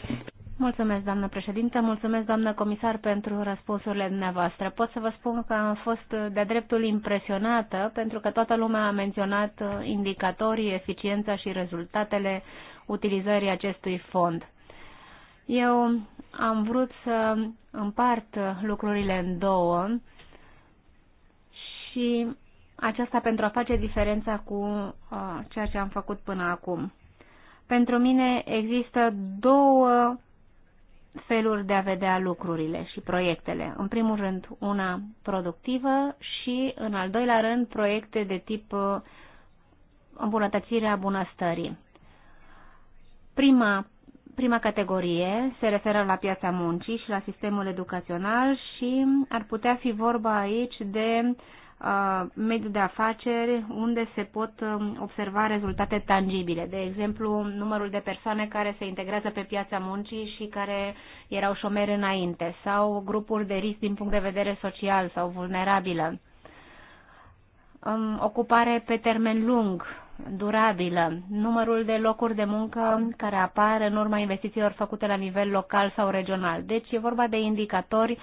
Mulțumesc, doamnă președintă, mulțumesc, doamnă comisar, pentru răspunsurile dumneavoastră. Pot să vă spun că am fost de-a dreptul impresionată, pentru că toată lumea a menționat uh, indicatorii, eficiența și rezultatele utilizării acestui fond. Eu am vrut să împart lucrurile în două și aceasta pentru a face diferența cu uh, ceea ce am făcut până acum. Pentru mine există două feluri de a vedea lucrurile și proiectele. În primul rând, una productivă și, în al doilea rând, proiecte de tip uh, îmbunătățirea bunăstării. Prima, prima categorie se referă la piața muncii și la sistemul educațional și ar putea fi vorba aici de uh, mediul de afaceri unde se pot um, observa rezultate tangibile, de exemplu numărul de persoane care se integrează pe piața muncii și care erau șomeri înainte sau grupuri de risc din punct de vedere social sau vulnerabilă. Um, ocupare pe termen lung, durabilă, numărul de locuri de muncă care apar în urma investițiilor făcute la nivel local sau regional. Deci e vorba de indicatori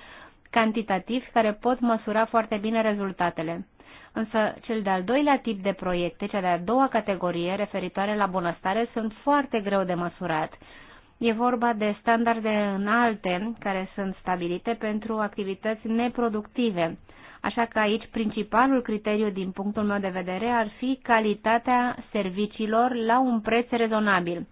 cantitativi care pot măsura foarte bine rezultatele. Însă cel de-al doilea tip de proiecte, cea de-a doua categorie referitoare la bunăstare, sunt foarte greu de măsurat. E vorba de standarde înalte care sunt stabilite pentru activități neproductive Așa că aici principalul criteriu din punctul meu de vedere ar fi calitatea serviciilor la un preț rezonabil.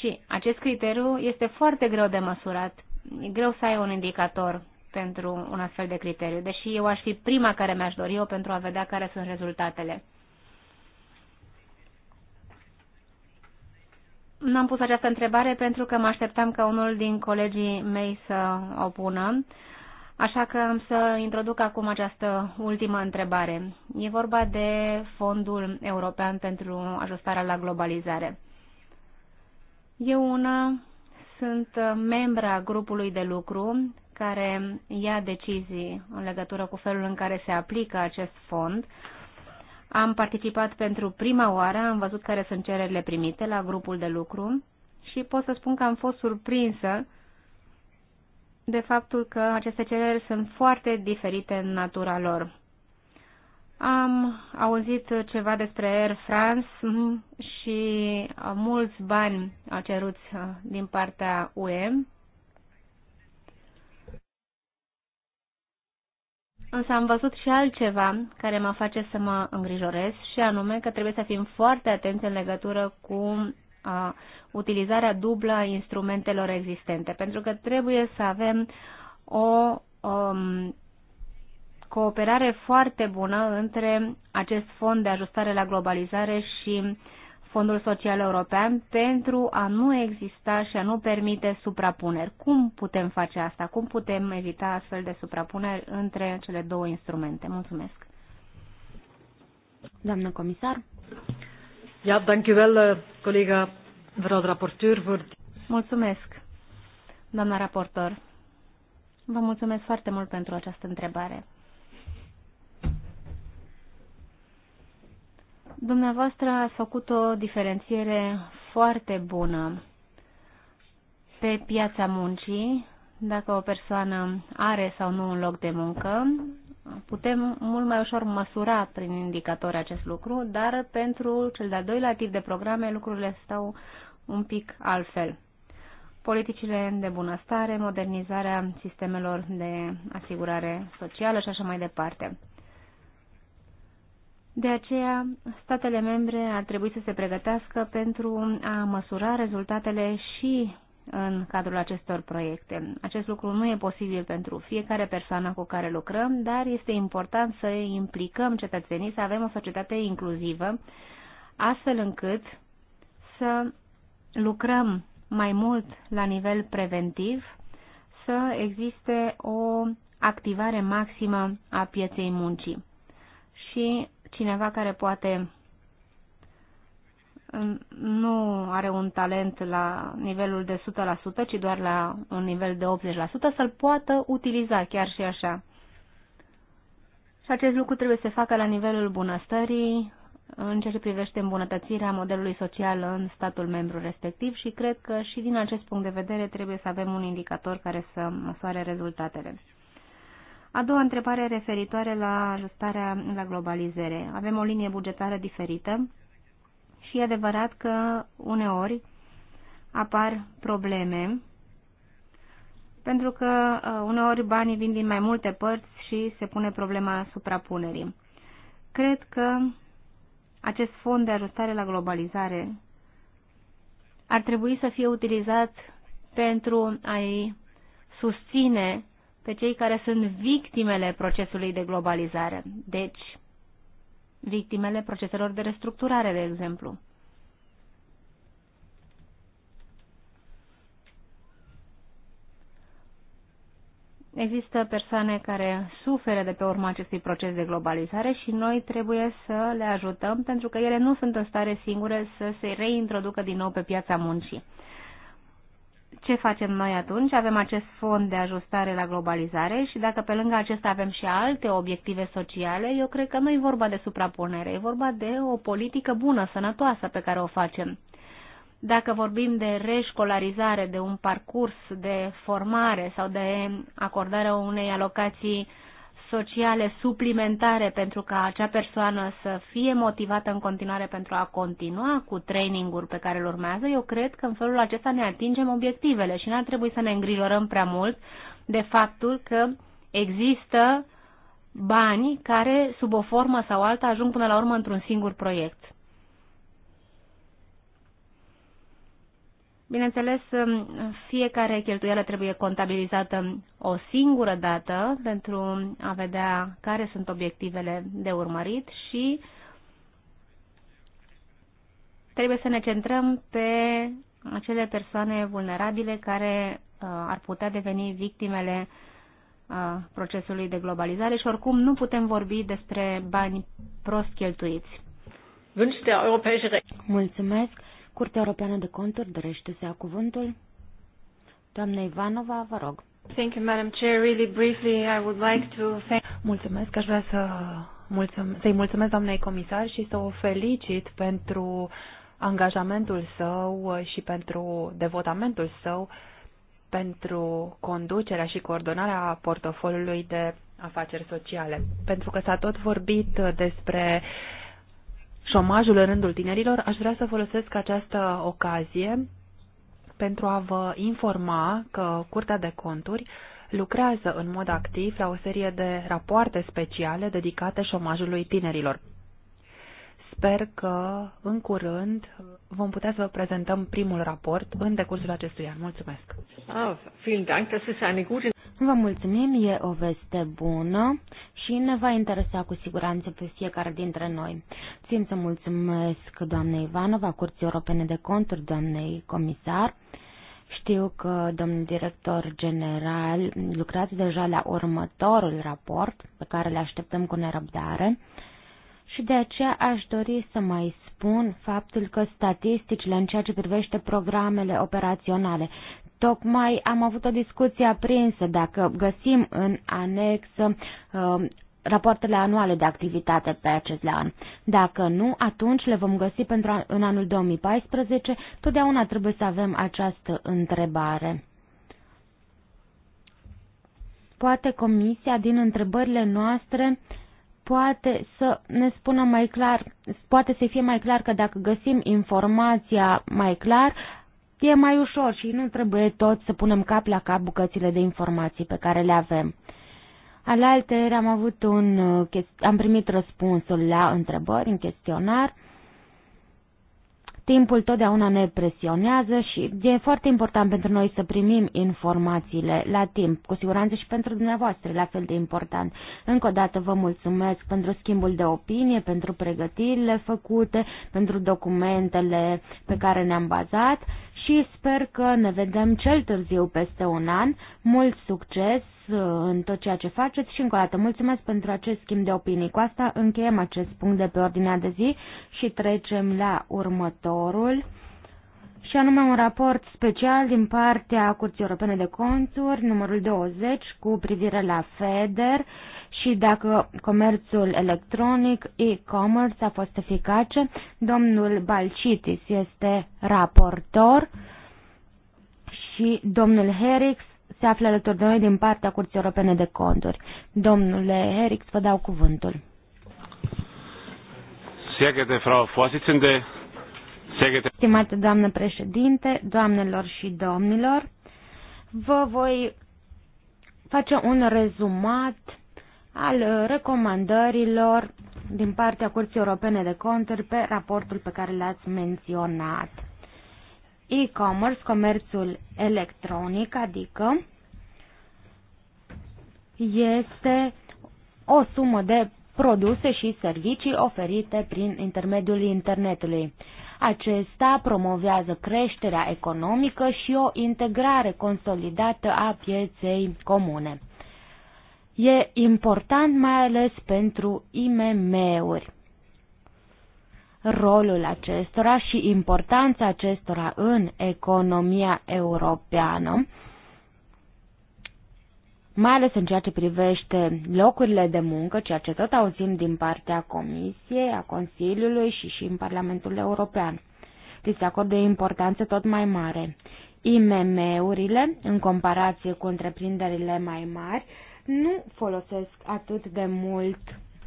Și acest criteriu este foarte greu de măsurat. E greu să ai un indicator pentru un astfel de criteriu, deși eu aș fi prima care mi-aș dori eu pentru a vedea care sunt rezultatele. Nu am pus această întrebare pentru că mă așteptam ca unul din colegii mei să o pună. Uh, Așa că am să introduc acum această ultimă întrebare. E vorba de Fondul European pentru Ajustarea la Globalizare. Eu una sunt membra grupului de lucru care ia decizii în legătură cu felul în care se aplică acest fond. Am participat pentru prima oară, am văzut care sunt cererile primite la grupul de lucru și pot să spun că am fost surprinsă de faptul că aceste cereri sunt foarte diferite în natura lor. Am auzit ceva despre Air France și mulți bani ceruți din partea UE. Însă am văzut și altceva care mă face să mă îngrijorez și anume că trebuie să fim foarte atenți în legătură cu a, utilizarea dublă a instrumentelor existente, pentru că trebuie să avem o um, cooperare foarte bună între acest fond de ajustare la globalizare și Fondul Social European pentru a nu exista și a nu permite suprapuneri. Cum putem face asta? Cum putem evita astfel de suprapuneri între cele două instrumente? Mulțumesc. Doamnă comisar. Eh, mulțumesc, doamna raportor. Vă mulțumesc foarte mult pentru această întrebare. Dumneavoastră ați făcut o diferențiere foarte bună pe piața muncii, dacă o persoană are sau nu un loc de muncă putem mult mai ușor măsura prin indicatori acest lucru, dar pentru cel de-al doilea tip de programe lucrurile stau un pic altfel. Politicile de bunăstare, modernizarea sistemelor de asigurare socială și așa mai departe. De aceea, statele membre ar trebui să se pregătească pentru a măsura rezultatele și în cadrul acestor proiecte. Acest lucru nu e posibil pentru fiecare persoană cu care lucrăm, dar este important să implicăm cetățenii, să avem o societate inclusivă, astfel încât să lucrăm mai mult la nivel preventiv, să existe o activare maximă a pieței muncii. Și cineva care poate nu are un talent la nivelul de 100%, ci doar la un nivel de 80%, să-l poată utiliza chiar și așa. Și acest lucru trebuie să se facă la nivelul bunăstării, în ceea ce privește îmbunătățirea modelului social în statul membru respectiv și cred că și din acest punct de vedere trebuie să avem un indicator care să măsoare rezultatele. A doua întrebare referitoare la ajustarea la globalizare. Avem o linie bugetară diferită și e adevărat că uneori apar probleme pentru că uh, uneori banii vin din mai multe părți și se pune problema suprapunerii. Cred că acest fond de ajustare la globalizare ar trebui să fie utilizat pentru a-i susține pe cei care sunt victimele procesului de globalizare. Deci, victimele proceselor de restructurare, de exemplu. Există persoane care suferă de pe urma acestui proces de globalizare și noi trebuie să le ajutăm pentru că ele nu sunt în stare singure să se reintroducă din nou pe piața muncii ce facem noi atunci? Avem acest fond de ajustare la globalizare și dacă pe lângă acesta avem și alte obiective sociale, eu cred că nu e vorba de suprapunere, e vorba de o politică bună, sănătoasă pe care o facem. Dacă vorbim de reșcolarizare, de un parcurs de formare sau de acordarea unei alocații uh, sociale suplimentare pentru ca acea persoană să fie motivată în continuare pentru a continua cu training training-uri pe care îl urmează, eu cred că în felul acesta ne atingem obiectivele și n-ar trebui să ne îngrijorăm prea mult de faptul că există bani care, sub o formă sau alta, ajung până la urmă într-un singur proiect. Bineînțeles, um, fiecare cheltuială trebuie contabilizată o singură dată pentru a vedea care sunt obiectivele de urmărit și trebuie să ne centrăm pe acele persoane vulnerabile care uh, ar putea deveni victimele uh, procesului de globalizare și oricum nu putem vorbi despre bani prost cheltuiți. Mulțumesc! Curtea Europeană de Conturi dorește să ia cuvântul. Doamna Ivanova, vă rog. Thank you, Madam Chair. Really briefly, I would like to thank... Mulțumesc, aș vrea să mulțum- să-i mulțumesc doamnei comisar și să o felicit pentru angajamentul său și pentru devotamentul său pentru conducerea și coordonarea portofoliului de afaceri sociale. Pentru că s-a tot vorbit despre uh, șomajul în rândul tinerilor, aș vrea să folosesc această ocazie pentru a vă informa că Curtea de Conturi lucrează în mod activ la o serie de rapoarte speciale dedicate șomajului tinerilor. Sper că în curând vom putea să vă prezentăm primul raport în decursul acestui an. Mulțumesc! Ah, vă mulțumim, e o veste bună și ne va interesa cu siguranță pe fiecare dintre noi. Țin să mulțumesc doamnei Ivanova, Curții Europene de Conturi, doamnei comisar. Știu că domnul director general lucrează deja la următorul raport pe care le așteptăm cu nerăbdare și de aceea aș dori să mai spun faptul că statisticile în ceea ce privește programele operaționale, tocmai am avut o discuție aprinsă dacă găsim în anexă uh, rapoartele anuale de activitate pe acest an. Dacă nu, atunci le vom găsi pentru an, în anul 2014. Totdeauna trebuie să avem această întrebare. Poate comisia din întrebările noastre uh, poate să ne spună mai clar, poate să fie mai clar că dacă găsim informația mai clar, e mai ușor și nu trebuie tot să punem cap la cap bucățile de informații pe care le avem. Alaltă am avut un, uh, am primit răspunsul la întrebări în chestionar Timpul totdeauna ne presionează și e foarte important pentru noi să primim informațiile la timp, cu siguranță și pentru dumneavoastră, la fel de important. Încă o dată vă mulțumesc pentru schimbul de opinie, pentru pregătirile făcute, pentru documentele pe care ne-am bazat și sper că ne vedem cel târziu peste un an. Mult succes Uh, în tot ceea ce faceți și încă o dată mulțumesc pentru acest schimb de opinii. Cu asta încheiem acest punct de pe ordinea de zi și trecem la următorul și anume un raport special din partea Curții Europene de Conturi, numărul 20, cu privire la FEDER și dacă comerțul electronic, e-commerce a fost eficace. Domnul Balcitis este raportor și domnul Herix se află alături de noi din partea Curții Europene de Conturi. Domnule Herix, vă dau cuvântul. Stimate doamnă președinte, doamnelor și domnilor, vă voi face un rezumat al uh, recomandărilor din partea Curții Europene de Conturi pe raportul pe care l-ați menționat. E-commerce, comerțul electronic, adică este o sumă de produse și servicii oferite prin intermediul internetului. Acesta promovează creșterea economică și o integrare consolidată a pieței comune. E important mai ales pentru IMM-uri. Rolul acestora și importanța acestora în economia europeană mai ales în ceea ce privește locurile de muncă, ceea ce tot auzim din partea Comisiei, a Consiliului și și în Parlamentul European. Li deci se acordă importanță tot mai mare. IMM-urile, în comparație cu întreprinderile mai mari, nu folosesc atât de mult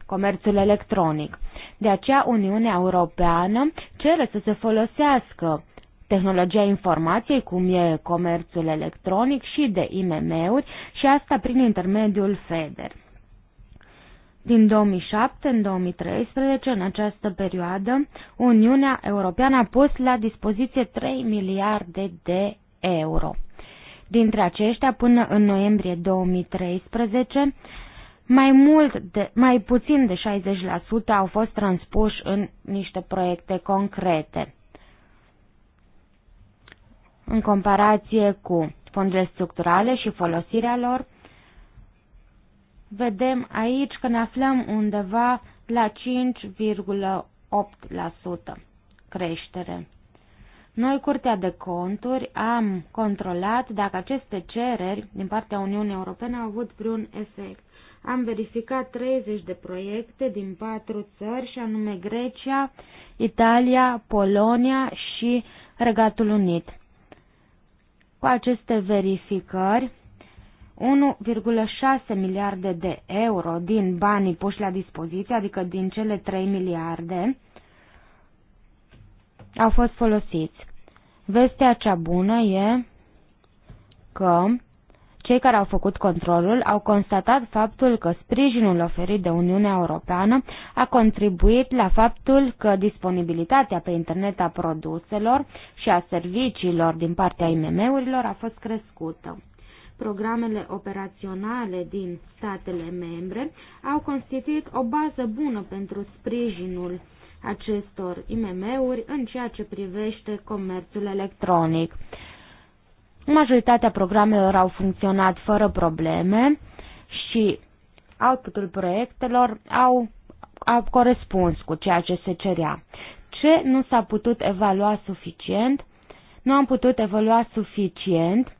comerțul electronic. De aceea Uniunea Europeană cere să se folosească tehnologia informației, cum e comerțul electronic și de IMM-uri și asta prin intermediul FEDER. Din 2007 în 2013, în această perioadă, Uniunea Europeană a pus la dispoziție 3 miliarde de euro. Dintre aceștia, până în noiembrie 2013, mai mult de, mai puțin de 60% au fost transpuși în niște proiecte concrete în comparație cu fondurile structurale și folosirea lor, vedem aici că ne aflăm undeva la 5,8% creștere. Noi, Curtea de Conturi, am controlat dacă aceste cereri din partea Uniunii Europene au avut vreun efect. Am verificat 30 de proiecte din patru țări, și anume Grecia, Italia, Polonia și Regatul Unit. Cu aceste verificări, 1,6 miliarde de euro din banii puși la dispoziție, adică din cele 3 miliarde, au fost folosiți. Vestea cea bună e că cei care au făcut controlul au constatat faptul că sprijinul oferit de Uniunea Europeană a contribuit la faptul că disponibilitatea pe internet a produselor și a serviciilor din partea IMM-urilor a fost crescută programele operaționale din statele membre au constituit o bază bună pentru sprijinul acestor IMM-uri în ceea ce privește comerțul electronic. Majoritatea programelor au funcționat fără probleme și outputul proiectelor au, au corespuns cu ceea ce se cerea. Ce nu s-a putut evalua suficient? Nu am putut evalua suficient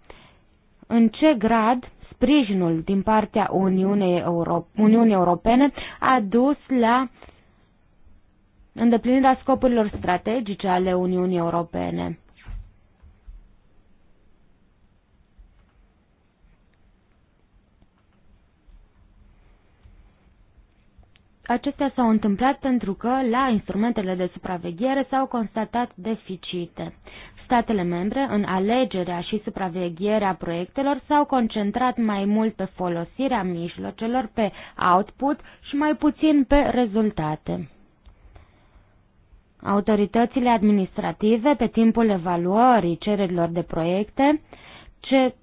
în ce grad sprijinul din partea Uniunii, Euro- Uniunii Europene a dus la îndeplinirea scopurilor strategice ale Uniunii Europene. Acestea s-au întâmplat pentru că la instrumentele de supraveghere s-au constatat deficite. Statele membre, în alegerea și supravegherea proiectelor, s-au concentrat mai mult pe folosirea mijlocelor, pe output și mai puțin pe rezultate. Autoritățile administrative, pe timpul evaluării cererilor de proiecte, ce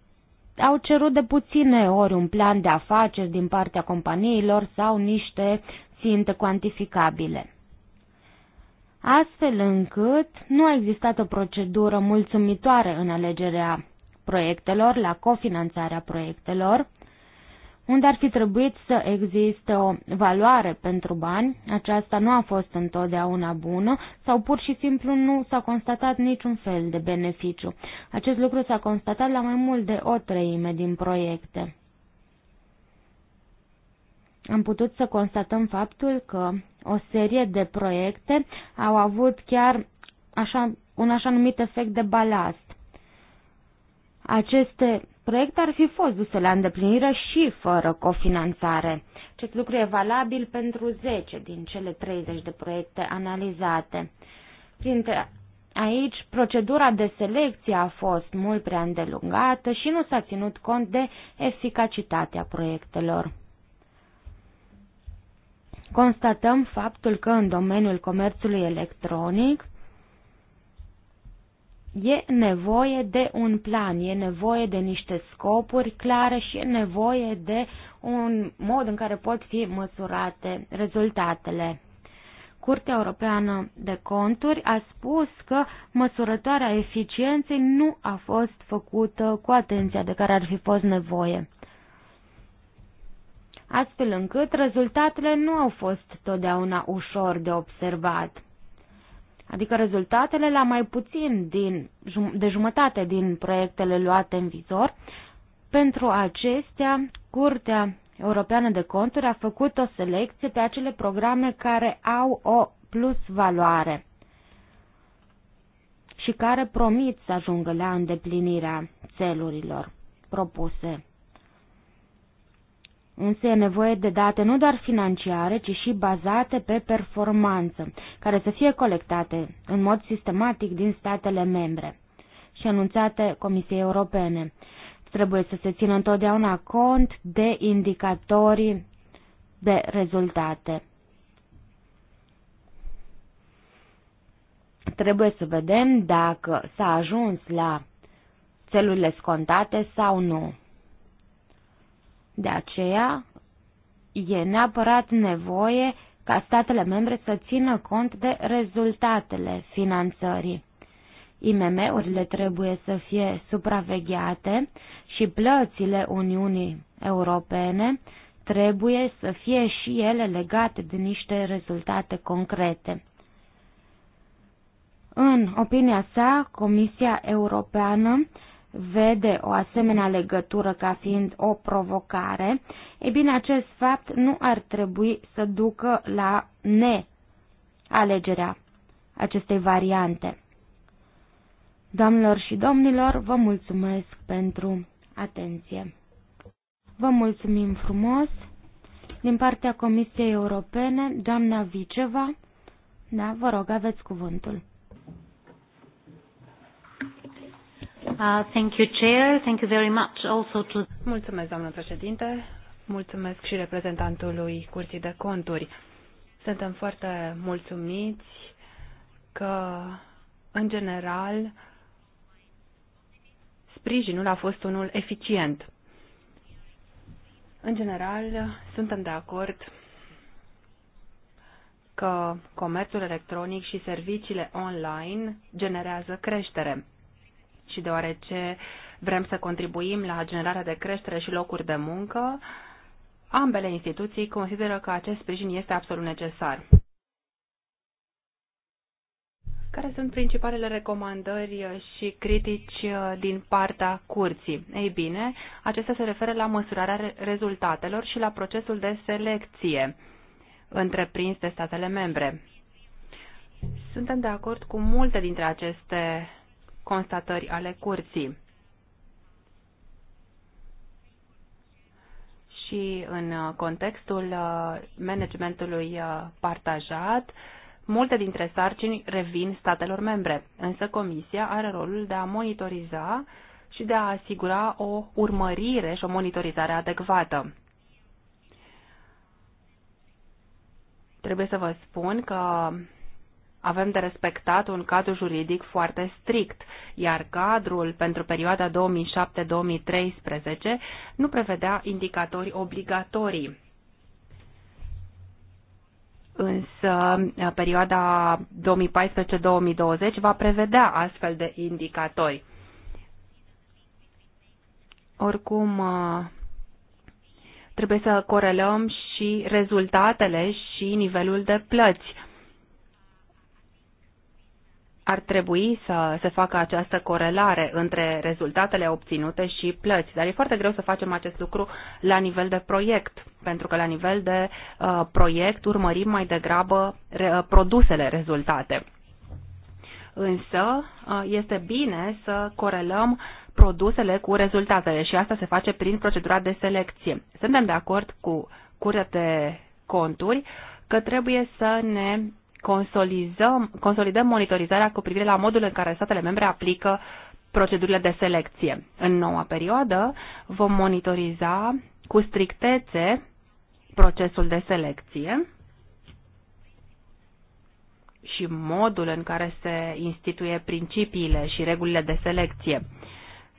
au cerut de puține ori un plan de afaceri din partea companiilor sau niște ținte cuantificabile. Astfel încât nu a existat o procedură mulțumitoare în alegerea proiectelor, la cofinanțarea proiectelor, unde ar fi trebuit să existe o valoare pentru bani, aceasta nu a fost întotdeauna bună sau pur și simplu nu s-a constatat niciun fel de beneficiu. Acest lucru s-a constatat la mai mult de o treime din proiecte am putut să constatăm faptul că o serie de proiecte au avut chiar așa, un așa numit efect de balast. Aceste proiecte ar fi fost duse la îndeplinire și fără cofinanțare. Acest lucru e valabil pentru 10 din cele 30 de proiecte analizate. Printre Aici, procedura de selecție a fost mult prea îndelungată și nu s-a ținut cont de eficacitatea proiectelor constatăm faptul că în domeniul comerțului electronic e nevoie de un plan, e nevoie de niște scopuri clare și e nevoie de un mod în care pot fi măsurate rezultatele. Curtea Europeană de Conturi a spus că măsurătoarea eficienței nu a fost făcută cu atenția de care ar fi fost nevoie astfel încât rezultatele nu au fost totdeauna ușor de observat. Adică rezultatele la mai puțin din, de jumătate din proiectele luate în vizor, pentru acestea, Curtea Europeană de Conturi a făcut o selecție pe acele programe care au o plus valoare și care promit să ajungă la îndeplinirea țelurilor propuse. Însă e nevoie de date nu doar financiare, ci și bazate pe performanță, care să fie colectate în mod sistematic din statele membre și anunțate Comisiei Europene. Trebuie să se țină întotdeauna cont de indicatorii de rezultate. Trebuie să vedem dacă s-a ajuns la celulele scontate sau nu. De aceea, e neapărat nevoie ca statele membre să țină cont de rezultatele finanțării. IMM-urile trebuie să fie supravegheate și plățile Uniunii Europene trebuie să fie și ele legate de niște rezultate concrete. În opinia sa, Comisia Europeană vede o asemenea legătură ca fiind o provocare, e bine, acest fapt nu ar trebui să ducă la nealegerea acestei variante. Doamnelor și domnilor, vă mulțumesc pentru atenție. Vă mulțumim frumos. Din partea Comisiei Europene, doamna Viceva, da, vă rog, aveți cuvântul. Uh, thank you, Chair. Thank you very much also to... Mulțumesc, doamnă președinte. Mulțumesc și reprezentantului Curții de Conturi. Suntem foarte mulțumiți că, în general, sprijinul a fost unul eficient. În general, suntem de acord că comerțul electronic și serviciile online generează creștere și deoarece vrem să contribuim la generarea de creștere și locuri de muncă, ambele instituții consideră că acest sprijin este absolut necesar. Care sunt principalele recomandări și critici din partea curții? Ei bine, acestea se referă la măsurarea rezultatelor și la procesul de selecție întreprins de statele membre. Suntem de acord cu multe dintre aceste constatări ale curții. Și în uh, contextul uh, managementului uh, partajat, multe dintre sarcini revin statelor membre, însă Comisia are rolul de a monitoriza și de a asigura o urmărire și o monitorizare adecvată. Trebuie să vă spun că avem de respectat un cadru juridic foarte strict, iar cadrul pentru perioada 2007-2013 nu prevedea indicatori obligatorii. Însă perioada 2014-2020 va prevedea astfel de indicatori. Oricum, trebuie să corelăm și rezultatele și nivelul de plăți ar trebui să se facă această corelare între rezultatele obținute și plăți, dar e foarte greu să facem acest lucru la nivel de proiect, pentru că la nivel de uh, proiect urmărim mai degrabă re- uh, produsele rezultate. Însă uh, este bine să corelăm produsele cu rezultatele și asta se face prin procedura de selecție. Suntem de acord cu Curtea Conturi că trebuie să ne consolidăm, consolidăm monitorizarea cu privire la modul în care statele membre aplică procedurile de selecție. În noua perioadă vom monitoriza cu strictețe procesul de selecție și modul în care se instituie principiile și regulile de selecție.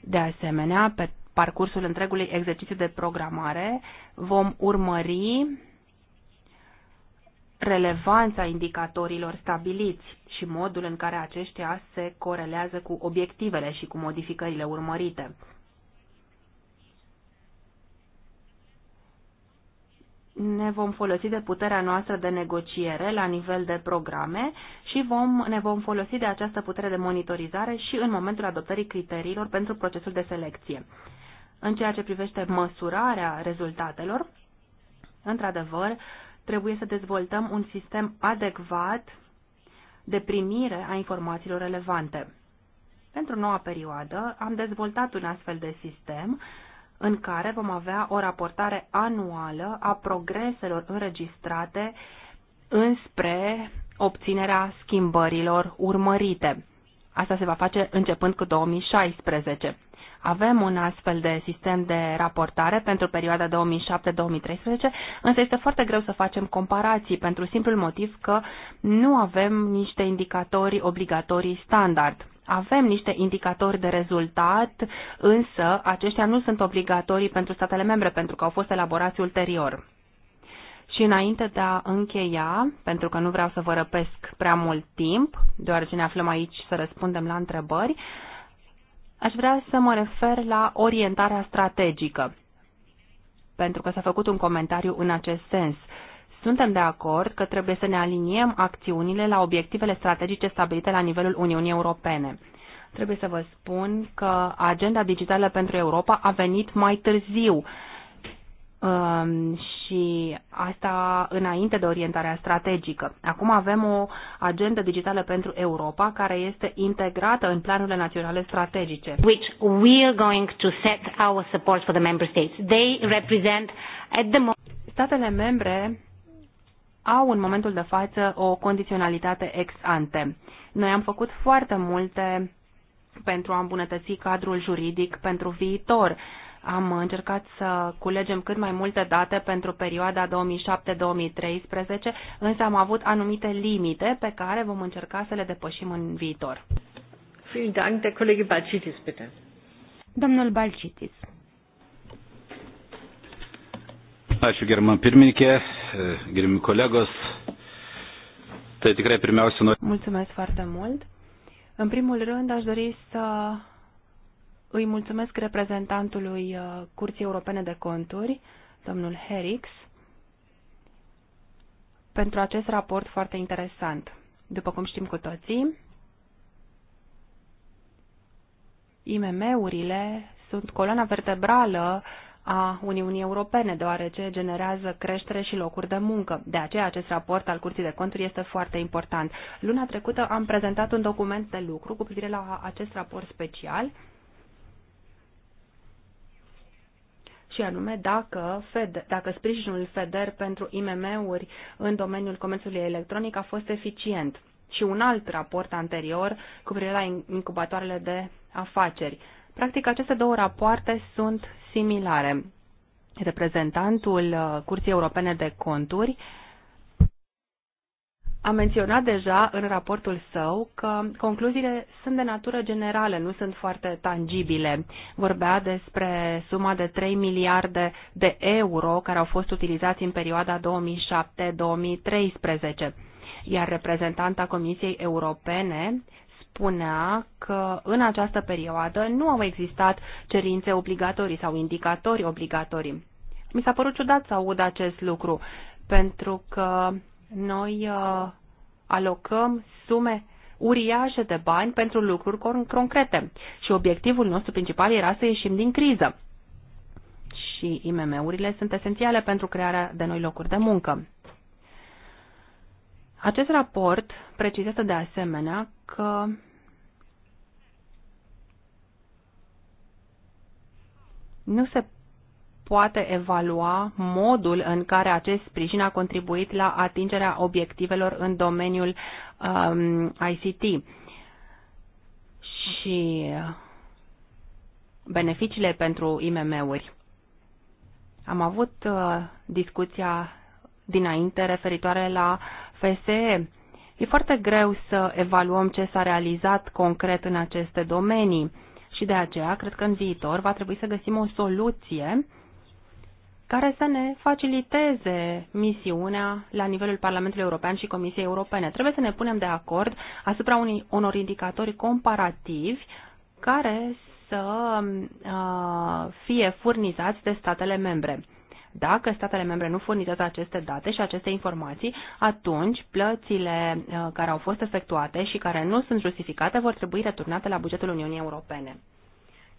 De asemenea, pe parcursul întregului exercițiu de programare vom urmări relevanța indicatorilor stabiliți și modul în care aceștia se corelează cu obiectivele și cu modificările urmărite. ne vom folosi de puterea noastră de negociere la nivel de programe și vom, ne vom folosi de această putere de monitorizare și în momentul adoptării criteriilor pentru procesul de selecție. În ceea ce privește măsurarea rezultatelor, într-adevăr, Trebuie să dezvoltăm un sistem adecvat de primire a informațiilor relevante. Pentru noua perioadă am dezvoltat un astfel de sistem în care vom avea o raportare anuală a progreselor înregistrate înspre obținerea schimbărilor urmărite. Asta se va face începând cu 2016 avem un astfel de sistem de raportare pentru perioada 2007-2013, însă este foarte greu să facem comparații pentru simplul motiv că nu avem niște indicatori obligatorii standard. Avem niște indicatori de rezultat, însă aceștia nu sunt obligatorii pentru statele membre pentru că au fost elaborați ulterior. Și înainte de a încheia, pentru că nu vreau să vă răpesc prea mult timp, deoarece ne aflăm aici să răspundem la întrebări, Aș vrea să mă refer la orientarea strategică, pentru că s-a făcut un comentariu în acest sens. Suntem de acord că trebuie să ne aliniem acțiunile la obiectivele strategice stabilite la nivelul Uniunii Europene. Trebuie să vă spun că agenda digitală pentru Europa a venit mai târziu Um, și asta înainte de orientarea strategică. Acum avem o agendă digitală pentru Europa care este integrată în planurile naționale strategice. Which we are going to set our support for the member states. They represent at the moment Statele membre au în momentul de față o condiționalitate ex ante. Noi am făcut foarte multe pentru a îmbunătăți cadrul juridic pentru viitor am încercat să culegem cât mai multe date pentru perioada 2007-2013, însă am avut anumite limite pe care vom încerca să le depășim în viitor. Vielen Dank, der Kollege Balcitis, bitte. Domnul Balcitis. Ačiū German pirmininkė, gerimi kolegos. Tai tikrai pirmiausia noriu. Mulțumesc foarte mult. În primul rând aș dori să îi mulțumesc reprezentantului uh, Curții Europene de Conturi, domnul Herix, pentru acest raport foarte interesant. După cum știm cu toții, IMM-urile sunt coloana vertebrală a Uniunii Europene, deoarece generează creștere și locuri de muncă. De aceea acest raport al Curții de Conturi este foarte important. Luna trecută am prezentat un document de lucru cu privire la acest raport special și anume dacă, Fed, dacă sprijinul FEDER pentru IMM-uri în domeniul comerțului electronic a fost eficient. Și un alt raport anterior cu privire la incubatoarele de afaceri. Practic, aceste două rapoarte sunt similare. Reprezentantul uh, Curții Europene de Conturi uh, a menționat deja în raportul său că concluziile sunt de natură generală, nu sunt foarte tangibile. Vorbea despre suma de 3 miliarde de euro care au fost utilizați în perioada 2007-2013, iar reprezentanta Comisiei Europene spunea că în această perioadă nu au existat cerințe obligatorii sau indicatori obligatorii. Mi s-a părut ciudat să aud acest lucru, pentru că noi uh, alocăm sume uriașe de bani pentru lucruri concrete și obiectivul nostru principal era să ieșim din criză. Și IMM-urile sunt esențiale pentru crearea de noi locuri de muncă. Acest raport precizează de asemenea că nu se poate evalua modul în care acest sprijin a contribuit la atingerea obiectivelor în domeniul um, ICT. Și beneficiile pentru IMM-uri. Am avut uh, discuția dinainte referitoare la FSE. E foarte greu să evaluăm ce s-a realizat concret în aceste domenii și de aceea cred că în viitor va trebui să găsim o soluție care să ne faciliteze misiunea la nivelul Parlamentului European și Comisiei Europene. Trebuie să ne punem de acord asupra unui unor indicatori comparativi care să uh, fie furnizați de statele membre. Dacă statele membre nu furnizează aceste date și aceste informații, atunci plățile uh, care au fost efectuate și care nu sunt justificate vor trebui returnate la bugetul Uniunii Europene.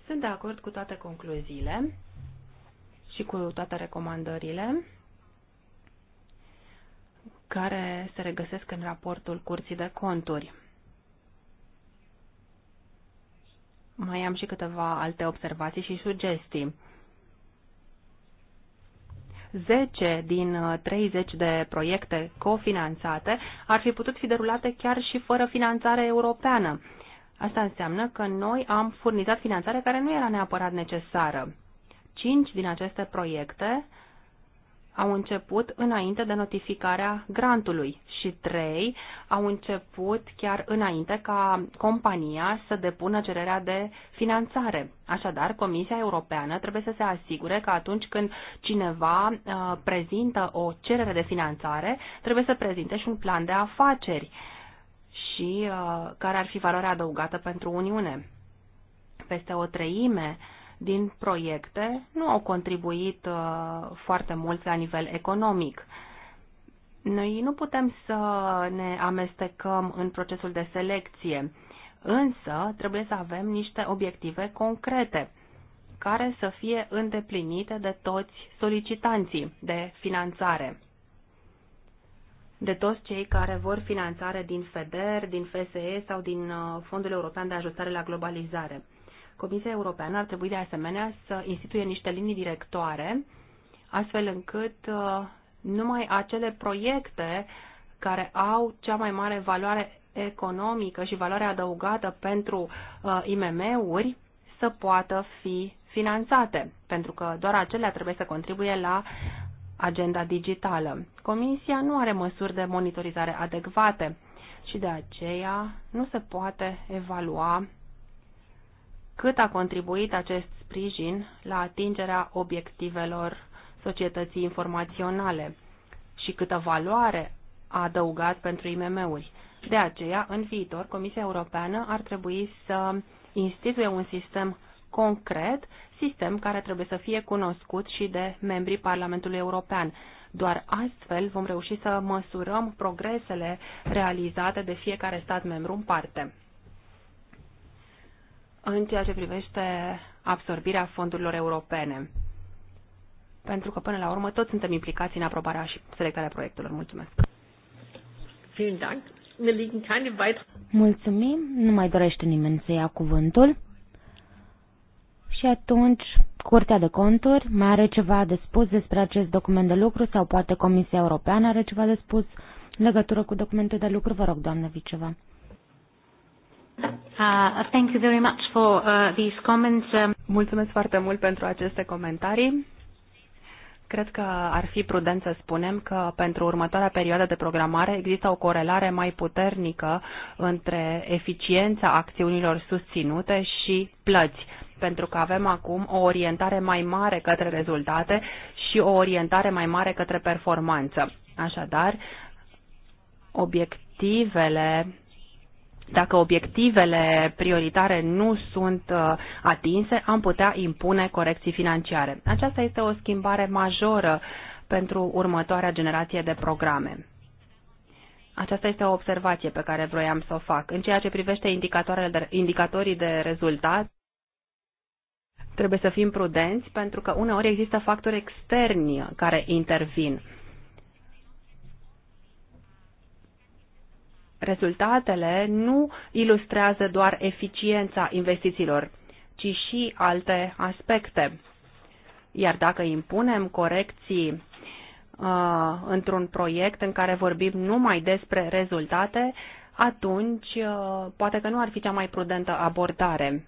Sunt de acord cu toate concluziile și cu toate recomandările care se regăsesc în raportul Curții de Conturi. Mai am și câteva alte observații și sugestii. 10 din 30 de proiecte cofinanțate ar fi putut fi derulate chiar și fără finanțare europeană. Asta înseamnă că noi am furnizat finanțare care nu era neapărat necesară. Cinci din aceste proiecte au început înainte de notificarea grantului și trei au început chiar înainte ca compania să depună cererea de finanțare. Așadar, Comisia Europeană trebuie să se asigure că atunci când cineva uh, prezintă o cerere de finanțare, trebuie să prezinte și un plan de afaceri și uh, care ar fi valoarea adăugată pentru Uniune. Peste o treime uh, din proiecte nu au contribuit uh, foarte mult la nivel economic. Noi nu putem să ne amestecăm în procesul de selecție, însă trebuie să avem niște obiective concrete care să fie îndeplinite de toți solicitanții de finanțare, de toți cei care vor finanțare din FEDER, din FSE sau din uh, Fondul European de Ajustare la Globalizare. Comisia Europeană ar trebui de asemenea să instituie niște linii directoare, astfel încât uh, numai acele proiecte care au cea mai mare valoare economică și valoare adăugată pentru uh, IMM-uri să poată fi finanțate, pentru că doar acelea trebuie să contribuie la agenda digitală. Comisia nu are măsuri de monitorizare adecvate și de aceea nu se poate evalua cât a contribuit acest sprijin la atingerea obiectivelor societății informaționale și câtă valoare a adăugat pentru IMM-uri. De aceea, în viitor, Comisia Europeană ar trebui să instituie un sistem concret, sistem care trebuie să fie cunoscut și de membrii Parlamentului European. Doar astfel vom reuși să măsurăm progresele realizate de fiecare stat membru în parte în ceea ce privește absorbirea fondurilor europene. Pentru că, până la urmă, toți suntem implicați în aprobarea și selectarea proiectelor. Mulțumesc! Mulțumim, nu mai dorește nimeni să ia cuvântul. Și atunci, Curtea de Conturi mai are ceva de spus despre acest document de lucru sau poate Comisia Europeană are ceva de spus în legătură cu documentul de lucru? Vă rog, doamnă Viceva. Uh, thank you very much for uh, these comments. Um, Mulțumesc foarte mult pentru aceste comentarii. Cred că ar fi prudent să spunem că pentru următoarea perioadă de programare există o corelare mai puternică între eficiența acțiunilor susținute și plăți, pentru că avem acum o orientare mai mare către rezultate și o orientare mai mare către performanță. Așadar, obiectivele dacă obiectivele prioritare nu sunt uh, atinse, am putea impune corecții financiare. Aceasta este o schimbare majoră pentru următoarea generație de programe. Aceasta este o observație pe care vroiam să o fac. În ceea ce privește indicatoarele de, indicatorii de rezultat, trebuie să fim prudenți pentru că uneori există factori externi care intervin. rezultatele nu ilustrează doar eficiența investițiilor, ci și alte aspecte. Iar dacă impunem corecții uh, într-un proiect în care vorbim numai despre rezultate, atunci uh, poate că nu ar fi cea mai prudentă abordare.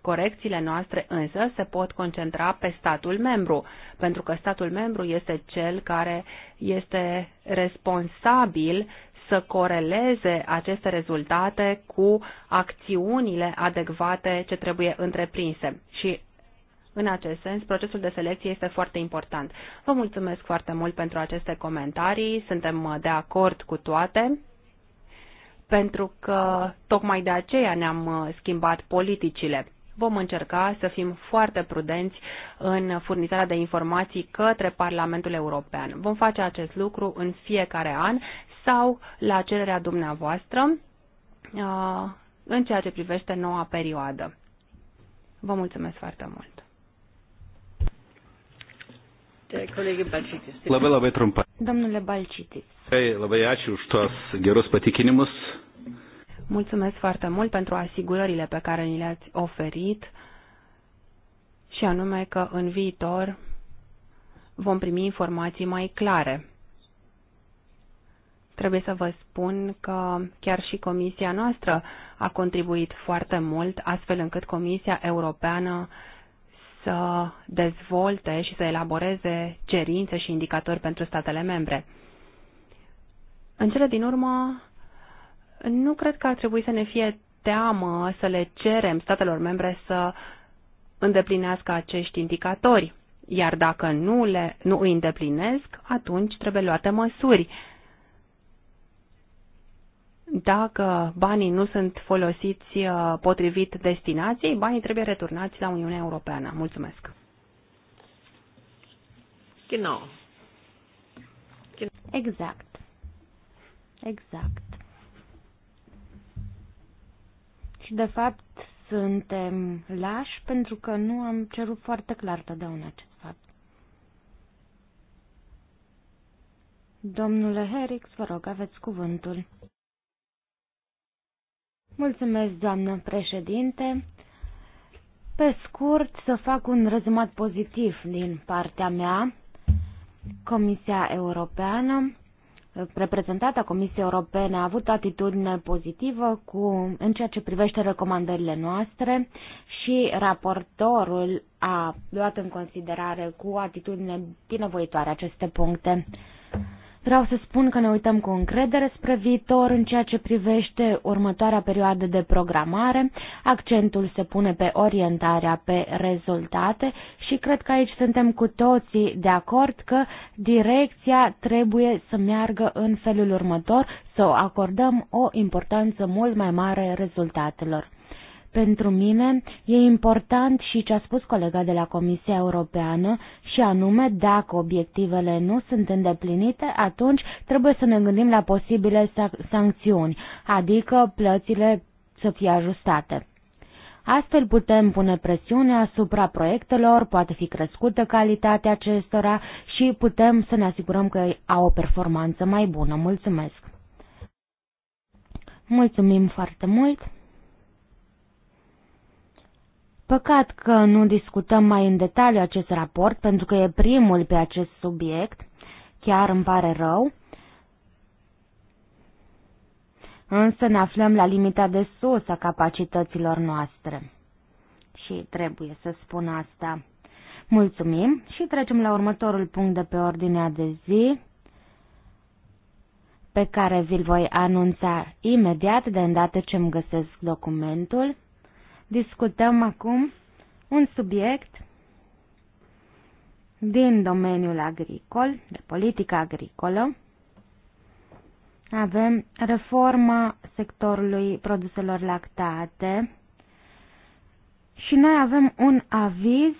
Corecțiile noastre însă se pot concentra pe statul membru, pentru că statul membru este cel care este responsabil să coreleze aceste rezultate cu acțiunile adecvate ce trebuie întreprinse. Și în acest sens, procesul de selecție este foarte important. Vă mulțumesc foarte mult pentru aceste comentarii, suntem uh, de acord cu toate, pentru că tocmai de aceea ne-am uh, schimbat politicile. Vom încerca să fim foarte prudenți în furnizarea de informații către Parlamentul European. Vom face acest lucru în fiecare an sau la cererea dumneavoastră uh, în ceea ce privește noua perioadă. Vă mulțumesc foarte mult! Labai labai Domnule Balcitis. Mulțumesc foarte mult pentru asigurările pe care ni le-ați oferit și anume că în viitor vom primi informații mai clare. Trebuie să vă spun că chiar și comisia noastră a contribuit foarte mult, astfel încât Comisia Europeană să dezvolte și să elaboreze cerințe și indicatori pentru statele membre. În cele din urmă, nu cred că ar trebui să ne fie teamă să le cerem statelor membre să îndeplinească acești indicatori, iar dacă nu, le, nu îi îndeplinesc, atunci trebuie luate măsuri dacă banii nu sunt folosiți uh, potrivit destinației, banii trebuie returnați la Uniunea Europeană. Mulțumesc. Genau. Exact. Exact. Și de fapt suntem lași pentru că nu am cerut foarte clar totdeauna acest fapt. Domnule Herix, vă rog, aveți cuvântul. Mulțumesc, doamnă președinte. Pe scurt, să fac un rezumat pozitiv din partea mea. Comisia Europeană, reprezentata Comisiei Europene, a avut atitudine pozitivă cu, în ceea ce privește recomandările noastre și raportorul a luat în considerare cu atitudine binevoitoare aceste puncte. Vreau să spun că ne uităm cu încredere spre viitor în ceea ce privește următoarea perioadă de programare. Accentul se pune pe orientarea pe rezultate și cred că aici suntem cu toții de acord că direcția trebuie să meargă în felul următor, să o acordăm o importanță mult mai mare rezultatelor. Pentru mine e important și ce a spus colega de la Comisia Europeană și anume dacă obiectivele nu sunt îndeplinite, atunci trebuie să ne gândim la posibile sancțiuni, adică plățile să fie ajustate. Astfel putem pune presiune asupra proiectelor, poate fi crescută calitatea acestora și putem să ne asigurăm că au o performanță mai bună. Mulțumesc! Mulțumim foarte mult! Păcat că nu discutăm mai în detaliu acest raport, pentru că e primul pe acest subiect. Chiar îmi pare rău. Însă ne aflăm la limita de sus a capacităților noastre. Și trebuie să spun asta. Mulțumim și trecem la următorul punct de pe ordinea de zi, pe care vi-l voi anunța imediat de îndată ce îmi găsesc documentul. Discutăm acum un subiect din domeniul agricol, de politică agricolă. Avem reforma sectorului produselor lactate și noi avem un aviz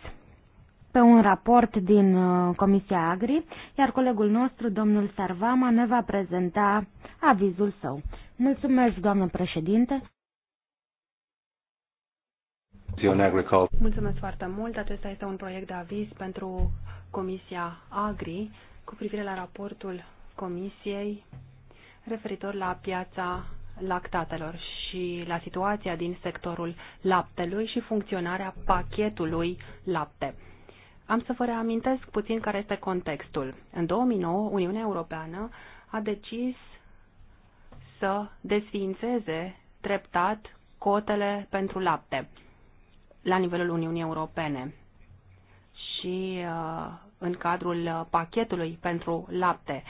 pe un raport din uh, Comisia Agri, iar colegul nostru, domnul Sarvama, ne va prezenta avizul său. Mulțumesc, doamnă președinte! Mulțumesc foarte mult. Acesta este un proiect de aviz pentru Comisia Agri cu privire la raportul Comisiei referitor la piața lactatelor și la situația din sectorul laptelui și funcționarea pachetului lapte. Am să vă reamintesc puțin care este contextul. În 2009, Uniunea Europeană a decis să desfințeze treptat cotele pentru lapte la nivelul Uniunii Europene și uh, în cadrul pachetului pentru lapte,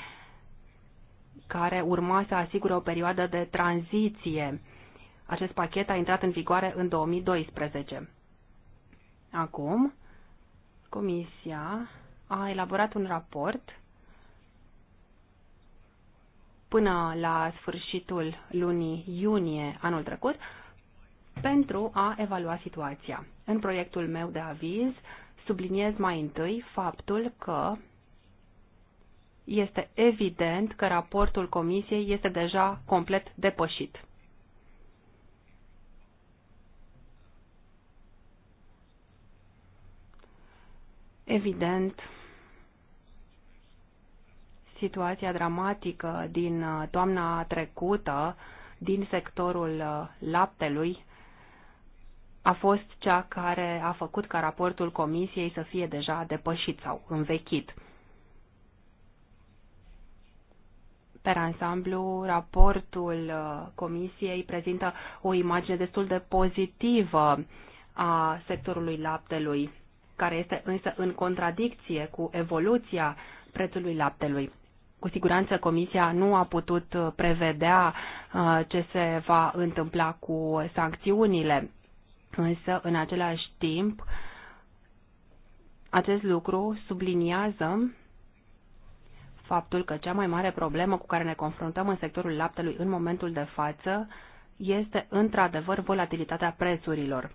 care urma să asigure o perioadă de tranziție. Acest pachet a intrat în vigoare în 2012. Acum, Comisia a elaborat un raport până la sfârșitul lunii iunie anul trecut pentru a evalua situația. În proiectul meu de aviz subliniez mai întâi faptul că este evident că raportul comisiei este deja complet depășit. Evident, situația dramatică din uh, toamna trecută din sectorul uh, laptelui a fost cea care a făcut ca raportul comisiei să fie deja depășit sau învechit. Per ansamblu, raportul uh, comisiei prezintă o imagine destul de pozitivă a sectorului laptelui, care este însă în contradicție cu evoluția prețului laptelui. Cu siguranță Comisia nu a putut uh, prevedea uh, ce se va întâmpla cu sancțiunile însă în același timp acest lucru subliniază faptul că cea mai mare problemă cu care ne confruntăm în sectorul laptelui în momentul de față este într-adevăr volatilitatea prețurilor.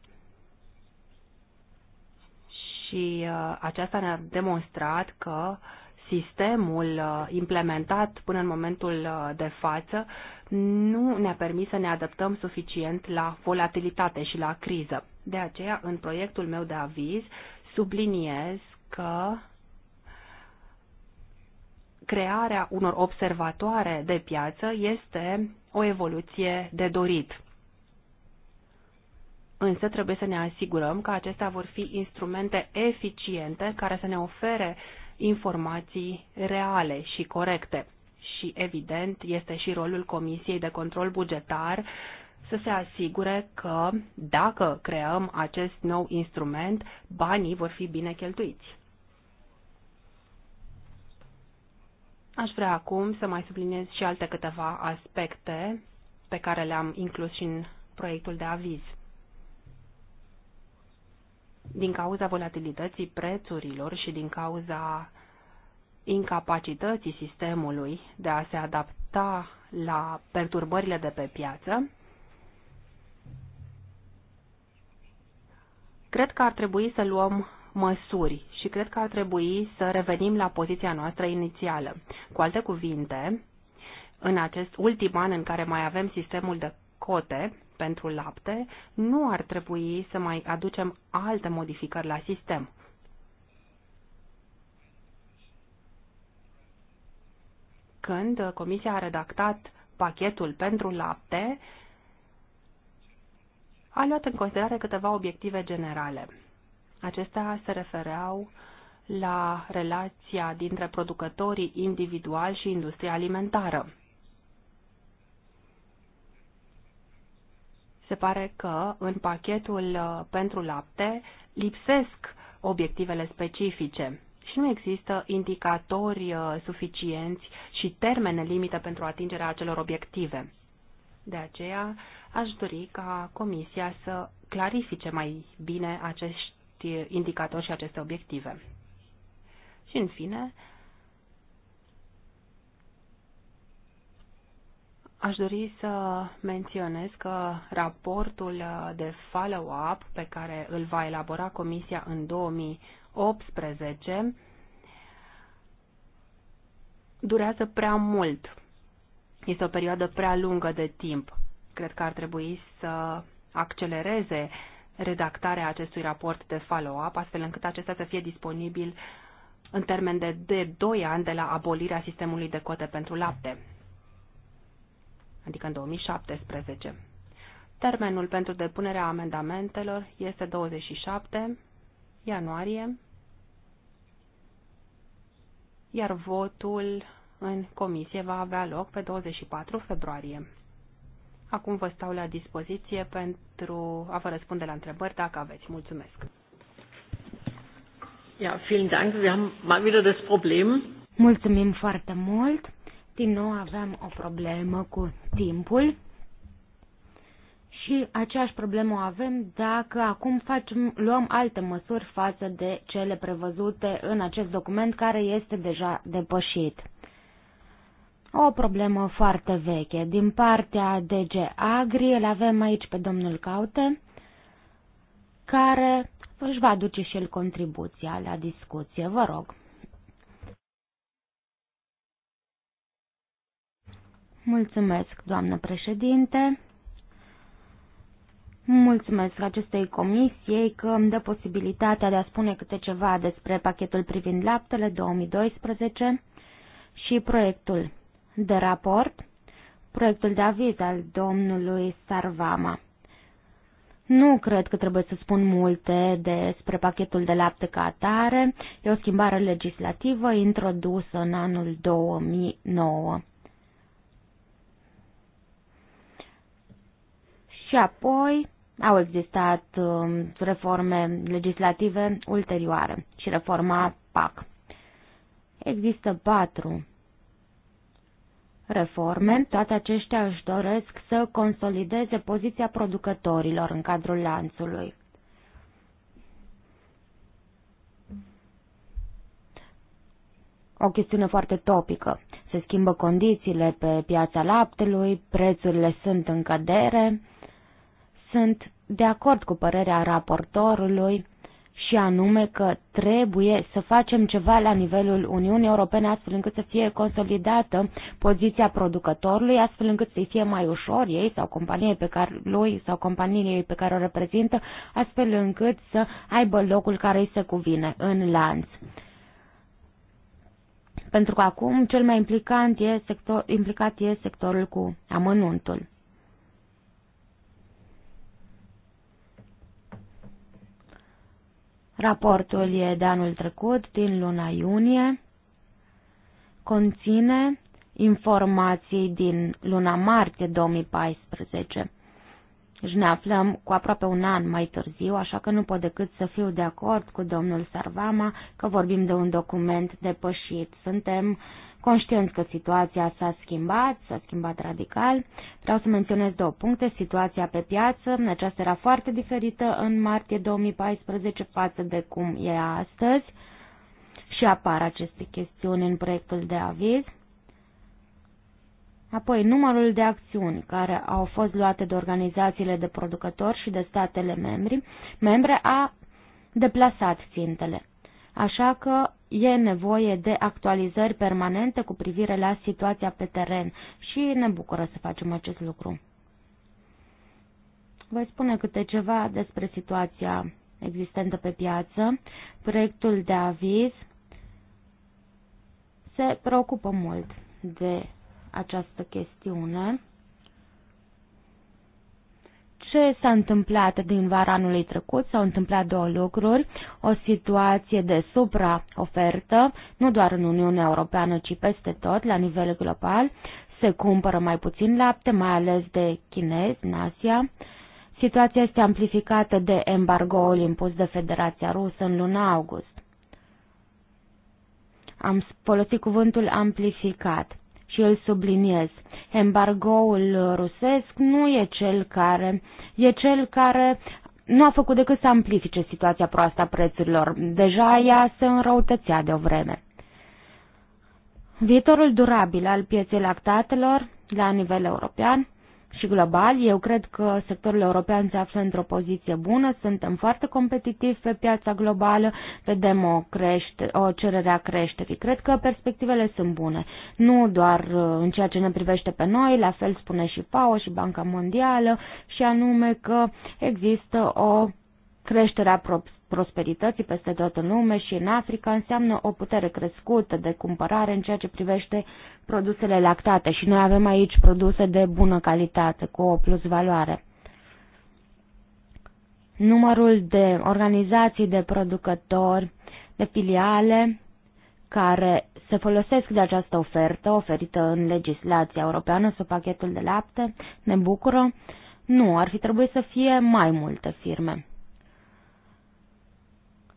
Și uh, aceasta ne-a demonstrat că uh, sistemul uh, implementat până în momentul uh, de față nu ne-a permis să ne adaptăm suficient la volatilitate și la criză. De aceea, în proiectul meu de aviz, subliniez că crearea unor observatoare de piață este o evoluție de dorit. Însă trebuie să ne asigurăm că acestea vor fi instrumente eficiente care să ne ofere uh, informații reale și corecte. Și, evident, este și rolul Comisiei de Control Bugetar să se asigure că, dacă creăm acest nou instrument, banii vor fi bine cheltuiți. Aș vrea acum să mai subliniez și alte câteva aspecte pe care le-am inclus și în proiectul de aviz din cauza volatilității prețurilor și din cauza incapacității sistemului de a se adapta la perturbările de pe piață, cred că ar trebui să luăm măsuri și cred că ar trebui să revenim la poziția noastră inițială. Cu alte cuvinte, în acest ultim an în care mai avem sistemul de cote, pentru lapte, nu ar trebui să mai aducem alte modificări la sistem. Când Comisia a redactat pachetul pentru lapte, a luat în considerare câteva obiective generale. Acestea se refereau la relația dintre producătorii individuali și industria alimentară. se pare că în pachetul uh, pentru lapte lipsesc obiectivele specifice și nu există indicatori uh, suficienți și termene limite pentru atingerea acelor obiective. De aceea aș dori ca Comisia să clarifice mai bine acești uh, indicatori și aceste obiective. Și în fine, Aș dori să menționez că raportul uh, de follow-up pe care îl va elabora Comisia în 2018 durează prea mult. Este o perioadă prea lungă de timp. Cred că ar trebui să accelereze redactarea acestui raport de follow-up, astfel încât acesta să fie disponibil în termen de, de 2 ani de la abolirea sistemului de cote pentru lapte adică în 2017. Termenul pentru depunerea amendamentelor este 27 ianuarie, iar votul în comisie va avea loc pe 24 februarie. Acum vă stau la dispoziție pentru a vă răspunde la întrebări dacă aveți. Mulțumesc! Ja, vielen Dank. Wir haben mal wieder das Problem. Mulțumim foarte mult. Din nou avem o problemă cu timpul și aceeași problemă o avem dacă acum facem, luăm alte măsuri față de cele prevăzute în acest document care este deja depășit. O problemă foarte veche. Din partea DG Agri îl avem aici pe domnul Caute, care își va aduce și el contribuția la discuție. Vă rog. Mulțumesc, doamnă președinte. Mulțumesc acestei comisiei că îmi dă posibilitatea de a spune câte ceva despre pachetul privind laptele 2012 și proiectul de raport, proiectul de aviz al domnului Sarvama. Nu cred că trebuie să spun multe despre pachetul de lapte ca atare. E o schimbare legislativă introdusă în anul 2009. Și apoi au existat um, reforme legislative ulterioare și reforma PAC. Există patru reforme, toate aceștia își doresc să consolideze poziția producătorilor în cadrul lanțului. O chestiune foarte topică. Se schimbă condițiile pe piața laptelui, prețurile sunt în cădere, sunt de acord cu părerea raportorului și anume că trebuie să facem ceva la nivelul Uniunii Europene astfel încât să fie consolidată poziția producătorului, astfel încât să-i fie mai ușor ei sau companiei pe care lui sau companiei pe care o reprezintă, astfel încât să aibă locul care îi se cuvine în lanț. Pentru că acum cel mai implicat e, sector, implicat e sectorul cu amănuntul. Raportul e de anul trecut, din luna iunie. Conține informații din luna martie 2014. Și deci ne aflăm cu aproape un an mai târziu, așa că nu pot decât să fiu de acord cu domnul Sarvama că vorbim de un document depășit. Suntem uh, Conștient că situația s-a schimbat, s-a schimbat radical, vreau să menționez două puncte. Situația pe piață, aceasta era foarte diferită în martie 2014 față de cum e astăzi și apar aceste chestiuni în proiectul de aviz. Apoi, numărul de acțiuni care au fost luate de organizațiile de producători și de statele membri, membre a deplasat țintele. Așa că e nevoie de actualizări permanente cu privire la situația pe teren și ne bucură să facem acest lucru. Voi spune câte ceva despre situația existentă pe piață. Proiectul de aviz se preocupă mult de această chestiune ce s-a întâmplat din vara anului trecut? S-au întâmplat două lucruri. O situație de supraofertă, nu doar în Uniunea Europeană, ci peste tot, la nivel global. Se cumpără mai puțin lapte, mai ales de chinezi în Asia. Situația este amplificată de embargoul impus de Federația Rusă în luna august. Am folosit cuvântul amplificat și îl subliniez. Embargoul rusesc nu e cel care, e cel care nu a făcut decât să amplifice situația proastă a prețurilor. Deja ea se înrăutățea de o vreme. Viitorul durabil al pieței lactatelor la nivel european și global. Eu cred că sectorul european se află într-o poziție bună, suntem foarte competitivi pe piața globală, vedem o, crește, o cerere a creșterii. Cred că perspectivele sunt bune, nu doar uh, în ceea ce ne privește pe noi, la fel spune și PAO și Banca Mondială, și anume că există o creștere prosperității peste tot în lume și în Africa înseamnă o putere crescută de cumpărare în ceea ce privește produsele lactate și noi avem aici produse de bună calitate cu o plus valoare. Numărul de organizații de producători, de filiale care se folosesc de această ofertă oferită în legislația europeană sub pachetul de lapte ne bucură. Nu, ar fi trebuit să fie mai multe firme.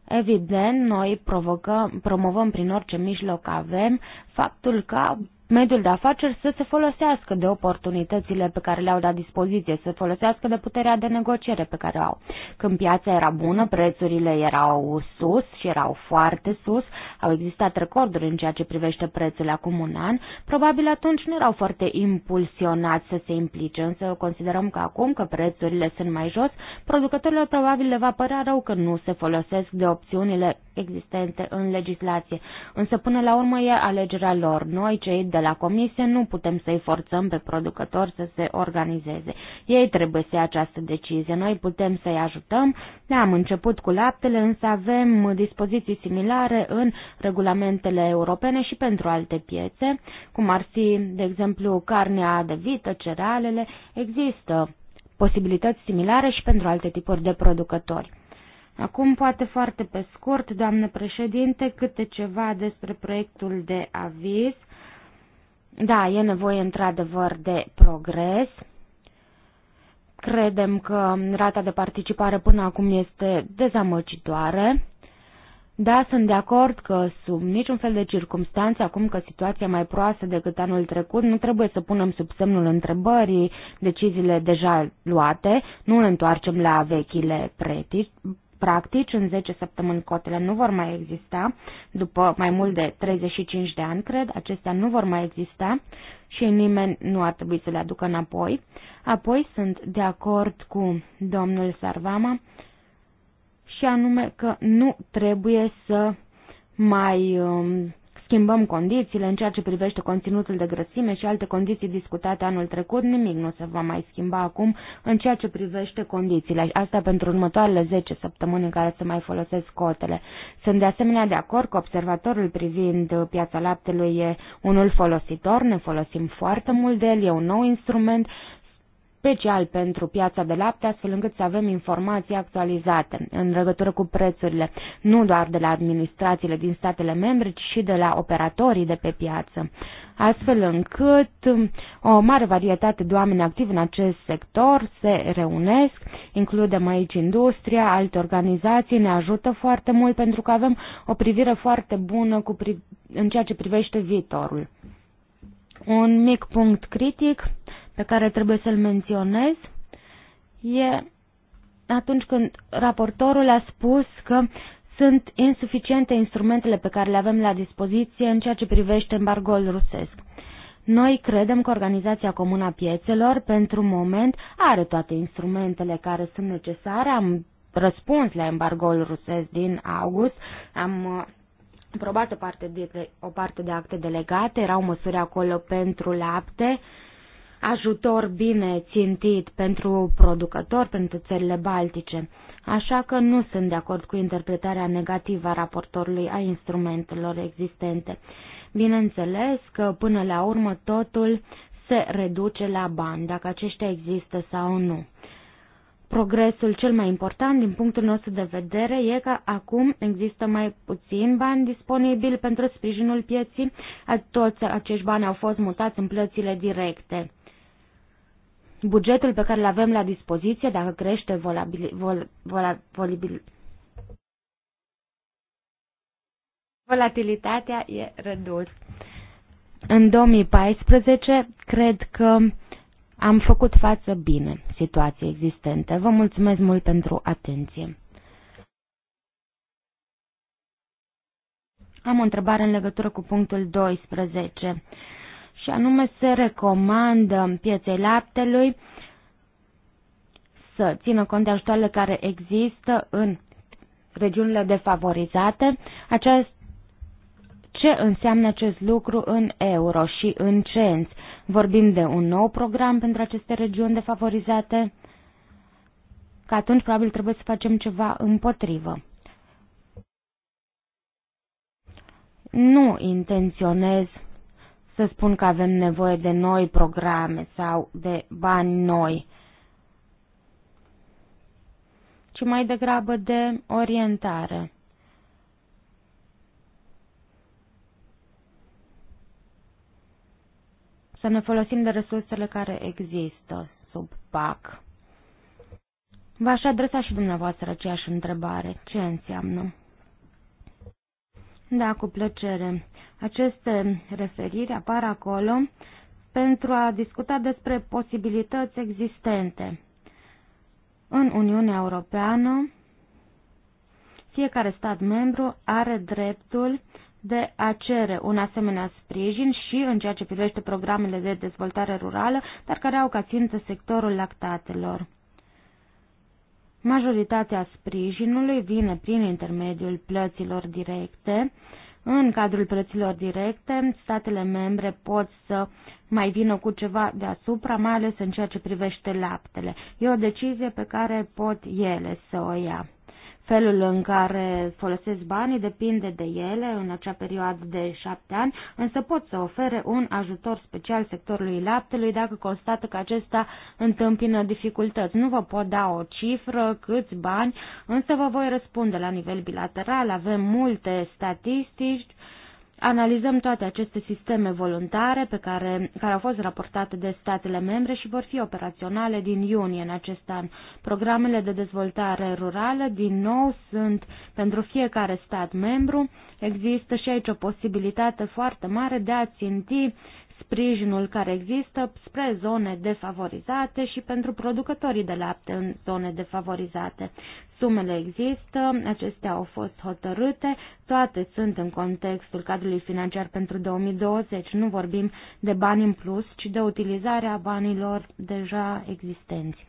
Evident, noi provocăm, promovăm prin orice mijloc avem faptul că mediul de afaceri să se folosească de oportunitățile pe care le-au la dispoziție, să folosească de puterea de negociere pe care o au. Când piața era bună, prețurile erau sus și erau foarte sus, au existat recorduri în ceea ce privește prețurile acum un an, probabil atunci nu erau foarte impulsionați să se implice, însă considerăm că acum că prețurile sunt mai jos, producătorilor probabil le va părea rău că nu se folosesc de opțiunile existente în legislație. Însă până la urmă e alegerea lor. Noi, cei de de la comisie, nu putem să-i forțăm pe producători să se organizeze. Ei trebuie să ia această decizie, noi putem să-i ajutăm. ne am început cu laptele, însă avem dispoziții similare în regulamentele europene și pentru alte piețe, cum ar fi, de exemplu, carnea de vită, cerealele. Există posibilități similare și pentru alte tipuri de producători. Acum, poate foarte pe scurt, doamnă președinte, câte ceva despre proiectul de aviz da, e nevoie într-adevăr de progres. Credem că rata de participare până acum este dezamăgitoare. Da, sunt de acord că sub niciun fel de circunstanțe, acum că situația mai proastă decât anul trecut, nu trebuie să punem sub semnul întrebării deciziile deja luate, nu ne întoarcem la vechile Practic, în 10 săptămâni cotele nu vor mai exista, după mai mult de 35 de ani, cred, acestea nu vor mai exista și nimeni nu ar trebui să le aducă înapoi. Apoi sunt de acord cu domnul Sarvama și anume că nu trebuie să mai Uh, schimbăm condițiile în ceea ce privește conținutul de grăsime și alte condiții discutate anul trecut, nimic nu se va mai schimba acum în ceea ce privește condițiile. Asta pentru următoarele 10 săptămâni în care se mai folosesc cotele. Sunt de asemenea de acord că observatorul privind piața laptelui e unul folositor, ne folosim foarte mult de el, e un nou instrument, special pentru piața de lapte, astfel încât să avem informații actualizate în legătură cu prețurile, nu doar de la administrațiile din statele membre, ci și de la operatorii de pe piață. Astfel încât um, o mare varietate de oameni activi în acest sector se reunesc, includem aici industria, alte organizații, ne ajută foarte mult pentru că avem o privire foarte bună cu pri- în ceea ce privește viitorul. Un mic punct critic pe care trebuie să-l menționez e atunci când raportorul a spus că sunt insuficiente instrumentele pe care le avem la dispoziție în ceea ce privește embargoul rusesc. Noi credem că Organizația Comună a Piețelor, pentru moment, are toate instrumentele care sunt necesare. Am răspuns la embargoul rusesc din august, am uh, aprobat o parte de, o parte de acte delegate, erau măsuri acolo pentru lapte, uh, ajutor bine țintit pentru producători, pentru țările baltice, așa că nu sunt de acord cu interpretarea negativă a raportorului a instrumentelor existente. Bineînțeles că până la urmă totul se reduce la bani, dacă aceștia există sau nu. Progresul cel mai important din punctul nostru de vedere e că acum există mai puțin bani disponibili pentru sprijinul pieții, toți acești bani au fost mutați în plățile directe bugetul pe care îl avem la dispoziție, dacă crește volabil, vol, volatilitatea e redus. În 2014, cred că am făcut față bine situației existente. Vă mulțumesc mult pentru atenție. Am o întrebare în legătură cu punctul 12 și anume se recomandă pieței laptelui să țină cont de ajutoarele care există în regiunile defavorizate. Acest, ce înseamnă acest lucru în euro și în cenți? Vorbim de un nou program pentru aceste regiuni defavorizate? Că atunci probabil trebuie să facem ceva împotrivă. Nu intenționez să spun că avem nevoie de noi programe sau de bani noi, ci mai degrabă de orientare. Să ne folosim de resursele care există sub PAC. V-aș adresa și dumneavoastră aceeași întrebare. Ce înseamnă? Da, cu plăcere. Aceste referiri apar acolo pentru a discuta despre posibilități existente. În Uniunea Europeană, fiecare stat membru are dreptul de a cere un asemenea sprijin și în ceea ce privește programele de dezvoltare rurală, dar care au ca țintă sectorul lactatelor. Majoritatea sprijinului vine prin intermediul plăților directe. În cadrul plăților directe, statele membre pot să mai vină cu ceva deasupra, mai ales în ceea ce privește laptele. E o decizie pe care pot ele să o ia. Felul în care folosesc banii depinde de ele în acea perioadă de șapte ani, însă pot să ofere un ajutor special sectorului laptelui dacă constată că acesta întâmpină dificultăți. Nu vă pot da o cifră, câți bani, însă vă voi răspunde la nivel bilateral. Avem multe statistici Analizăm toate aceste sisteme voluntare pe care, care au fost raportate de statele membre și vor fi operaționale din iunie în acest an. Programele de dezvoltare rurală, din nou, sunt pentru fiecare stat membru. Există și aici o posibilitate foarte mare de a ținti sprijinul care există spre zone defavorizate și pentru producătorii de lapte în zone defavorizate. Sumele există, acestea au fost hotărâte, toate sunt în contextul cadrului financiar pentru 2020. Nu vorbim de bani în plus, ci de utilizarea banilor deja existenți.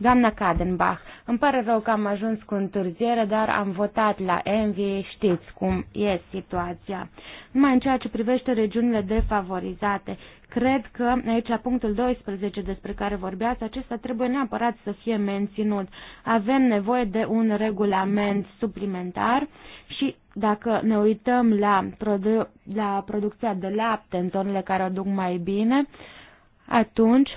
Doamna Kadenbach, îmi pare rău că am ajuns cu întârziere, dar am votat la Envy, știți cum e situația. Numai în ceea ce privește regiunile defavorizate, cred că aici punctul 12 despre care vorbeați, acesta trebuie neapărat să fie menținut. Avem nevoie de un regulament suplimentar și dacă ne uităm la, produ- la producția de lapte în zonele care o duc mai bine, atunci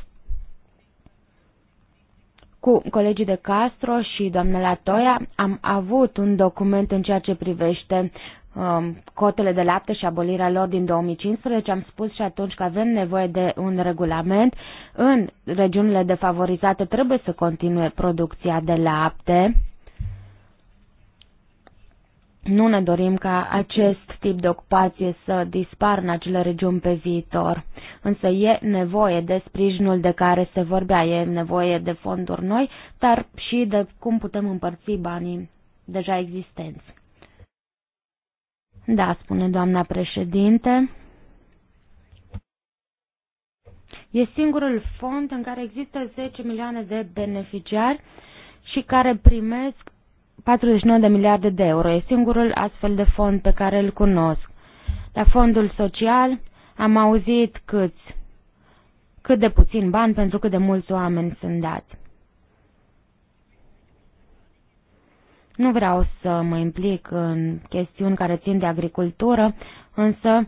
cu colegii de Castro și doamnele Toia am avut un document în ceea ce privește um, cotele de lapte și abolirea lor din 2015. Am spus și atunci că avem nevoie de un regulament. În regiunile defavorizate trebuie să continue producția de lapte nu ne dorim ca acest tip de ocupație să dispară în acele regiuni pe viitor, însă e nevoie de sprijinul de care se vorbea, e nevoie de fonduri noi, dar și de cum putem împărți banii deja existenți. Da, spune doamna președinte. E singurul fond în care există 10 milioane de beneficiari și care primesc 49 de miliarde de euro. E singurul astfel de fond pe care îl cunosc. La fondul social am auzit câți, cât de puțin bani pentru cât de mulți oameni sunt dați. Nu vreau să mă implic în chestiuni care țin de agricultură, însă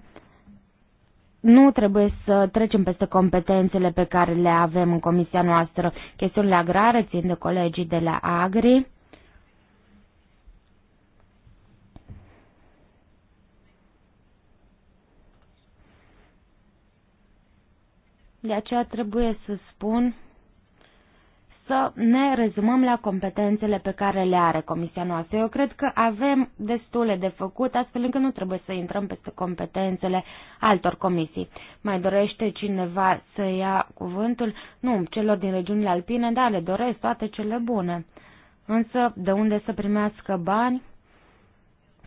nu trebuie să trecem peste competențele pe care le avem în comisia noastră. Chestiunile agrare țin de colegii de la Agri De aceea trebuie să spun să ne rezumăm la competențele pe care le are comisia noastră. Eu cred că avem destule de făcut, astfel încât nu trebuie să intrăm peste competențele altor comisii. Mai dorește cineva să ia cuvântul? Nu, celor din regiunile alpine, da, le doresc toate cele bune. Însă, de unde să primească bani?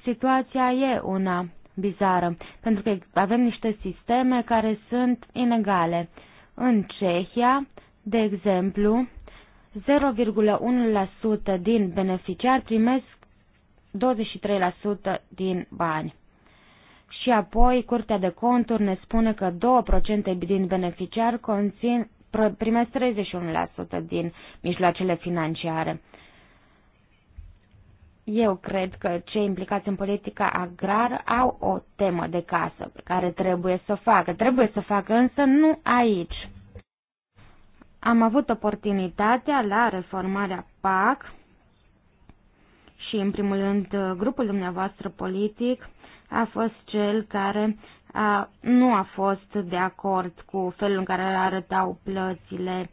Situația e una bizară, pentru că avem niște sisteme care sunt inegale. În Cehia, de exemplu, 0,1% din beneficiari primesc 23% din bani. Și apoi Curtea de Conturi ne spune că 2% din beneficiari conțin, primesc 31% din mijloacele financiare. Eu cred că cei implicați în politica agrară au o temă de casă pe care trebuie să o facă. Trebuie să o facă însă nu aici. Am avut oportunitatea la reformarea PAC și, în primul rând, grupul dumneavoastră politic a fost cel care a, nu a fost de acord cu felul în care arătau plățile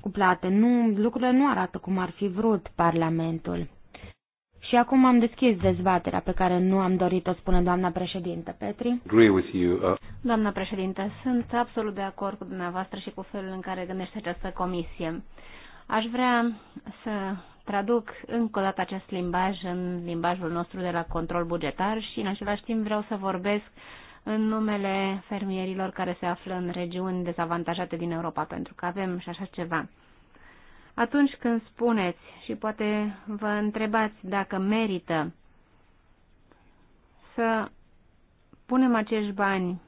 cu plate. Nu, lucrurile nu arată cum ar fi vrut Parlamentul. Și acum am deschis dezbaterea pe care nu am dorit-o, spune doamna președinte Petri. Agree with you, uh... Doamna președinte, sunt absolut de acord cu dumneavoastră și cu felul în care gândește această comisie. Aș vrea să traduc încă o dată acest limbaj în limbajul nostru de la control bugetar și în același timp vreau să vorbesc în numele fermierilor care se află în regiuni dezavantajate din Europa, pentru că avem și așa ceva. Atunci când spuneți și poate vă întrebați dacă merită să punem acești bani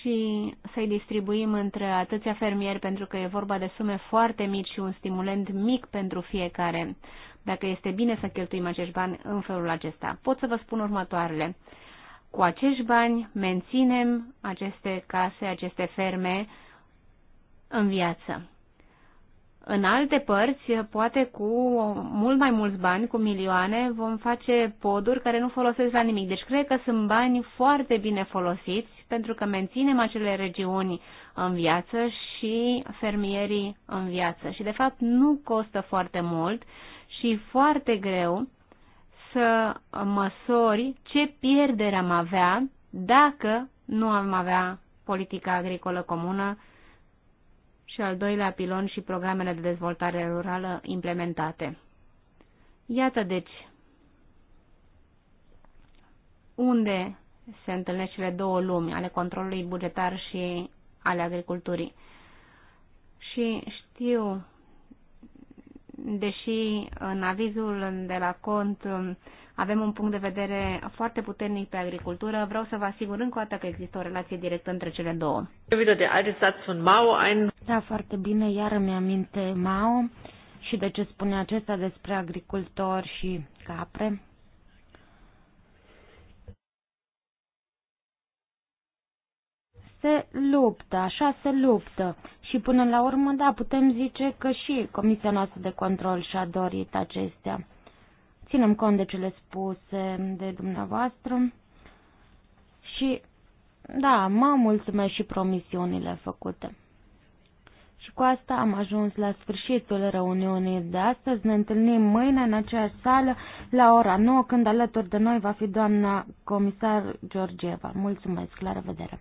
și să-i distribuim între atâția fermieri, pentru că e vorba de sume foarte mici și un stimulent mic pentru fiecare, dacă este bine să cheltuim acești bani în felul acesta. Pot să vă spun următoarele. Cu acești bani menținem aceste case, aceste ferme în viață. În alte părți, poate cu mult mai mulți bani, cu milioane, vom face poduri care nu folosesc la nimic. Deci cred că sunt bani foarte bine folosiți pentru că menținem acele regiuni în viață și fermierii în viață. Și de fapt nu costă foarte mult și foarte greu să măsori ce pierdere am avea dacă nu am avea politica agricolă comună și al doilea pilon și programele de dezvoltare rurală implementate. Iată deci unde se întâlnesc cele două lumi, ale controlului bugetar și ale agriculturii. Și știu, deși în avizul de la cont avem un punct de vedere foarte puternic pe agricultură. Vreau să vă asigur încă o dată că există o relație directă între cele două. Da, foarte bine, iară mi-aminte Mao și de ce spune acesta despre agricultori și capre. se luptă, așa se luptă. Și până la urmă, da, putem zice că și Comisia noastră de control și-a dorit acestea ținem cont de cele spuse de dumneavoastră și, da, mă mulțumesc și promisiunile făcute. Și cu asta am ajuns la sfârșitul reuniunii de astăzi. Ne întâlnim mâine în aceeași sală la ora 9, când alături de noi va fi doamna comisar Georgieva. Mulțumesc, la revedere!